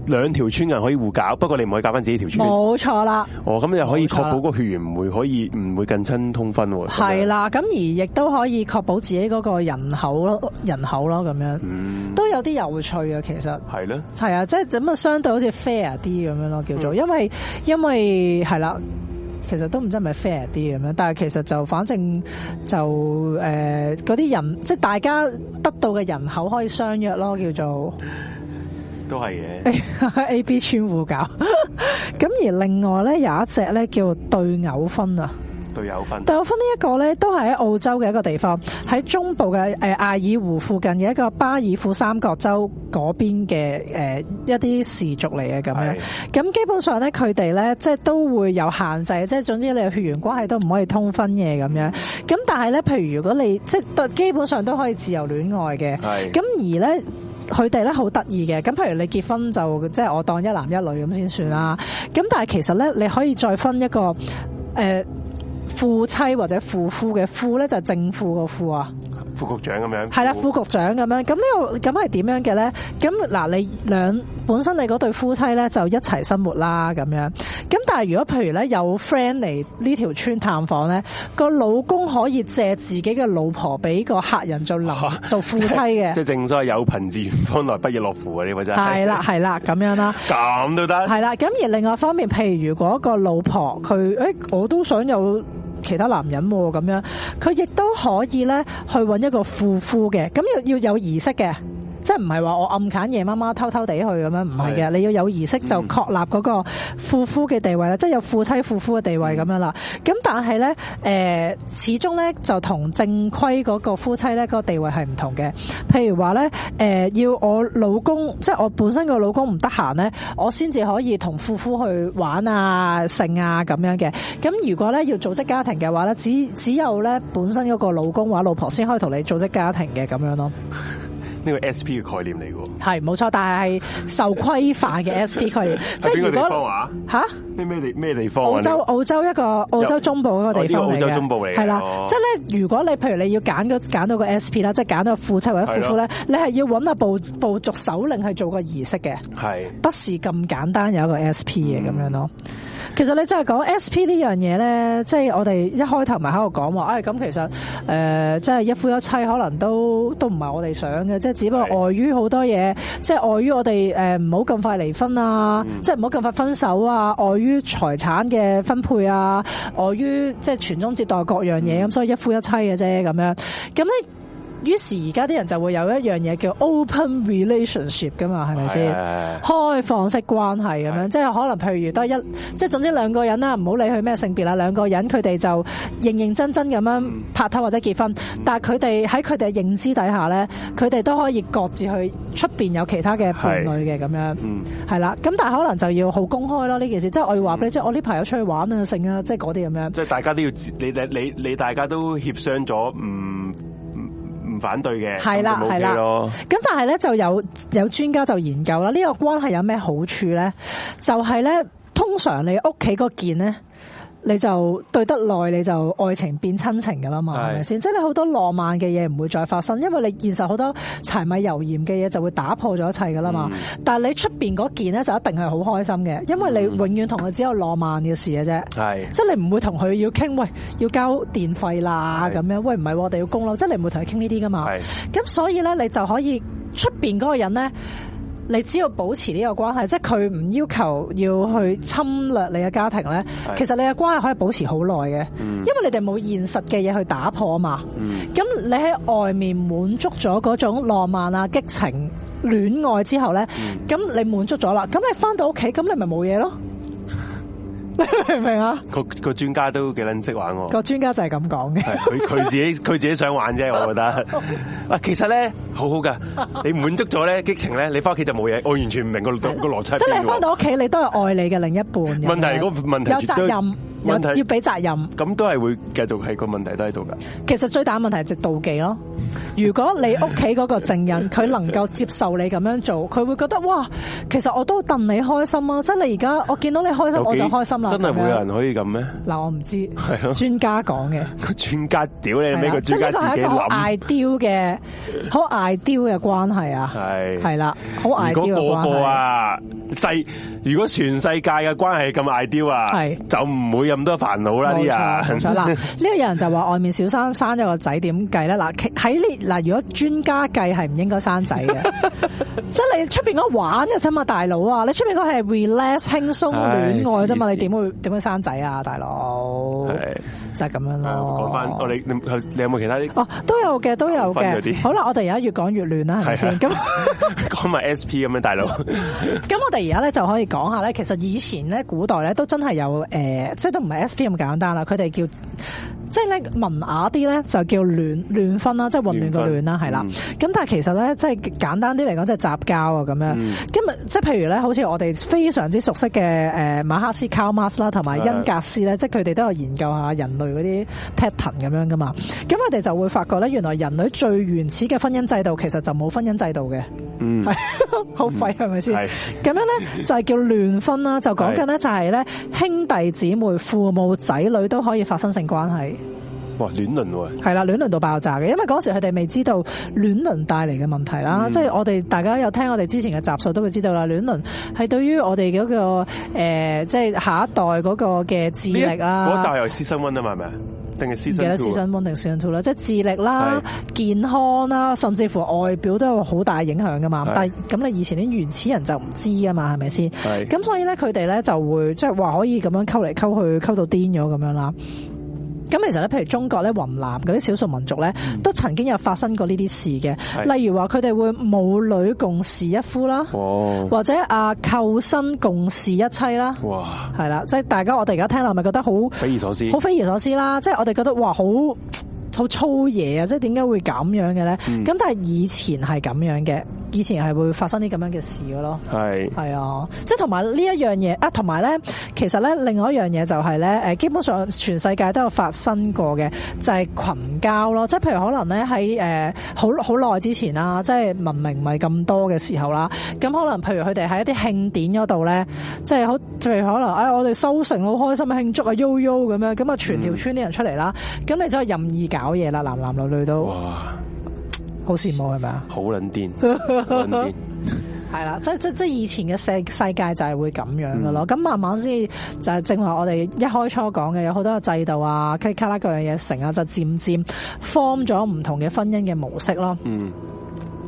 兩條村人可以互搞，不過你唔可以搞翻自己條村。冇錯啦。哦，咁又可以確保個血緣唔會可以唔會近親通婚喎。係啦，咁樣而亦都可以確保自己嗰個人口人口咯，咁樣、嗯、都有啲有趣啊，其實。係咯呢。係啊，即係咁啊，相對好似 fair 啲咁樣咯，叫做，嗯、因為因為係啦，其實都唔知係咪 fair 啲咁樣，但係其實就反正就誒嗰啲人，即係大家得到嘅人口可以相約咯，叫做。都係嘅 (laughs) A B 村戶搞，咁而另外咧有一隻咧叫對偶婚啊，對偶婚，對偶婚呢一個咧都係喺澳洲嘅一個地方，喺中部嘅誒艾爾湖附近嘅一個巴爾庫三角洲嗰邊嘅誒一啲氏族嚟嘅咁樣，咁是的 基本上咧佢哋咧即係都會有限制，即係總之你嘅血緣關係都唔可以通婚嘅咁樣，咁但係咧譬如如果你即係基本上都可以自由戀愛嘅，係是的，咁而咧。佢哋咧好得意嘅，咁譬如你結婚就即係我當一男一女咁先算啦，咁但係其實咧你可以再分一個誒、呃、夫妻或者夫婦嘅夫咧就係正負個負啊。副局長咁樣，係啦對，副局長咁樣，咁、這個、呢個咁係點樣嘅咧？咁嗱，你兩本身你嗰對夫妻咧就一齊生活啦，咁樣。咁但係如果譬如咧有 friend 嚟，呢條村探訪咧，個老公可以借自己嘅老婆俾個客人做男、啊、做夫妻嘅，即係正所謂有朋自遠方來不亦樂乎啊！呢個真係啦，係啦，咁樣啦，咁都得係啦。咁而另外一方面，譬如如果個老婆佢誒、欸，我都想有。其他男人咁樣，佢亦都可以咧去揾一個富富嘅，咁要要有儀式嘅。即係唔係話我暗砍夜媽媽偷偷地去咁樣，唔係嘅，你要有儀式就確立嗰個夫夫嘅地位啦，嗯、即係有夫妻夫夫嘅地位咁樣啦。咁但係咧，誒、呃，始終咧就同正規嗰個夫妻咧，那個地位係唔同嘅。譬如話咧，誒、呃，要我老公，即係我本身個老公唔得閒咧，我先至可以同夫夫去玩啊，性啊咁樣嘅。咁如果咧要組織家庭嘅話咧，只只有咧本身嗰個老公或老婆先可以同你組織家庭嘅咁樣咯。呢個係 SP 嘅概念嚟㗎，係冇錯，但係係受規範嘅 SP 概念， (laughs) 即係如果嚇咩咩咩地方、啊？澳洲澳洲一個澳洲中部一個地方嚟嘅，係啦，即係咧，如果你譬如你要揀個揀到個 SP 啦，即係揀到夫妻或者夫婦咧，對的 你係要揾個部部族首領去做個儀式嘅，係是的 不是咁簡單，有一個 SP 嘅咁樣咯。嗯、其實你真係講 SP 這呢樣嘢咧，即、就、係、是、我哋一開頭咪喺度講話，哎咁其實誒，即、呃、係、就是、一夫一妻可能都都唔係我哋想嘅，即係。只不過礙於好多嘢，即係礙於我哋誒唔好咁快離婚啊，即係唔好咁快分手啊，礙於財產嘅分配啊，礙於即係傳宗接代各樣嘢，咁、嗯、所以一夫一妻嘅啫咁樣，咁咧。於是而家啲人就會有一樣嘢叫 open relationship 㗎嘛，係咪先開放式關係咁樣？即係、啊、可能譬如都係一，即、就、係、是、總之兩個人啦，唔好理佢咩性別啦，兩個人佢哋就認認真真咁樣拍拖或者結婚，嗯、但佢哋喺佢哋認知底下咧，佢哋都可以各自去出面有其他嘅伴侶嘅咁樣，係、嗯、啦。咁但係可能就要好公開咯呢件事，即、就、係、是、我要話俾你知，嗯、我啲朋友出去玩啊，性啊，即係嗰啲咁樣。即係大家都要你你你大家都協商咗唔。嗯唔反對嘅係啦，係啦的，咁但係咧就有有專家就研究啦，呢個關係有咩好處咧？就係咧，通常你屋企嗰件咧。你就對得耐，你就愛情變親情㗎啦嘛，係咪先？是 即係你好多浪漫嘅嘢唔會再發生，因為你現實好多柴米油鹽嘅嘢就會打破咗一切㗎啦嘛。嗯、但係你出面嗰件咧就一定係好開心嘅，因為你永遠同佢只有浪漫嘅事嘅啫。嗯、即係你唔會同佢要傾，喂，要交電費啦咁是 樣，喂，唔係、啊，我哋要供樓，即係你唔會同佢傾呢啲㗎嘛。咁是 所以咧，你就可以出面嗰個人咧。你只要保持呢個關係，即係佢唔要求要去侵略你嘅家庭呢是的 其實你嘅關係可以保持好耐嘅，嗯、因為你哋冇現實嘅嘢去打破嘛。咁、嗯、你喺外面滿足咗嗰種浪漫啊、激情戀愛之後呢，咁、嗯、你滿足咗啦，咁你返到屋企，咁你咪冇嘢咯。明唔明啊？個個專家都幾撚識玩我。個專家就係咁講嘅。佢佢自己佢自己想玩啫，我覺得。啊，其實咧好好噶，你滿足咗咧激情咧，你翻屋企就冇嘢。我完全唔明、個對 個邏輯。即係對 你翻到屋企，你都有愛你嘅另一半。問題，如果問題有責任。要俾責任，咁都係會繼續係個問題都喺度噶。其實最大問題係就係妒忌囉。 (laughs) 如果你屋企嗰個證人佢能夠接受你咁樣做，佢會覺得嘩，其實我都戥你開心啊！真係而家我見到你開心，幾我就開心啦。真係會有人可以咁咩？嗱，我唔知。專家講嘅。專家屌你，邊個專家自己諗、啊？即係一個一個 ideal 嘅好 ideal 嘅關係啊！啊啊係係、啊、啦，如果個個啊世，如果全世界嘅關係咁 ideal 啊，就唔會有。咁多煩惱啦呢啊，唔錯啦，呢個有人就話外面小三生咗個仔點計咧？嗱，喺呢嗱，如果專家計係唔應該生仔嘅，即係你出邊嗰玩嘅啫嘛，大佬啊，你出邊嗰係 relax 輕鬆戀愛啫嘛，你點會點會生仔啊，大佬？就係咁樣囉。講翻我哋，你你有冇其他啲？哦，都有嘅，都有嘅。好啦，我哋而家越講越亂啦，係咪先？咁講埋 SP 咁樣，大佬。咁我哋而家咧就可以講下咧，其實以前咧，古代咧都真係有誒，即係唔係 S, S P 咁簡單啦，佢哋叫。即係咧文雅啲咧，就叫亂亂婚啦，即係混亂個亂啦，係啦。咁但係其實咧，即係簡單啲嚟講，即係雜交啊咁樣。咁啊、嗯，即係譬如咧，好似我哋非常之熟悉嘅誒馬克思卡馬斯啦，同埋恩格斯咧，的即係佢哋都有研究下人類嗰啲 pattern 咁樣噶嘛。咁我哋就會發覺咧，原來人類最原始嘅婚姻制度其實就冇婚姻制度嘅，嗯，係好 (laughs) 廢係咪先？咁樣咧就係叫亂婚啦，的就講緊咧就係咧兄弟姊妹、父母仔女都可以發生性關係。哇！亂倫喎，係啦，亂倫到爆炸嘅，因為嗰時佢哋未知道亂倫帶嚟嘅問題啦。嗯、即係我哋大家有聽我哋之前嘅集數都會知道啦。亂倫係對於我哋嗰、嗰個、呃、即係下一代嗰個嘅智力啊，嗰集又係 season one 啊嘛，係咪？定係 season 幾多 season one 定 season two 啦？即係智力啦、是健康啦，甚至乎外表都有好大影響噶嘛。是但係咁你以前啲原始人就唔知啊嘛，係咪先？咁是所以咧，佢哋咧就會即係話可以咁樣溝嚟溝去，溝到癲咗咁樣啦。咁其實咧，譬如中國咧，雲南嗰啲少數民族咧，都曾經有發生過呢啲事嘅。嗯、例如話佢哋會母女共侍一夫啦，哇 或者啊，舅甥共侍一妻啦。哇！係啦，即大家我哋而家聽落，咪覺得好匪夷所思，好匪夷所思啦。即係我哋覺得哇，好好粗野啊！即係點解會咁樣嘅咧？咁、嗯、但係以前係咁樣嘅。以前係會發生啲咁樣嘅事嘅咯，係，係啊，即係同埋呢一樣嘢啊，同埋咧，其實咧，另外一樣嘢就係咧，誒，基本上全世界都有發生過嘅，就係群交咯，即係譬如可能咧，喺誒，好好耐之前啦，即係文明唔係咁多嘅時候啦，咁可能譬如佢哋喺一啲慶典嗰度咧，即係好譬如可能誒，我哋收成好開心啊，慶祝啊，悠悠咁樣，咁啊，全條村啲人出嚟啦，咁、嗯、你就任意搞嘢啦，男男女女都。哇！好羨慕係咪啊？好撚癲，係啦，。 (laughs) (laughs) 即即即以前嘅世世界就係會咁樣噶咯，咁、嗯、慢慢先就係、是、正話我哋一開初講嘅，有好多嘅制度啊、卡卡啦各樣嘢成日就漸漸 form 咗唔同嘅婚姻嘅模式咯。嗯。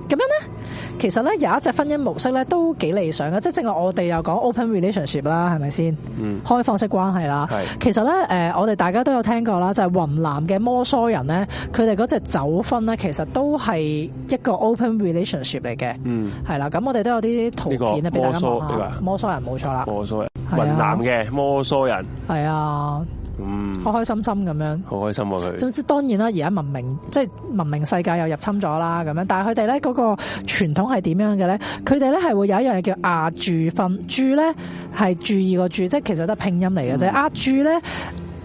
咁樣咧，其實咧有一隻婚姻模式咧都幾理想嘅，即係正係我哋又講 open relationship 啦，係咪先？嗯，開放式關係啦。是 其實咧，誒，我哋大家都有聽過啦，就係、是、雲南嘅摩梭人咧，佢哋嗰隻走婚咧，其實都係一個 open relationship 嚟嘅。嗯，係啦，咁我哋都有啲圖片啊，俾大家嚇、這個、摩梭人冇錯啦，摩梭人，雲南嘅摩梭人。係啊。嗯，開開心心咁樣，好開心佢、啊。總之當然啦，而家文明即係文明世界又入侵咗啦，咁樣。但係佢哋咧嗰個傳統係點樣嘅咧？佢哋咧係會有一樣嘢叫阿、啊、住分，住咧係注意個住，住個住即係其實都係拼音嚟嘅啫。阿住咧，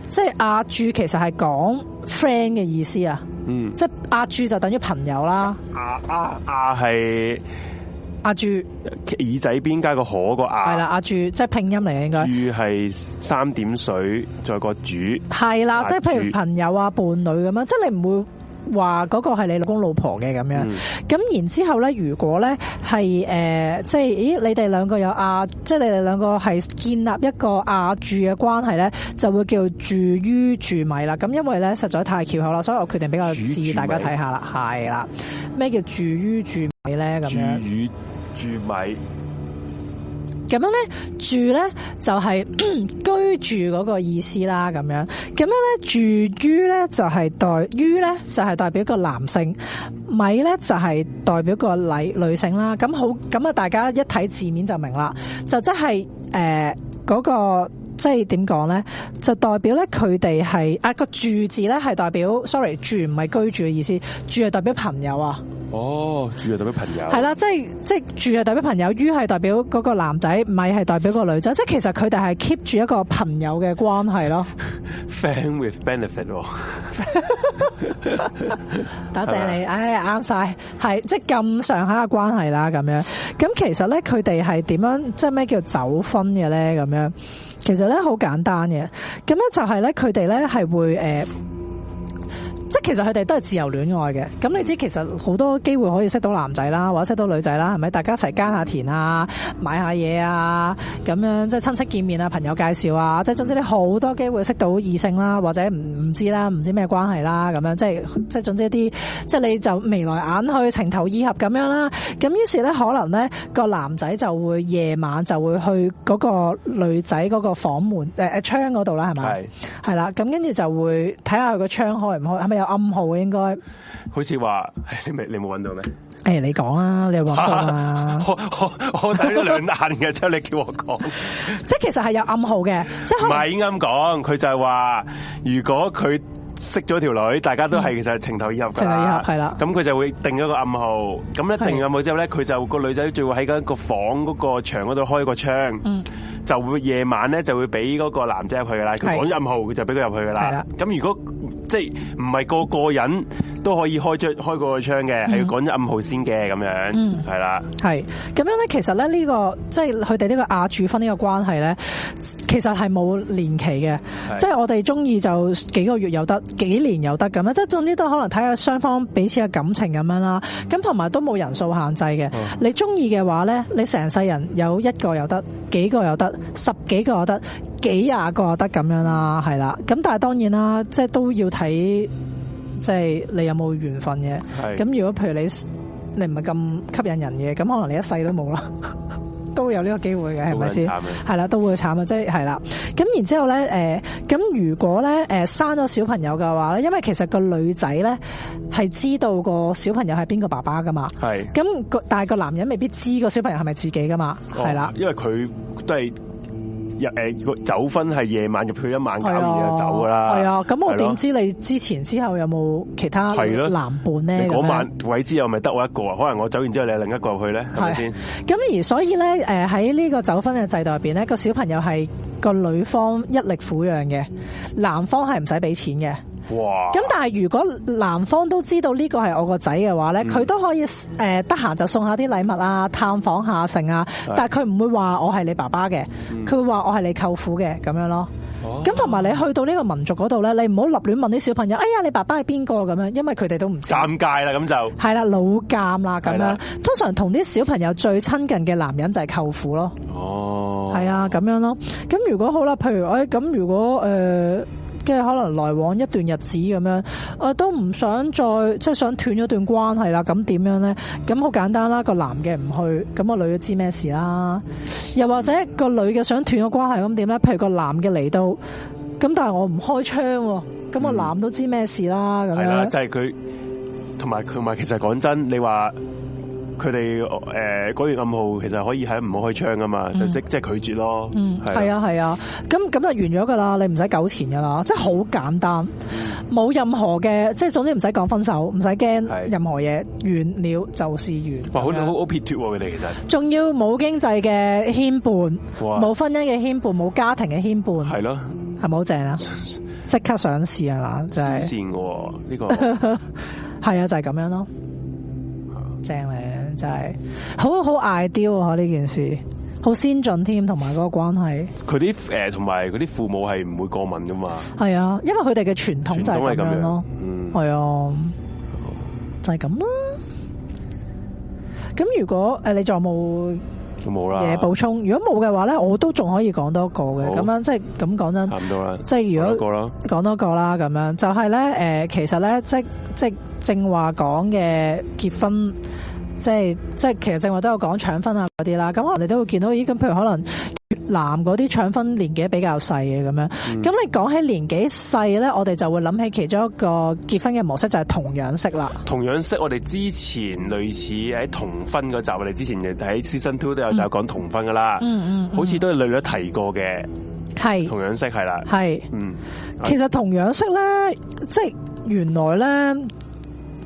即係阿、啊、住其實係講 friend 嘅意思、嗯、啊。嗯，即係阿住就等於朋友啦、啊。阿阿阿係。啊阿豬耳仔邊加個可個阿係啦，阿豬即係拼音嚟嘅應該。豬係三點水再個主係啦，即係了豬譬如朋友啊、伴侶咁樣，即係你唔會。話嗰個係你老公老婆嘅咁樣，咁、嗯、然之後咧，如果咧係誒，即係，咦，你哋兩個有亞、啊，即係你哋兩個係建立一個亞、啊、住嘅關係咧，就會叫住於住米啦。咁因為咧實在太巧合啦，所以我決定比較注意大家睇下啦，係啦，咩叫住於住米咧？咁樣，住於住米。咁樣咧住咧就係、是、居住嗰個意思啦，咁樣咁樣咧住于咧就係、是、代于咧就係、是、代表個男性，米咧就係、是、代表個女女性啦，咁好咁啊！大家一睇字面就明啦，就即係誒嗰個。即係點講咧？就代表咧，佢哋係啊個住字咧，係代表 sorry 住唔係居住嘅意思，住係代表朋友啊。哦，住係代，代表朋友。係啦，即係即係住係代表朋友，于係代表嗰個男仔，咪係代表個女仔。即係其實佢哋係 keep 住一個朋友嘅關係咯。Friend with benefit。多謝你，唉啱晒，係、哎、即係咁上下嘅關係啦，咁樣。咁其實咧，佢哋係點樣？即係咩叫走婚嘅咧？咁樣？其實咧好簡單嘅，咁咧就係咧佢哋咧係會誒。呃即係其實佢哋都係自由戀愛嘅，咁你知其實好多機會可以識到男仔啦，或者識到女仔啦，係咪？大家一齊耕下田啊，買下嘢啊，咁樣即係親戚見面啊，朋友介紹啊，即係總之你好多機會識到異性啦，或者唔知啦，唔知咩關係啦，咁樣即係即係總之一啲，即係你就眉來眼去，情投意合咁樣啦。咁於是咧，可能咧、嗰個男仔就會夜晚就會去嗰個女仔嗰個房門誒、呃、窗嗰度啦，係咪？係啦是，咁跟住就會睇下佢個窗開唔開，係咪該有暗號應該，好似話你未你冇揾到咩？誒，你講啊，你話我我睇咗兩眼嘅，之後 (laughs) 你叫我講，即係其實係有暗號嘅，即係唔係啱講，佢就係話如果佢識咗條女，大家都係其實係情投意合噶，情投意合係啦，咁佢就會定咗個暗號，咁的一定了一暗號之後咧，佢就、嗰個女仔就會喺個房嗰個牆嗰度開個窗，嗯、就會夜晚咧就會俾嗰個男仔入去噶啦，佢講暗號佢就俾佢入去噶啦，咁的如果。即係唔係個個人都可以開着開個窗嘅，係、嗯、要講啲暗號先嘅咁樣，係、嗯、是啦。係咁樣咧、這個就是，其實咧呢個即係佢哋呢個亞處分呢個關係咧，其實係冇年期嘅。是 即係我哋中意就幾個月又得，幾年又得咁樣。即係總之都可能睇下雙方彼此嘅感情咁樣啦。咁同埋都冇人數限制嘅、嗯。你中意嘅話咧，你成世人有一個又得，幾個又得，十幾個又得，幾廿個又得咁樣啦，係啦。咁但係當然啦，即係都要睇。喺即係你有冇緣分嘅？咁係如果譬如你你唔係咁吸引人嘅，咁可能你一世都冇啦，都會有、就是、呢個機會嘅，係咪先？係啦，都會慘啊！即係係啦。咁然之後咧，誒，咁如果咧，誒、呃，生咗小朋友嘅話咧，因為其實個女仔咧係知道個小朋友係邊個爸爸噶嘛，係係、個。咁但係個男人未必知道個小朋友係咪自己噶嘛，係啦，因為佢都係。誒，如果走婚係夜晚入去一晚搞完就走噶啦。係啊，咁我點知你之前之後有冇其他男伴咧？嗰晚鬼知有咪得我一個啊？可能我走完之後你另一個入去咧，係咪先？咁而所以咧，誒喺呢個走婚嘅制度入邊咧，個小朋友係個女方一力撫養嘅，男方係唔使俾錢嘅。哇！咁但係如果男方都知道呢個係我個仔嘅話咧，佢都、嗯、可以誒得閒就送下啲禮物啊，探訪下成啊。但係佢唔會話我係你爸爸嘅，佢、嗯、會話我係你舅父嘅咁樣咯。咁同埋你去到呢個民族嗰度咧，你唔好立亂問啲小朋友，哦、哎呀你爸爸係邊個咁樣，因為佢哋都唔知，尷尬啦。咁就係啦，老尷啦咁樣。對了 通常同啲小朋友最親近嘅男人就係舅父咯。哦，係啊，咁樣咯。咁如果好啦，譬如誒咁，哎、如果誒。呃即係可能來往一段日子咁樣，誒都唔想再即係想斷咗段關係啦，咁點樣咧？咁好簡單啦，個男嘅唔去，咁個女都知咩事啦。又或者個女嘅想斷個關係，咁點咧？譬如個男嘅嚟到，咁但係我唔開窗，咁個男都知咩事啦。咁、嗯、樣，係啦，即係佢同埋佢同埋，其實講真，你話。佢哋誒講完暗號，其實可以喺唔好開槍噶嘛，就即即拒絕咯。嗯，係啊，係啊，咁咁就完咗噶啦，你唔使糾纏噶啦，即係好簡單，冇任何嘅，即係總之唔使講分手，唔使驚任何嘢，完了就是完。哇，好，好，好撇脫喎！佢哋其實仲要冇經濟嘅牽絆，冇婚姻嘅牽絆，冇家庭嘅牽絆，係咯，係咪好正啊！即刻想試係嘛？黐線嘅呢個係啊，就係咁樣咯。正咧，真係好好 ideal 啊！呢件事好先進添，同埋嗰個關係，佢啲誒，同埋嗰啲父母係唔會過敏噶嘛？係啊，因為佢哋嘅傳統就係咁樣咯。嗯，係啊，就係咁啦。咁如果誒，你仲有冇？冇嘢補充，如果冇嘅話咧，我都仲可以講多個嘅，咁樣即係咁講，真，差唔多啦。即係如果講多個啦，咁樣就係咧誒，其實咧即即係正話講嘅結婚。即係即係，其實正話都有講搶婚啊嗰啲啦。咁我哋都會見到，咦？咁譬如可能越南嗰啲搶婚年紀比較細嘅咁樣。咁、嗯、你講起年紀細咧，我哋就會諗起其中一個結婚嘅模式就係同樣式啦。同樣式，我哋之前類似喺同婚嗰集，我哋之前喺 Season Two 都有就講同婚噶啦。嗯嗯，好似都類似提過嘅。係是 同樣式係啦。係。是 嗯，其實同樣式咧，即係原來咧。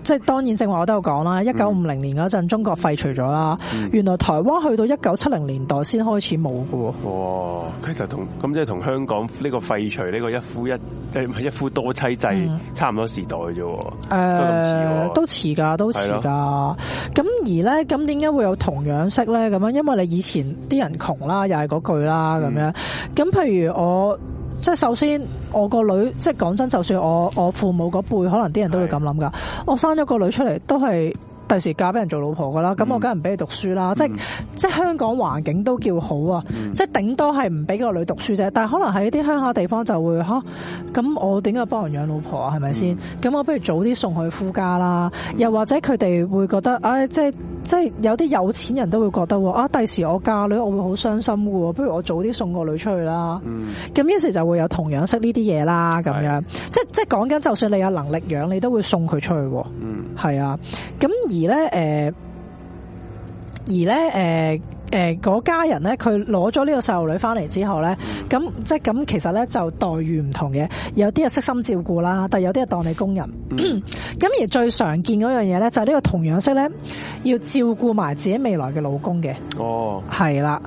即係當然，正話我都有講啦。一九五零年嗰陣，中國廢除咗啦。嗯、原來台灣去到一九七零年代先開始冇嘅喎。哇！其實同咁即係同香港呢個廢除呢、呢個一夫一即係一夫多妻制差唔多時代啫。喎、嗯呃，都似，都似㗎，都似㗎。咁而咧，咁點解會有同樣式咧？咁樣，因為你以前啲人窮啦，又係嗰句啦，咁、嗯、樣。咁譬如我。即係首先，我個女，即係講真，就算我我父母嗰輩，可能啲人都會咁諗㗎。是的 我生咗個女出嚟，都係，第時嫁俾人做老婆㗎啦，咁我梗係唔俾佢讀書啦、嗯。即係即係香港環境都叫好啊，嗯、即係頂多係唔俾個女讀書啫。但係可能喺啲鄉下地方就會吓，咁、啊、我點解幫人養老婆啊？係咪先？咁、嗯、我不如早啲送去夫家啦。嗯、又或者佢哋會覺得，唉，即係即係有啲有錢人都會覺得，啊，第時我嫁女，我會好傷心㗎喎。不如我早啲送個女出去啦。咁、嗯、於是就會有同樣識呢啲嘢啦，咁樣即係即係講緊，就算你有能力養，你都會送佢出去。嗯，係啊，咁而咧，誒、呃，而咧，誒、呃，誒、呃，嗰家人咧，佢攞咗呢個細路女返嚟之後咧，咁即係咁，其實咧就待遇唔同嘅，有啲係悉心照顧啦，但係有啲係當你工人。咁、嗯、而最常見嗰樣嘢咧，就係、是、呢個童養媳咧，要照顧埋自己未來嘅老公嘅。哦，係啦，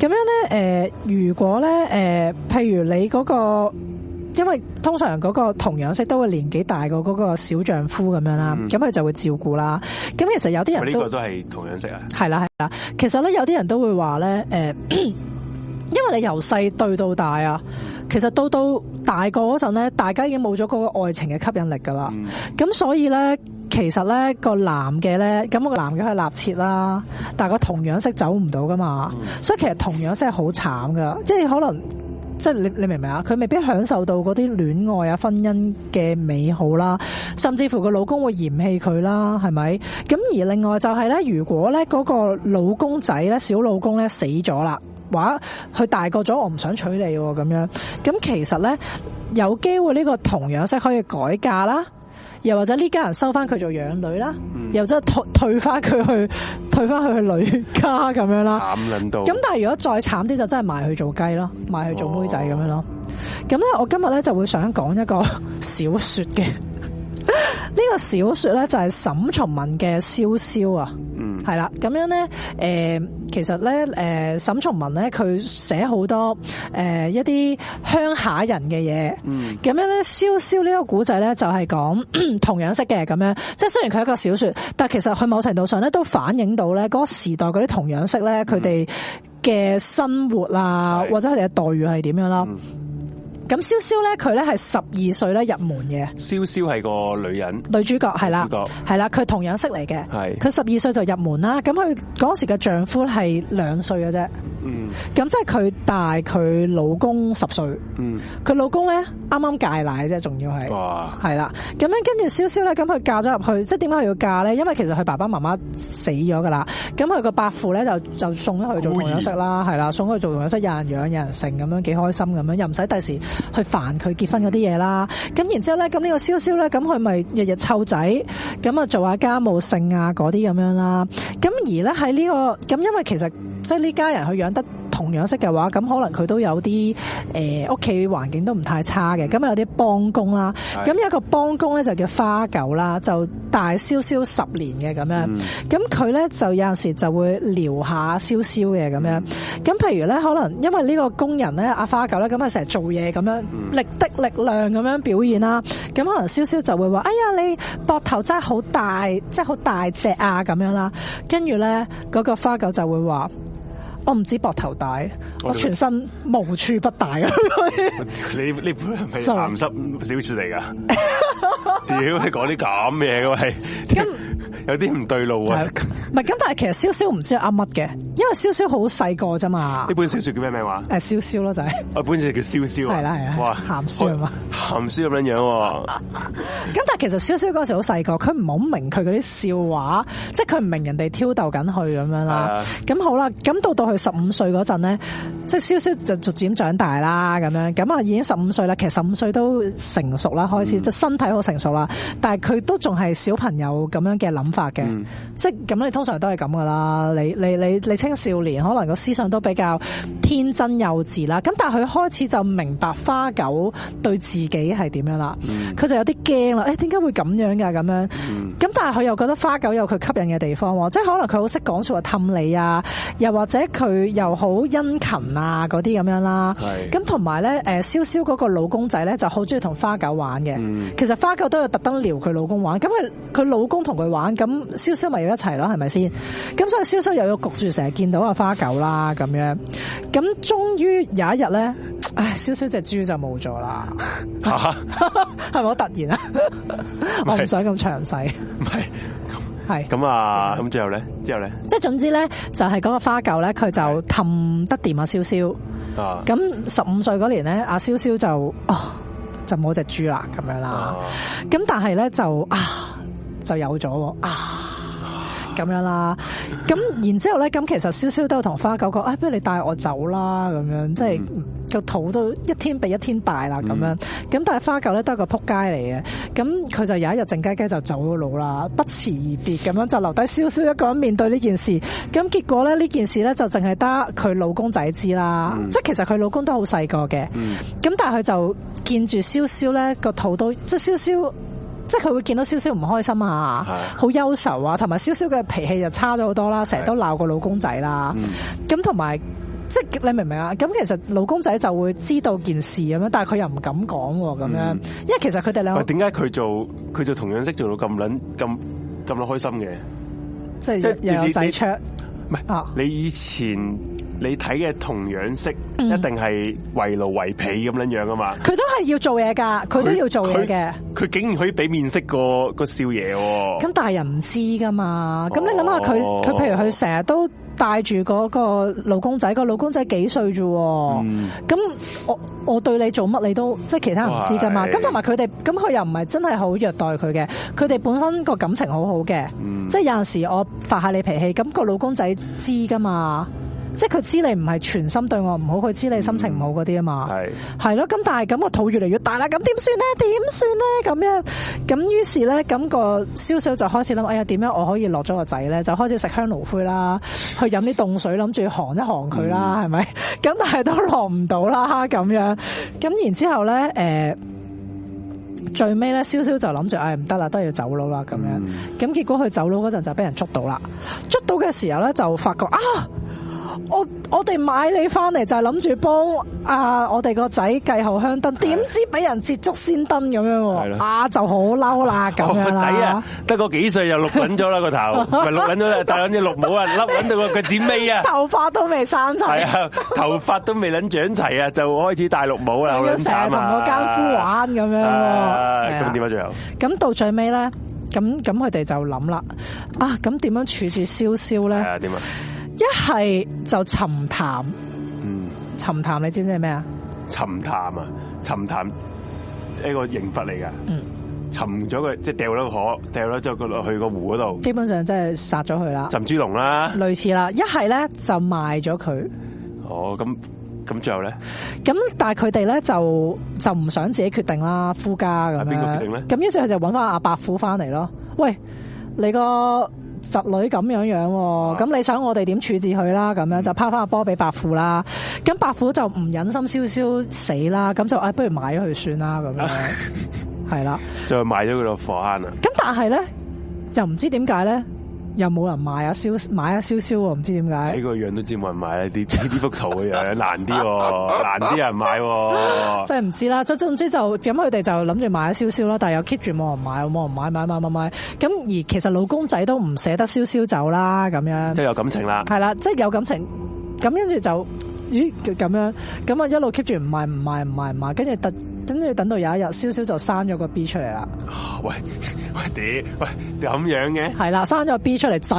咁樣咧，誒，如果咧，誒、呃，譬如你嗰、那個。因為通常嗰個童養媳都會年紀大過嗰個小丈夫咁樣啦，咁佢、嗯、就會照顧啦。咁其實有啲人都個都係童養媳啊，係啦係啦。其實咧有啲人都會話咧，誒、呃，因為你由細對到大啊，其實到到大個嗰陣咧，大家已經冇咗嗰個愛情嘅吸引力噶啦。咁、嗯、所以咧，其實咧個男嘅咧，咁個男嘅係立切啦，但係個童養媳走唔到噶嘛。嗯、所以其實童養媳係好慘噶，即係可能。即係你你明唔明啊？佢未必享受到嗰啲戀愛啊、婚姻嘅美好啦，甚至乎個老公會嫌棄佢啦，係咪？咁而另外就係咧，如果咧嗰個老公仔咧小老公咧死咗啦，話佢大個咗，我唔想娶你咁樣，咁其實咧有機會呢個同樣式可以改嫁啦。又或者呢家人，收翻佢做養女啦，嗯、又真係退退翻佢去，退翻佢去女家咁樣啦。慘卵冷到！咁但係如果再慘啲就真係賣去做雞咯，賣去做妹仔咁，哦、樣咯。咁咧，我今日咧就會想講一個小說嘅，呢 (laughs) 個小說咧就係沈從文嘅《蕭蕭》啊。係啦，咁樣咧，誒、呃，其實咧，誒、呃，沈從文咧，佢寫好多誒、呃、一啲鄉下人嘅嘢。咁、嗯、樣咧，蕭蕭呢個古仔咧，就係、是、講 (coughs) 童養媳嘅咁樣。即係雖然佢係一個小說，但係其實佢某程度上咧，都反映到咧嗰個時代嗰啲童養媳咧，佢哋嘅生活啊，嗯、或者佢哋嘅待遇係點樣啦。嗯嗯咁瀟瀟咧，佢咧係十二歲咧入門嘅。瀟瀟係個女人，女主角係啦，係啦，佢童養媳嚟嘅。係佢十二歲就入門啦。咁佢嗰時嘅丈夫係兩歲嘅啫。嗯。咁即係佢大佢老公十歲。嗯。佢老公咧啱啱戒奶啫，仲要係。哇！係啦。咁樣跟住瀟瀟咧，咁佢嫁咗入去，即係點解佢要嫁咧？因為其實佢爸爸媽媽死咗噶啦。咁佢個伯父咧就就送咗佢做童養媳啦，係啦、哎，送咗佢做童養媳，有人養，有人成，咁樣幾開心咁樣，又唔使第時。去煩佢結婚嗰啲嘢啦，咁然之後咧，咁呢個蕭蕭咧，咁佢咪日日湊仔，咁啊做下家務性啊嗰啲咁樣啦，咁而咧喺呢個咁因為其實即係呢家人佢養得。同樣式嘅話，咁可能佢都有啲屋企環境都唔太差嘅，咁、嗯、有啲幫工啦。咁的一個幫工咧就叫花狗啦，就大消消十年嘅咁樣。咁佢咧就有陣時就會撩下消消嘅咁樣。咁、嗯、譬如咧，可能因為呢個工人咧阿、啊、花狗呢，咁啊成日做嘢咁樣力的力量咁樣表現啦。咁、嗯、可能消消就會話：哎呀，你膊頭真係好大，真係好大隻啊！咁樣啦，跟住咧嗰個花狗就會話。我唔知，膊頭大，我全身無處不大啊！你呢本係鹹濕小説嚟㗎？屌，你講啲咁嘢㗎喎，喂，有啲唔對路啊！唔係咁，但係其實蕭蕭唔知噏乜嘅，因為蕭蕭好細個啫嘛。呢本小説叫咩名話？誒，蕭蕭咯就係。啊，本就叫蕭蕭啊？係啦係啊！哇，鹹書啊嘛，鹹書咁撚樣喎。咁但係其實蕭蕭嗰時好細個，佢唔好明佢嗰啲笑話，即係佢唔明人哋挑逗緊佢咁樣啦。咁好啦，咁到到去，十五歲嗰陣咧，即係蕭蕭就逐漸長大啦，咁樣咁啊，已經十五歲啦。其實十五歲都成熟啦，開始即、嗯、身體好成熟啦，但係佢都仲係小朋友咁樣嘅諗法嘅，嗯、即係咁，你通常都係咁噶啦，你你你你青少年可能個思想都比較天真幼稚啦。咁但係佢開始就明白花狗對自己係點樣啦，佢、嗯、就有啲驚啦。誒、欸，點解會咁樣噶？咁樣咁，但係佢又覺得花狗有佢吸引嘅地方，即係可能佢好識講說話氹你啊，又或者佢。佢又好殷勤啊，嗰啲咁樣啦，咁同埋咧，誒，蕭蕭嗰個老公仔咧，就好中意同花狗玩嘅。嗯、其實花狗都有特登撩佢老公玩，咁佢佢老公同佢玩，咁蕭蕭咪要一齊咯，係咪先？咁所以蕭蕭又要焗住成日見到阿花狗啦，咁樣。咁終於有一日咧，唉，蕭蕭隻豬就冇咗啦，係咪好突然啊？唔係 (laughs) 我唔想咁詳細唔係。 (laughs) 係咁啊！咁之是 後咧，之後咧，即係總之咧，就係、是、嗰個花狗咧，佢就氹得掂阿是、啊、蕭蕭、哦啊。啊！咁十五歲嗰年咧，阿蕭蕭就哦就冇隻豬啦咁樣啦。咁但係咧就啊就有咗啊！咁 (laughs) 樣啦，咁然之後咧，咁其實蕭蕭都有同花狗講，誒、哎，不如你帶我走啦，咁樣，即係個、mm. 肚都一天比一天大啦，咁、mm. 樣，咁但係花狗咧都係個扑街嚟嘅，咁佢就有一日靜雞雞就走咗路啦，不辭而別咁樣，就留低蕭蕭一個人面對呢件事，咁結果咧呢件事咧就淨係得佢老公仔知啦，mm. 即係其實佢老公都好細個嘅，咁、mm. 但係佢就見住蕭蕭咧個肚都，即係蕭即係佢會見到少少唔開心啊，好憂愁啊，同埋少少嘅脾氣就差咗好多啦，成日都鬧個老公仔啦。咁同埋，即係你明唔明啊？咁其實老公仔就會知道件事咁樣，但係佢又唔敢講咁樣，因為其實佢哋兩個點解佢做佢做同樣識做到咁撚咁咁撚開心嘅，即係又有仔出。有有唔係，啊、你以前你睇嘅同樣式，一定係為奴為婢咁樣樣啊嘛？佢都係要做嘢噶，佢都要做嘢嘅。佢竟然可以俾面色個個少爺，咁大人唔知噶嘛？咁你諗下佢，佢、哦、譬如佢成日都，帶住嗰個老公仔，個老公仔幾歲啫？咁、嗯、我我對你做乜你都即係其他人唔知噶嘛？咁同埋佢哋，咁佢又唔係真係好虐待佢嘅，佢哋本身個感情好好嘅。嗯、即係有陣時我發下你脾氣，咁、個老公仔知噶嘛？即係佢知你唔係全心對我唔好，佢知你心情唔好嗰啲啊嘛，係係咯。咁但係咁個肚越嚟越大啦，咁點算咧？點算咧？咁樣咁於是咧，咁、那個瀟瀟就開始諗，哎呀，點樣我可以落咗個仔咧？就開始食香爐灰啦，去飲啲凍水，諗住寒一寒佢啦，係咪、嗯？咁但係都落唔到啦，咁樣咁然之後咧，誒、呃，最尾咧瀟瀟就諗住，哎，唔得啦，都要走佬啦，咁樣。咁、嗯、結果佢走佬嗰陣就俾人捉到啦，捉到嘅時候咧就發覺啊！我我哋買你翻嚟就係諗住幫啊我哋個仔繼後香燈，點知俾人捷足先登咁樣喎，啊就好嬲啦咁，個仔啊得個幾歲就綠緊咗啦個頭，咪錄綠緊咗啦，戴緊隻綠帽啊，笠緊到個腳趾尾啊，頭髮都未生齊，係啊，頭髮都未捻長齊啊，就開始戴綠帽啦，咁成日同個奸夫玩咁樣，咁點啊最後？咁到最尾咧，咁咁佢哋就諗啦，啊咁點樣處置蕭蕭咧？係啊，點啊？一係就沉潭，嗯沉潭沉潭，沉潭你知唔知係咩啊？沉潭啊，沉潭呢個刑罰嚟噶，嗯沉，沉咗佢即係掉咗個河，掉咗之後佢落去個湖嗰度，基本上即係殺咗佢啦，浸豬籠啦，類似啦。一係咧就賣咗佢，哦，咁咁最後咧？咁但係佢哋咧就就唔想自己決定啦，夫家咁樣，邊個決定咧？咁於是佢就揾翻阿伯虎翻嚟咯，喂，你個。侄女咁樣樣，咁你想我哋點處置佢啦？咁樣就拋翻個波俾白虎啦，咁白虎就唔忍心燒燒死啦，咁就唉不如買咗佢算啦，咁樣係啦，就買咗佢個火坑啦。咁但係咧，就唔知點解咧？又冇人買啊，燒買啊，燒燒喎，唔知點解？呢個樣都知冇人買啊，啲呢幅圖嘅樣難啲喎，難啲人買喎，真係唔知啦。總總之就咁，佢哋就諗住買一燒燒啦。但係又 keep 住冇人買，冇人買，買買買買。咁而其實老公仔都唔捨得燒燒走啦，咁樣。即係有感情啦。係啦，即係有感情。咁跟住就咦咁樣，咁啊一路 keep 住唔賣唔賣唔賣唔賣，跟住突。真係等到有一日，蕭蕭就生咗個 B 出嚟啦。喂喂，哋，喂咁樣嘅？係啦，生咗個 B 出嚟仔，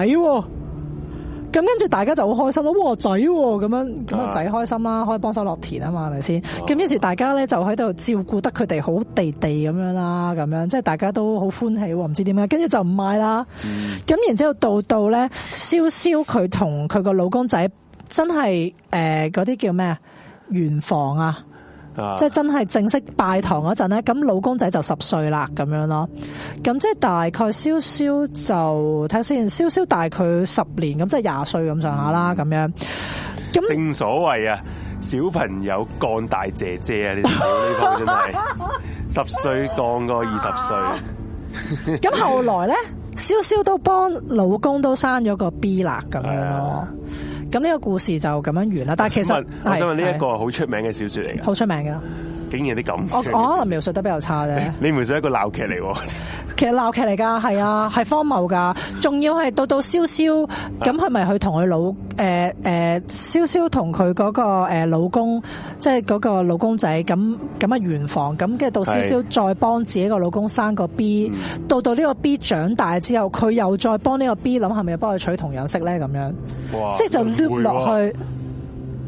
咁跟住大家就好開心咯。哇，仔咁、哦、樣，咁個仔開心啦，可以幫手落田啊嘛，係咪先？咁於、啊、是大家咧就喺度照顧得佢哋好地地咁樣啦，咁樣即係大家都好歡喜，唔知點樣，跟住就唔賣啦。咁、嗯、然之後到到咧，蕭蕭佢同佢個老公仔真係誒嗰啲叫咩啊？圓房啊！即係真係正式拜堂嗰陣咧，咁老公仔就十歲啦，咁樣咯。咁即係大概蕭蕭就睇下先，蕭蕭大概十年咁，即係廿歲咁上下啦，咁樣。咁正所謂啊，小朋友降大姐姐啊，你睇呢個真係十歲降過二十歲。咁 (laughs) 後來咧，蕭蕭都幫老公都生咗個 B 啦，咁樣 (laughs) 咁呢個故事就咁樣完啦，但係其實問是我想問呢一是個好出名嘅小説嚟嘅，好出名嘅。竟然啲咁，我可能描述得比較差啫。 (laughs) 你描述一個鬧劇嚟，其實鬧劇嚟噶，係啊，係荒謬噶，仲要係到到蕭蕭咁，係咪去同佢老誒誒蕭蕭同佢嗰個誒老公，即係嗰個老公仔，咁咁啊圓房，咁跟住到蕭蕭再幫自己個老公生個 B，是、嗯、到到呢個 B 長大之後，佢又再幫呢個 B 諗係咪要幫佢取同樣色咧，咁樣，哇即係就 loop 落去。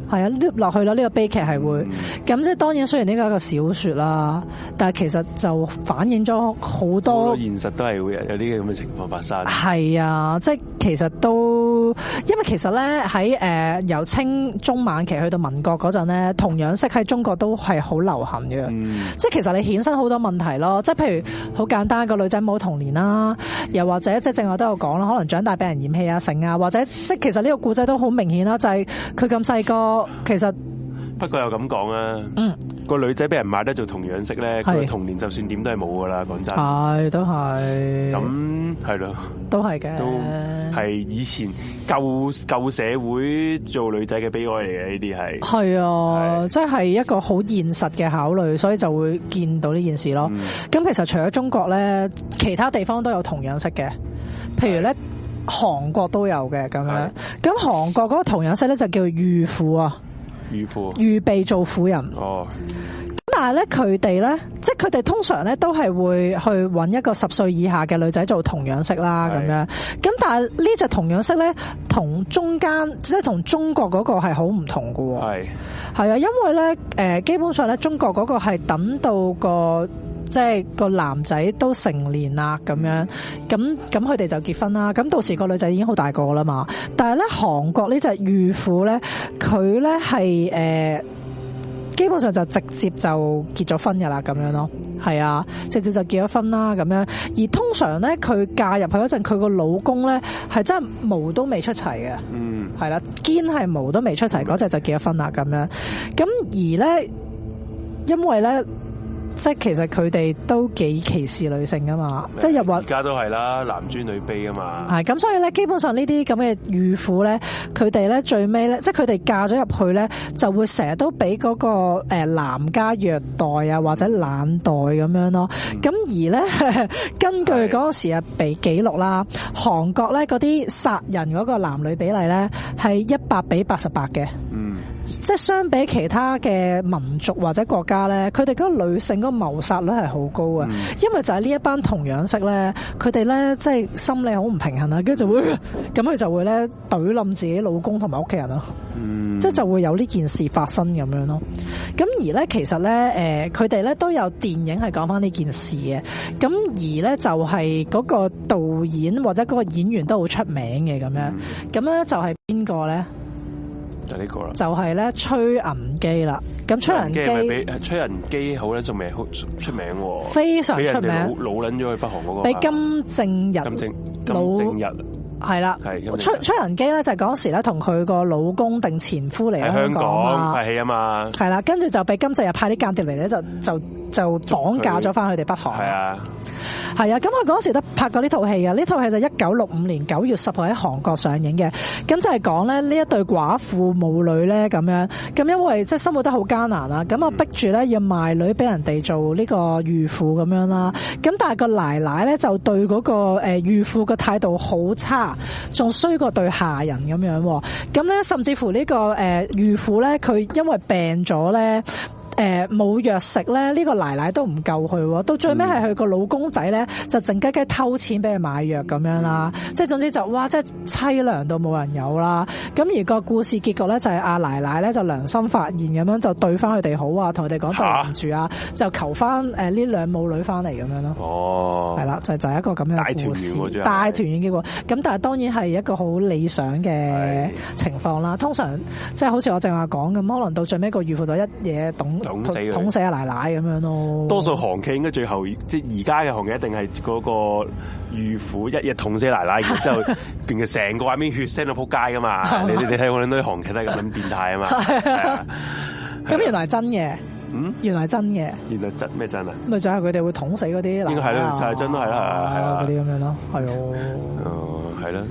係啊，跌落去啦！呢、呢個悲劇係會咁，嗯、即係當然，雖然呢個係一個小說啦，但其實就反映咗好多，多現實都係會有呢啲咁嘅情況發生。係，啊，即係其實都因為其實咧喺誒由清中晚期去到民國嗰陣咧，同樣式喺中國都係好流行嘅。嗯、即係其實你衍生好多問題咯，即係譬如好簡單個女仔冇童年啦，又或者即正話我都有講啦，可能長大俾人嫌棄啊、成啊，或者即其實呢個故仔都好明顯啦，就係佢咁細個。其實不過又咁講啊，嗯，個女仔俾人買得做童養媳咧，佢是 童年就算點是都係冇噶啦，講真係都係咁係咯，都係嘅，都係以前舊舊社會做女仔嘅悲哀嚟嘅呢啲係係啊，是 即係一個好現實嘅考慮，所以就會見到呢件事咯。咁、嗯、其實除咗中國咧，其他地方都有童養媳嘅，譬如咧。韓國都有嘅，咁樣，咁韓的國嗰個童養媳咧就叫預婦啊，預婦，預備做婦人。哦，咁但係咧佢哋咧，即係佢哋通常咧都係會去揾一個十歲以下嘅女仔做童養媳啦，咁樣。咁的但係呢隻童養媳咧，同中間即係同中國嗰個係好唔同噶，係係啊，因爲咧，誒、呃，基本上咧，中國嗰個係等到個。即係個男仔都成年啦，咁樣咁咁佢哋就結婚啦。咁到時個女仔已經好大個啦嘛。但係咧，韓國呢隻御婦咧，佢咧係誒，基本上就直接就結咗婚噶啦，咁樣咯。係啊，直接就結咗婚啦，咁樣。而通常咧，佢嫁入去嗰陣，佢個老公咧係真係毛都未出齊嘅。嗯、啊，係啦，堅係毛都未出齊，嗰隻就結咗婚啦，咁樣。咁而咧，因為咧。即係其實佢哋都幾歧視女性噶嘛，即係入而家都係啦，男尊女卑啊嘛。係咁，所以咧，基本上呢啲咁嘅御婦咧，佢哋咧最尾咧，即係佢哋嫁咗入去咧，就會成日都俾嗰個誒男家虐待啊，或者懶待咁樣咯。咁、嗯、而咧，根據嗰時嘅備記錄啦，韓是的 國咧嗰啲殺人嗰個男女比例咧係一百比八十八嘅。即係相比其他嘅民族或者國家咧，佢哋嗰個女性嗰個謀殺率係好高啊！嗯、因為就係呢一班同樣式咧，佢哋咧即係心理好唔平衡啊。跟住就會咁佢、嗯、就會咧懟冧自己老公同埋屋企人咯，嗯、即係就會有呢件事發生咁樣咯。咁而咧其實咧，誒佢哋咧都有電影係講翻呢件事嘅。咁而咧就係、是、嗰個導演或者嗰個演員都好出名嘅咁樣。咁咧、嗯、就係邊個咧？就呢、是、個啦，就係咧崔銀姬啦。咁崔銀姬咪比崔銀姬好咧，仲未好出名喎。非常出名老，老撚咗去北韓嗰、那個。俾金正日，金正金正日係啦。崔崔銀姬咧就係嗰時咧同佢個老公定前夫嚟香港拍戲啊嘛。係啦，跟住就俾金正日，金日派啲間諜嚟咧，就就。就綁架咗翻佢哋北韓他。係啊，係啊，咁我嗰時都拍過呢套戲啊。呢套戲就一九六五年九月十號喺韓國上映嘅。咁就係講咧呢一對寡婦母女咧咁樣。咁因為即係生活得好艱難啦，咁啊逼住咧要賣女俾人哋做呢個御婦咁樣啦。咁但係個奶奶咧就對嗰、那個誒、呃、御婦嘅態度好差，仲衰過對下人咁樣。咁咧甚至乎呢、這個誒、呃、御婦咧，佢因為病咗咧。誒冇藥食咧，呢、這個奶奶都唔夠，佢喎。到最尾係佢個老公仔咧，嗯、就靜雞雞偷錢俾佢買藥咁樣啦。嗯、即係總之就哇，即係凄涼到冇人有啦。咁而個故事結局咧、就是，就係阿奶奶咧就良心發現咁樣就對翻佢哋好啊，同佢哋講對唔住啊，就求翻誒呢兩母女翻嚟咁樣咯。哦，係啦，就就係一個咁樣故事，大團圓結局。咁但係當然係一個好理想嘅情況啦。是 通常即係好似我正話講咁，可能到最尾個預付咗一嘢懂。捅死佢，捅死阿奶奶咁樣咯。多數韓劇應該最後，即係而家嘅韓劇一定係嗰個御婦一日捅死奶奶，然之後對吧 變成成個畫面血腥到仆街噶嘛。你你睇我諗到啲韓劇都係咁變態啊嘛。咁原來係真嘅。嗯，原來真嘅，原來真咩真啊？咪就係佢哋會捅死嗰啲，應該係咯，就係真係咯，係啦，係啦，嗰啲咁樣咯，係哦，哦，係咯，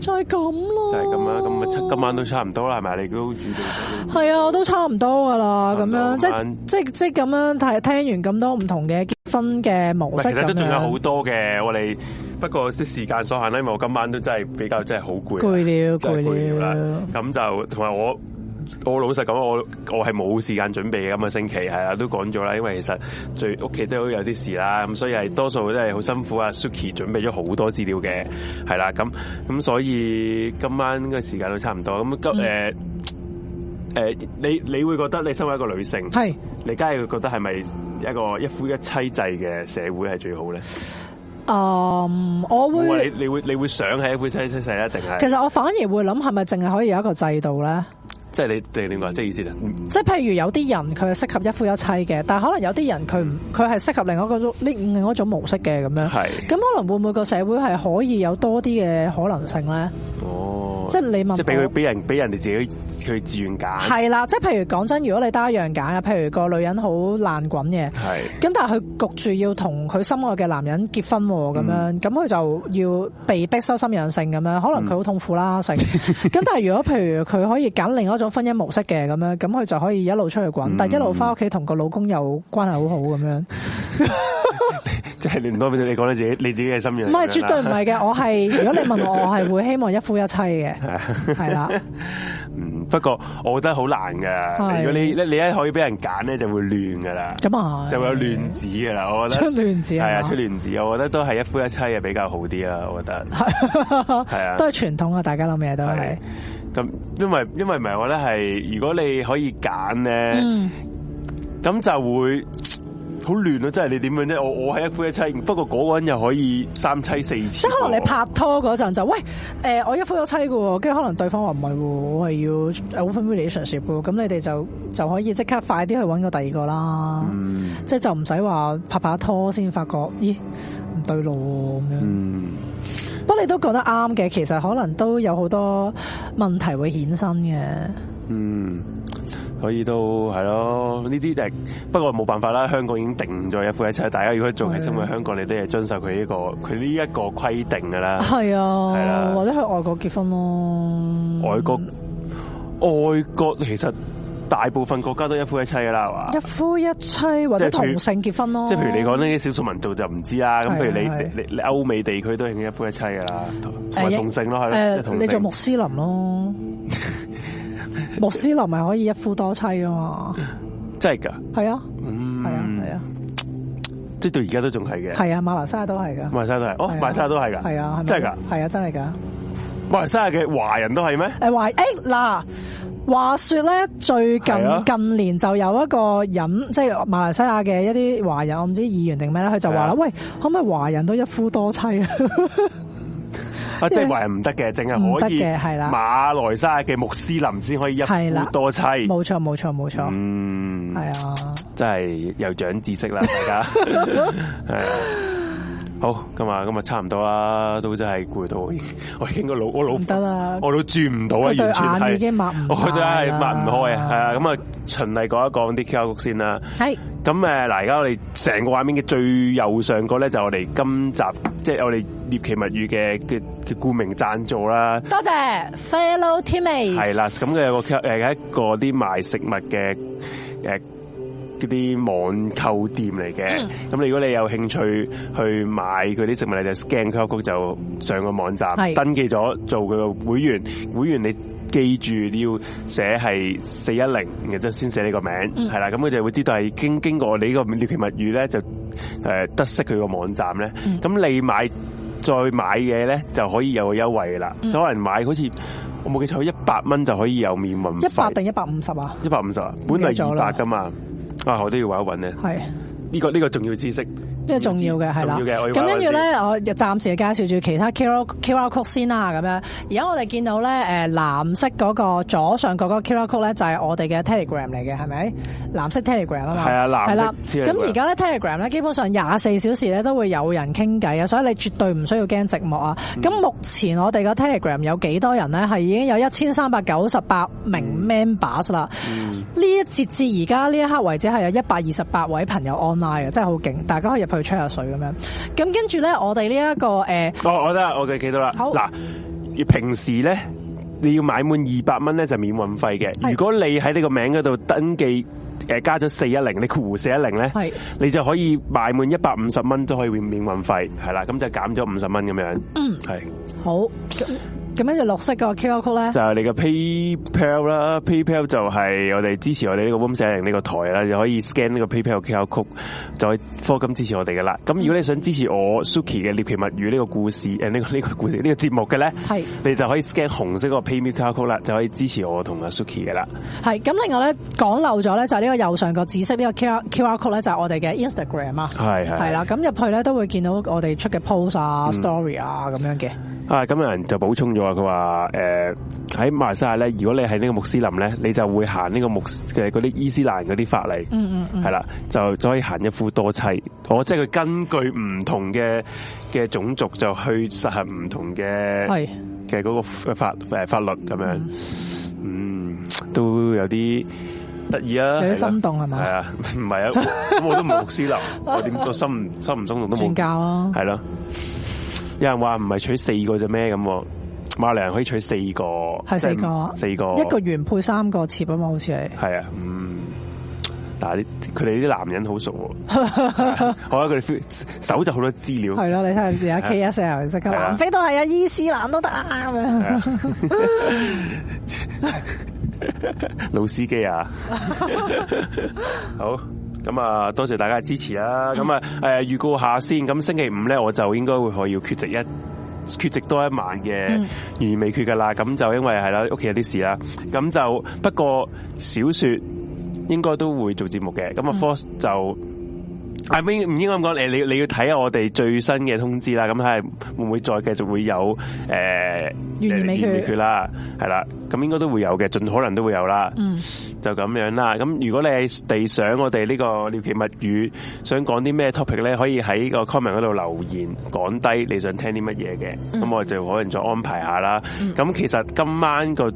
再咁咯，就係咁樣，咁啊，今晚都差唔多啦，係咪？你都遇到，係啊，我都差唔多噶啦，咁樣，即係即即咁樣，但係聽完咁多唔同嘅結婚嘅模式，其實都仲有好多嘅，我哋不過啲時間所限啦，因為我今晚都真係比較真係好攰，攰了，攰了，咁就同埋我。我老實講，我我係冇時間準備咁嘅星期，係啊，都講咗啦。因為其實最屋企都有啲事啦，咁所以係多數都係好辛苦啊。Suki 準備咗好多資料嘅，係啦，咁咁所以今晚嘅時間都差唔多。咁今誒誒，你你會覺得你身為一個女性，係是的 你梗係會覺得係咪一個一夫一妻制嘅社會係最好咧？嗯，我會我你你會你會想係一夫一妻制咧，定係？其實我反而會諗，係咪淨係可以有一個制度咧？即係你哋點講，即係意思啊！即係譬如有啲人佢係適合一夫一妻嘅，但係可能有啲人佢唔佢係適合另外一種呢？另外一種模式嘅咁樣，咁係可能會唔會個社會係可以有多啲嘅可能性咧？哦。即係你問，即被被被，即俾佢俾人俾人哋自己去自願揀，係啦。即係譬如講真，如果你得一樣揀啊，譬如個女人好爛滾嘅，係。咁但係佢焗住要同佢心愛嘅男人結婚咁樣，咁佢就要被逼收心養性咁樣，可能佢好痛苦啦，成。咁但係如果譬如佢可以揀另一種婚姻模式嘅咁樣，咁佢就可以一路出去滾，嗯、但係一路翻屋企同個老公又關係好好咁樣。 (laughs) 即係你唔多俾你講你自己你自己嘅心願。唔係絕對唔係嘅，我係如果你問我，我係會希望一夫一妻嘅，係啦。不過我覺得好難噶。係。如果你你一可以俾人揀咧，就會亂噶啦。咁啊，就會有亂子噶啦。我覺得出亂子係啊，出亂子。我覺得都係一夫一妻啊比較好啲啊。我覺得係啊，都係傳統啊。大家諗咩都係咁，因為因為唔係我咧係，如果你可以揀咧，咁、嗯、就會。好亂啊，真係你點樣啫？我我係一夫一妻，不過嗰個人又可以三妻四妾。即係可能你拍拖嗰陣就喂，誒我一夫一妻喎，跟住可能對方話唔係，我係要 open relationship 嘅，咁你哋就就可以即刻快啲去搵個第二個啦。即係就唔使話拍拍拖先發覺，咦唔對路咁樣。不過、嗯、你都覺得啱嘅，其實可能都有好多問題會衍生嘅。嗯。所以都係咯，呢啲就誒、係，不過冇辦法啦，香港已經定咗一夫一妻。大家如果仲喺香港，是的 你都係遵守佢呢個佢呢一個規定噶啦。係啊的，對吧 或者去外國結婚咯。外國外國其實大部分國家都一夫一妻噶啦，係嘛？一夫一妻或者同性結婚咯。即係譬如你講呢啲少數民族就唔知啦。咁是的 譬如你你歐對吧 美地區都已經一夫一妻噶啦。同性咯，係咯，一同性你做穆斯林咯。穆斯林咪可以一夫多妻噶嘛？真係噶。係啊，係啊，係啊，即係到而家都仲係嘅。係啊，馬來西亞都係噶，馬來西亞都係，哦，馬來西亞都係噶，係啊，係咪，真係噶，係啊，真係噶，馬來西亞嘅華人都係咩？誒華誒嗱，話說咧，最近近年就有一個人，即係馬來西亞嘅一啲華人，我唔知議員定咩咧，佢就話啦，喂，可唔可以華人都一夫多妻啊？即係話唔得嘅，淨係可以馬來西亞嘅穆斯林先可以一夫多妻。冇錯，冇錯，冇錯。嗯，係啊，真係又長知識啦，大家。好，咁啊，咁啊差唔多啦，都真係攰到，我，我已經個腦我腦唔得啦，我都轉唔到啊，完全係，我真係抹唔開嘅，係啊，咁啊，循例講一講啲 Q 曲先啦，係，咁誒嗱，而家我哋成個畫面嘅最右上角咧，就我哋今集即係我哋獵奇物語嘅嘅顧名贊助啦，多謝 Fellow Timmy，係啦，咁佢有個 Q 誒，一個啲賣食物嘅誒。嗰啲網購店嚟嘅，咁你、嗯、如果你有興趣去買佢啲植物，你就是、Scan Code 就上個網站，係登記咗做佢個會員。會員你記住你要寫係四一零，然之後先寫你個名，係啦、嗯。咁佢就會知道係經經過你個鳥奇物語咧，就得識佢個網站咧。咁、嗯、你買再買嘢咧，就可以有個優惠啦。嗯、所有人買好似我冇記錯，一百蚊就可以有免運，一百定一百五十啊？一百五十啊，本嚟二百㗎嘛。啊！我都要揾一揾咧，呢是、這個呢、這個重要知識。即係重要嘅，係啦。咁跟住咧，我就暫時介紹住其他 QR code 先啦。咁樣，而家我哋見到咧，誒藍色嗰個左上角嗰個 QR code 咧，就係我哋嘅 Telegram 嚟嘅,係咪？藍色 Telegram 啊嘛。係、就是、啊，藍色。係啦。咁而家咧 Telegram 咧，基本上廿四小時咧都會有人傾偈啊，所以你絕對唔需要驚寂寞啊。咁、嗯、目前我哋嘅 Telegram 有幾多人咧？係已經有一千三百九十八名 Members 啦。呢、嗯、一截至而家呢一刻為止係有一百二十八位朋友 online 啊，真係好勁，大家可以入。去吹下水咁樣，咁跟住咧，我哋呢一個誒，呃、哦，我覺得，我記記得啦。好嗱，平時咧你要買滿二百蚊咧就免運費嘅。是 如果你喺呢個名嗰度登記，誒加咗四一零，你括弧四一零咧，係你就可以買滿一百五十蚊都可以免運費，係啦，咁就減咗五十蚊咁樣。嗯，係是 好。咁樣就綠色個 Q R code 咧，就係你嘅 PayPal 啦，PayPal 就係我哋支持我哋呢個 room 溫舍呢個台啦，就可以 scan 呢個 PayPal Q R code 就可以科金支持我哋噶啦。咁、嗯、如果你想支持我 Suki 嘅獵奇物語呢個故事誒呢個呢個故事、這個故事這個、呢個節目嘅咧，係是 你就可以 scan 紅色個 PayPal Q R 曲啦，就可以支持我同阿 Suki 噶啦。係咁，另外咧講漏咗咧就係呢個右上角紫色呢個 Q R Q R code 咧，就係我哋嘅 Instagram 啊，係係係啦，咁入去咧都會見到我哋出嘅 post 啊、嗯、story 啊咁樣嘅。啊，咁有人就補充咗。佢話誒喺馬來西亞咧，如果你係呢個穆斯林咧，你就會行呢個穆嘅啲伊斯蘭嗰啲法例，係啦、嗯嗯嗯，就可以行一夫多妻。我即係佢根據唔同嘅嘅種族就去實行唔同嘅嘅係嘅、嗯、個法誒法，法律咁樣。嗯，都有啲得意啊，有啲心動係嘛？係啊，唔係啊，咁我都唔穆斯林，我點都心心唔心動都冇教啊。係咯，有人話唔係娶四個啫咩咁？馬來人可以娶四個，係四個，四個，一個原配三個妾啊嘛，好似係。係啊，嗯，但係佢哋啲男人好熟，好啊， (laughs) 佢哋手就好多資料。係咯，你睇下 K、SL、S R，識噶，南非都係啊，是的 伊斯蘭都得啊，咁樣。老司機啊，好，咁啊，多謝大家嘅支持啊。咁啊，誒，預告下先，咁星期五咧，我就應該會可以缺席一。缺席多一晚嘅，完未缺噶啦，咁就因為係啦，屋企有啲事啦，咁就不過小說應該都會做節目嘅，咁啊 Force 就阿 b n 唔應該咁講，你你你要睇下我哋最新嘅通知啦，咁係會唔會再繼續會有誒完未缺啦，係、呃、啦。咁應該都會有嘅，盡可能都會有啦。嗯、就咁樣啦。咁如果你哋想我哋呢個獵奇物語想講啲咩 topic 咧，可以喺個 comment 嗰度留言講低你想聽啲乜嘢嘅。咁、嗯、我就可能再安排下啦。咁、嗯、其實今晚個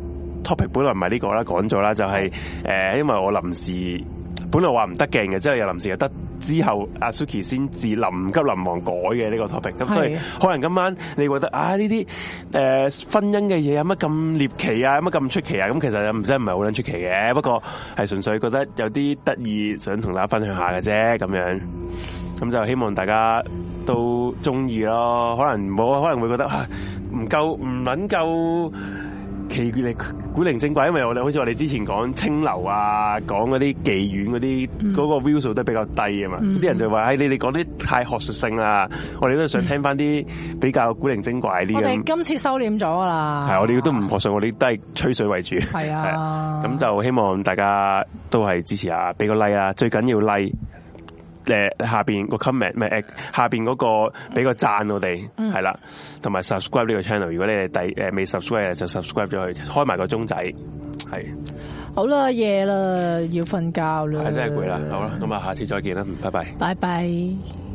topic 本來唔係呢個啦，講咗啦，就係、是、誒、呃，因為我臨時。本來話唔得鏡嘅，之後又臨時又得，之後阿 Suki 先至臨急臨忙改嘅呢個 topic，咁所以是的 可能今晚你覺得啊呢啲誒婚姻嘅嘢有乜咁獵奇啊，有乜咁出奇啊？咁其實又唔真唔係好撚出奇嘅，不過係純粹覺得有啲得意，想同大家分享下嘅啫，咁樣，咁就希望大家都中意咯可能冇可能會覺得啊唔夠，唔捻夠。奇遇你古靈精怪，因為我哋好似我哋之前講清流啊，講嗰啲妓院嗰啲嗰個 view 數都比較低啊嘛，啲、嗯嗯、人就話，哎，你哋講啲太學術性啦，我哋都係想聽翻啲比較古靈精怪啲。我哋今次收斂咗啦，係我哋都唔學術，我哋都係吹水為主是、啊。係啊，咁就希望大家都係支持一下，俾個 like 啊，最緊要 like。誒，下邊個 comment，唔係下邊嗰個，俾個讚我哋係啦，同埋 subscribe 呢個 channel。如果你哋第誒未 subscribe 就 subscribe 咗佢，開埋個鐘仔係。好啦，夜啦，要瞓覺啦。係真係攰啦，好啦，咁啊下次再見啦，拜拜。拜拜。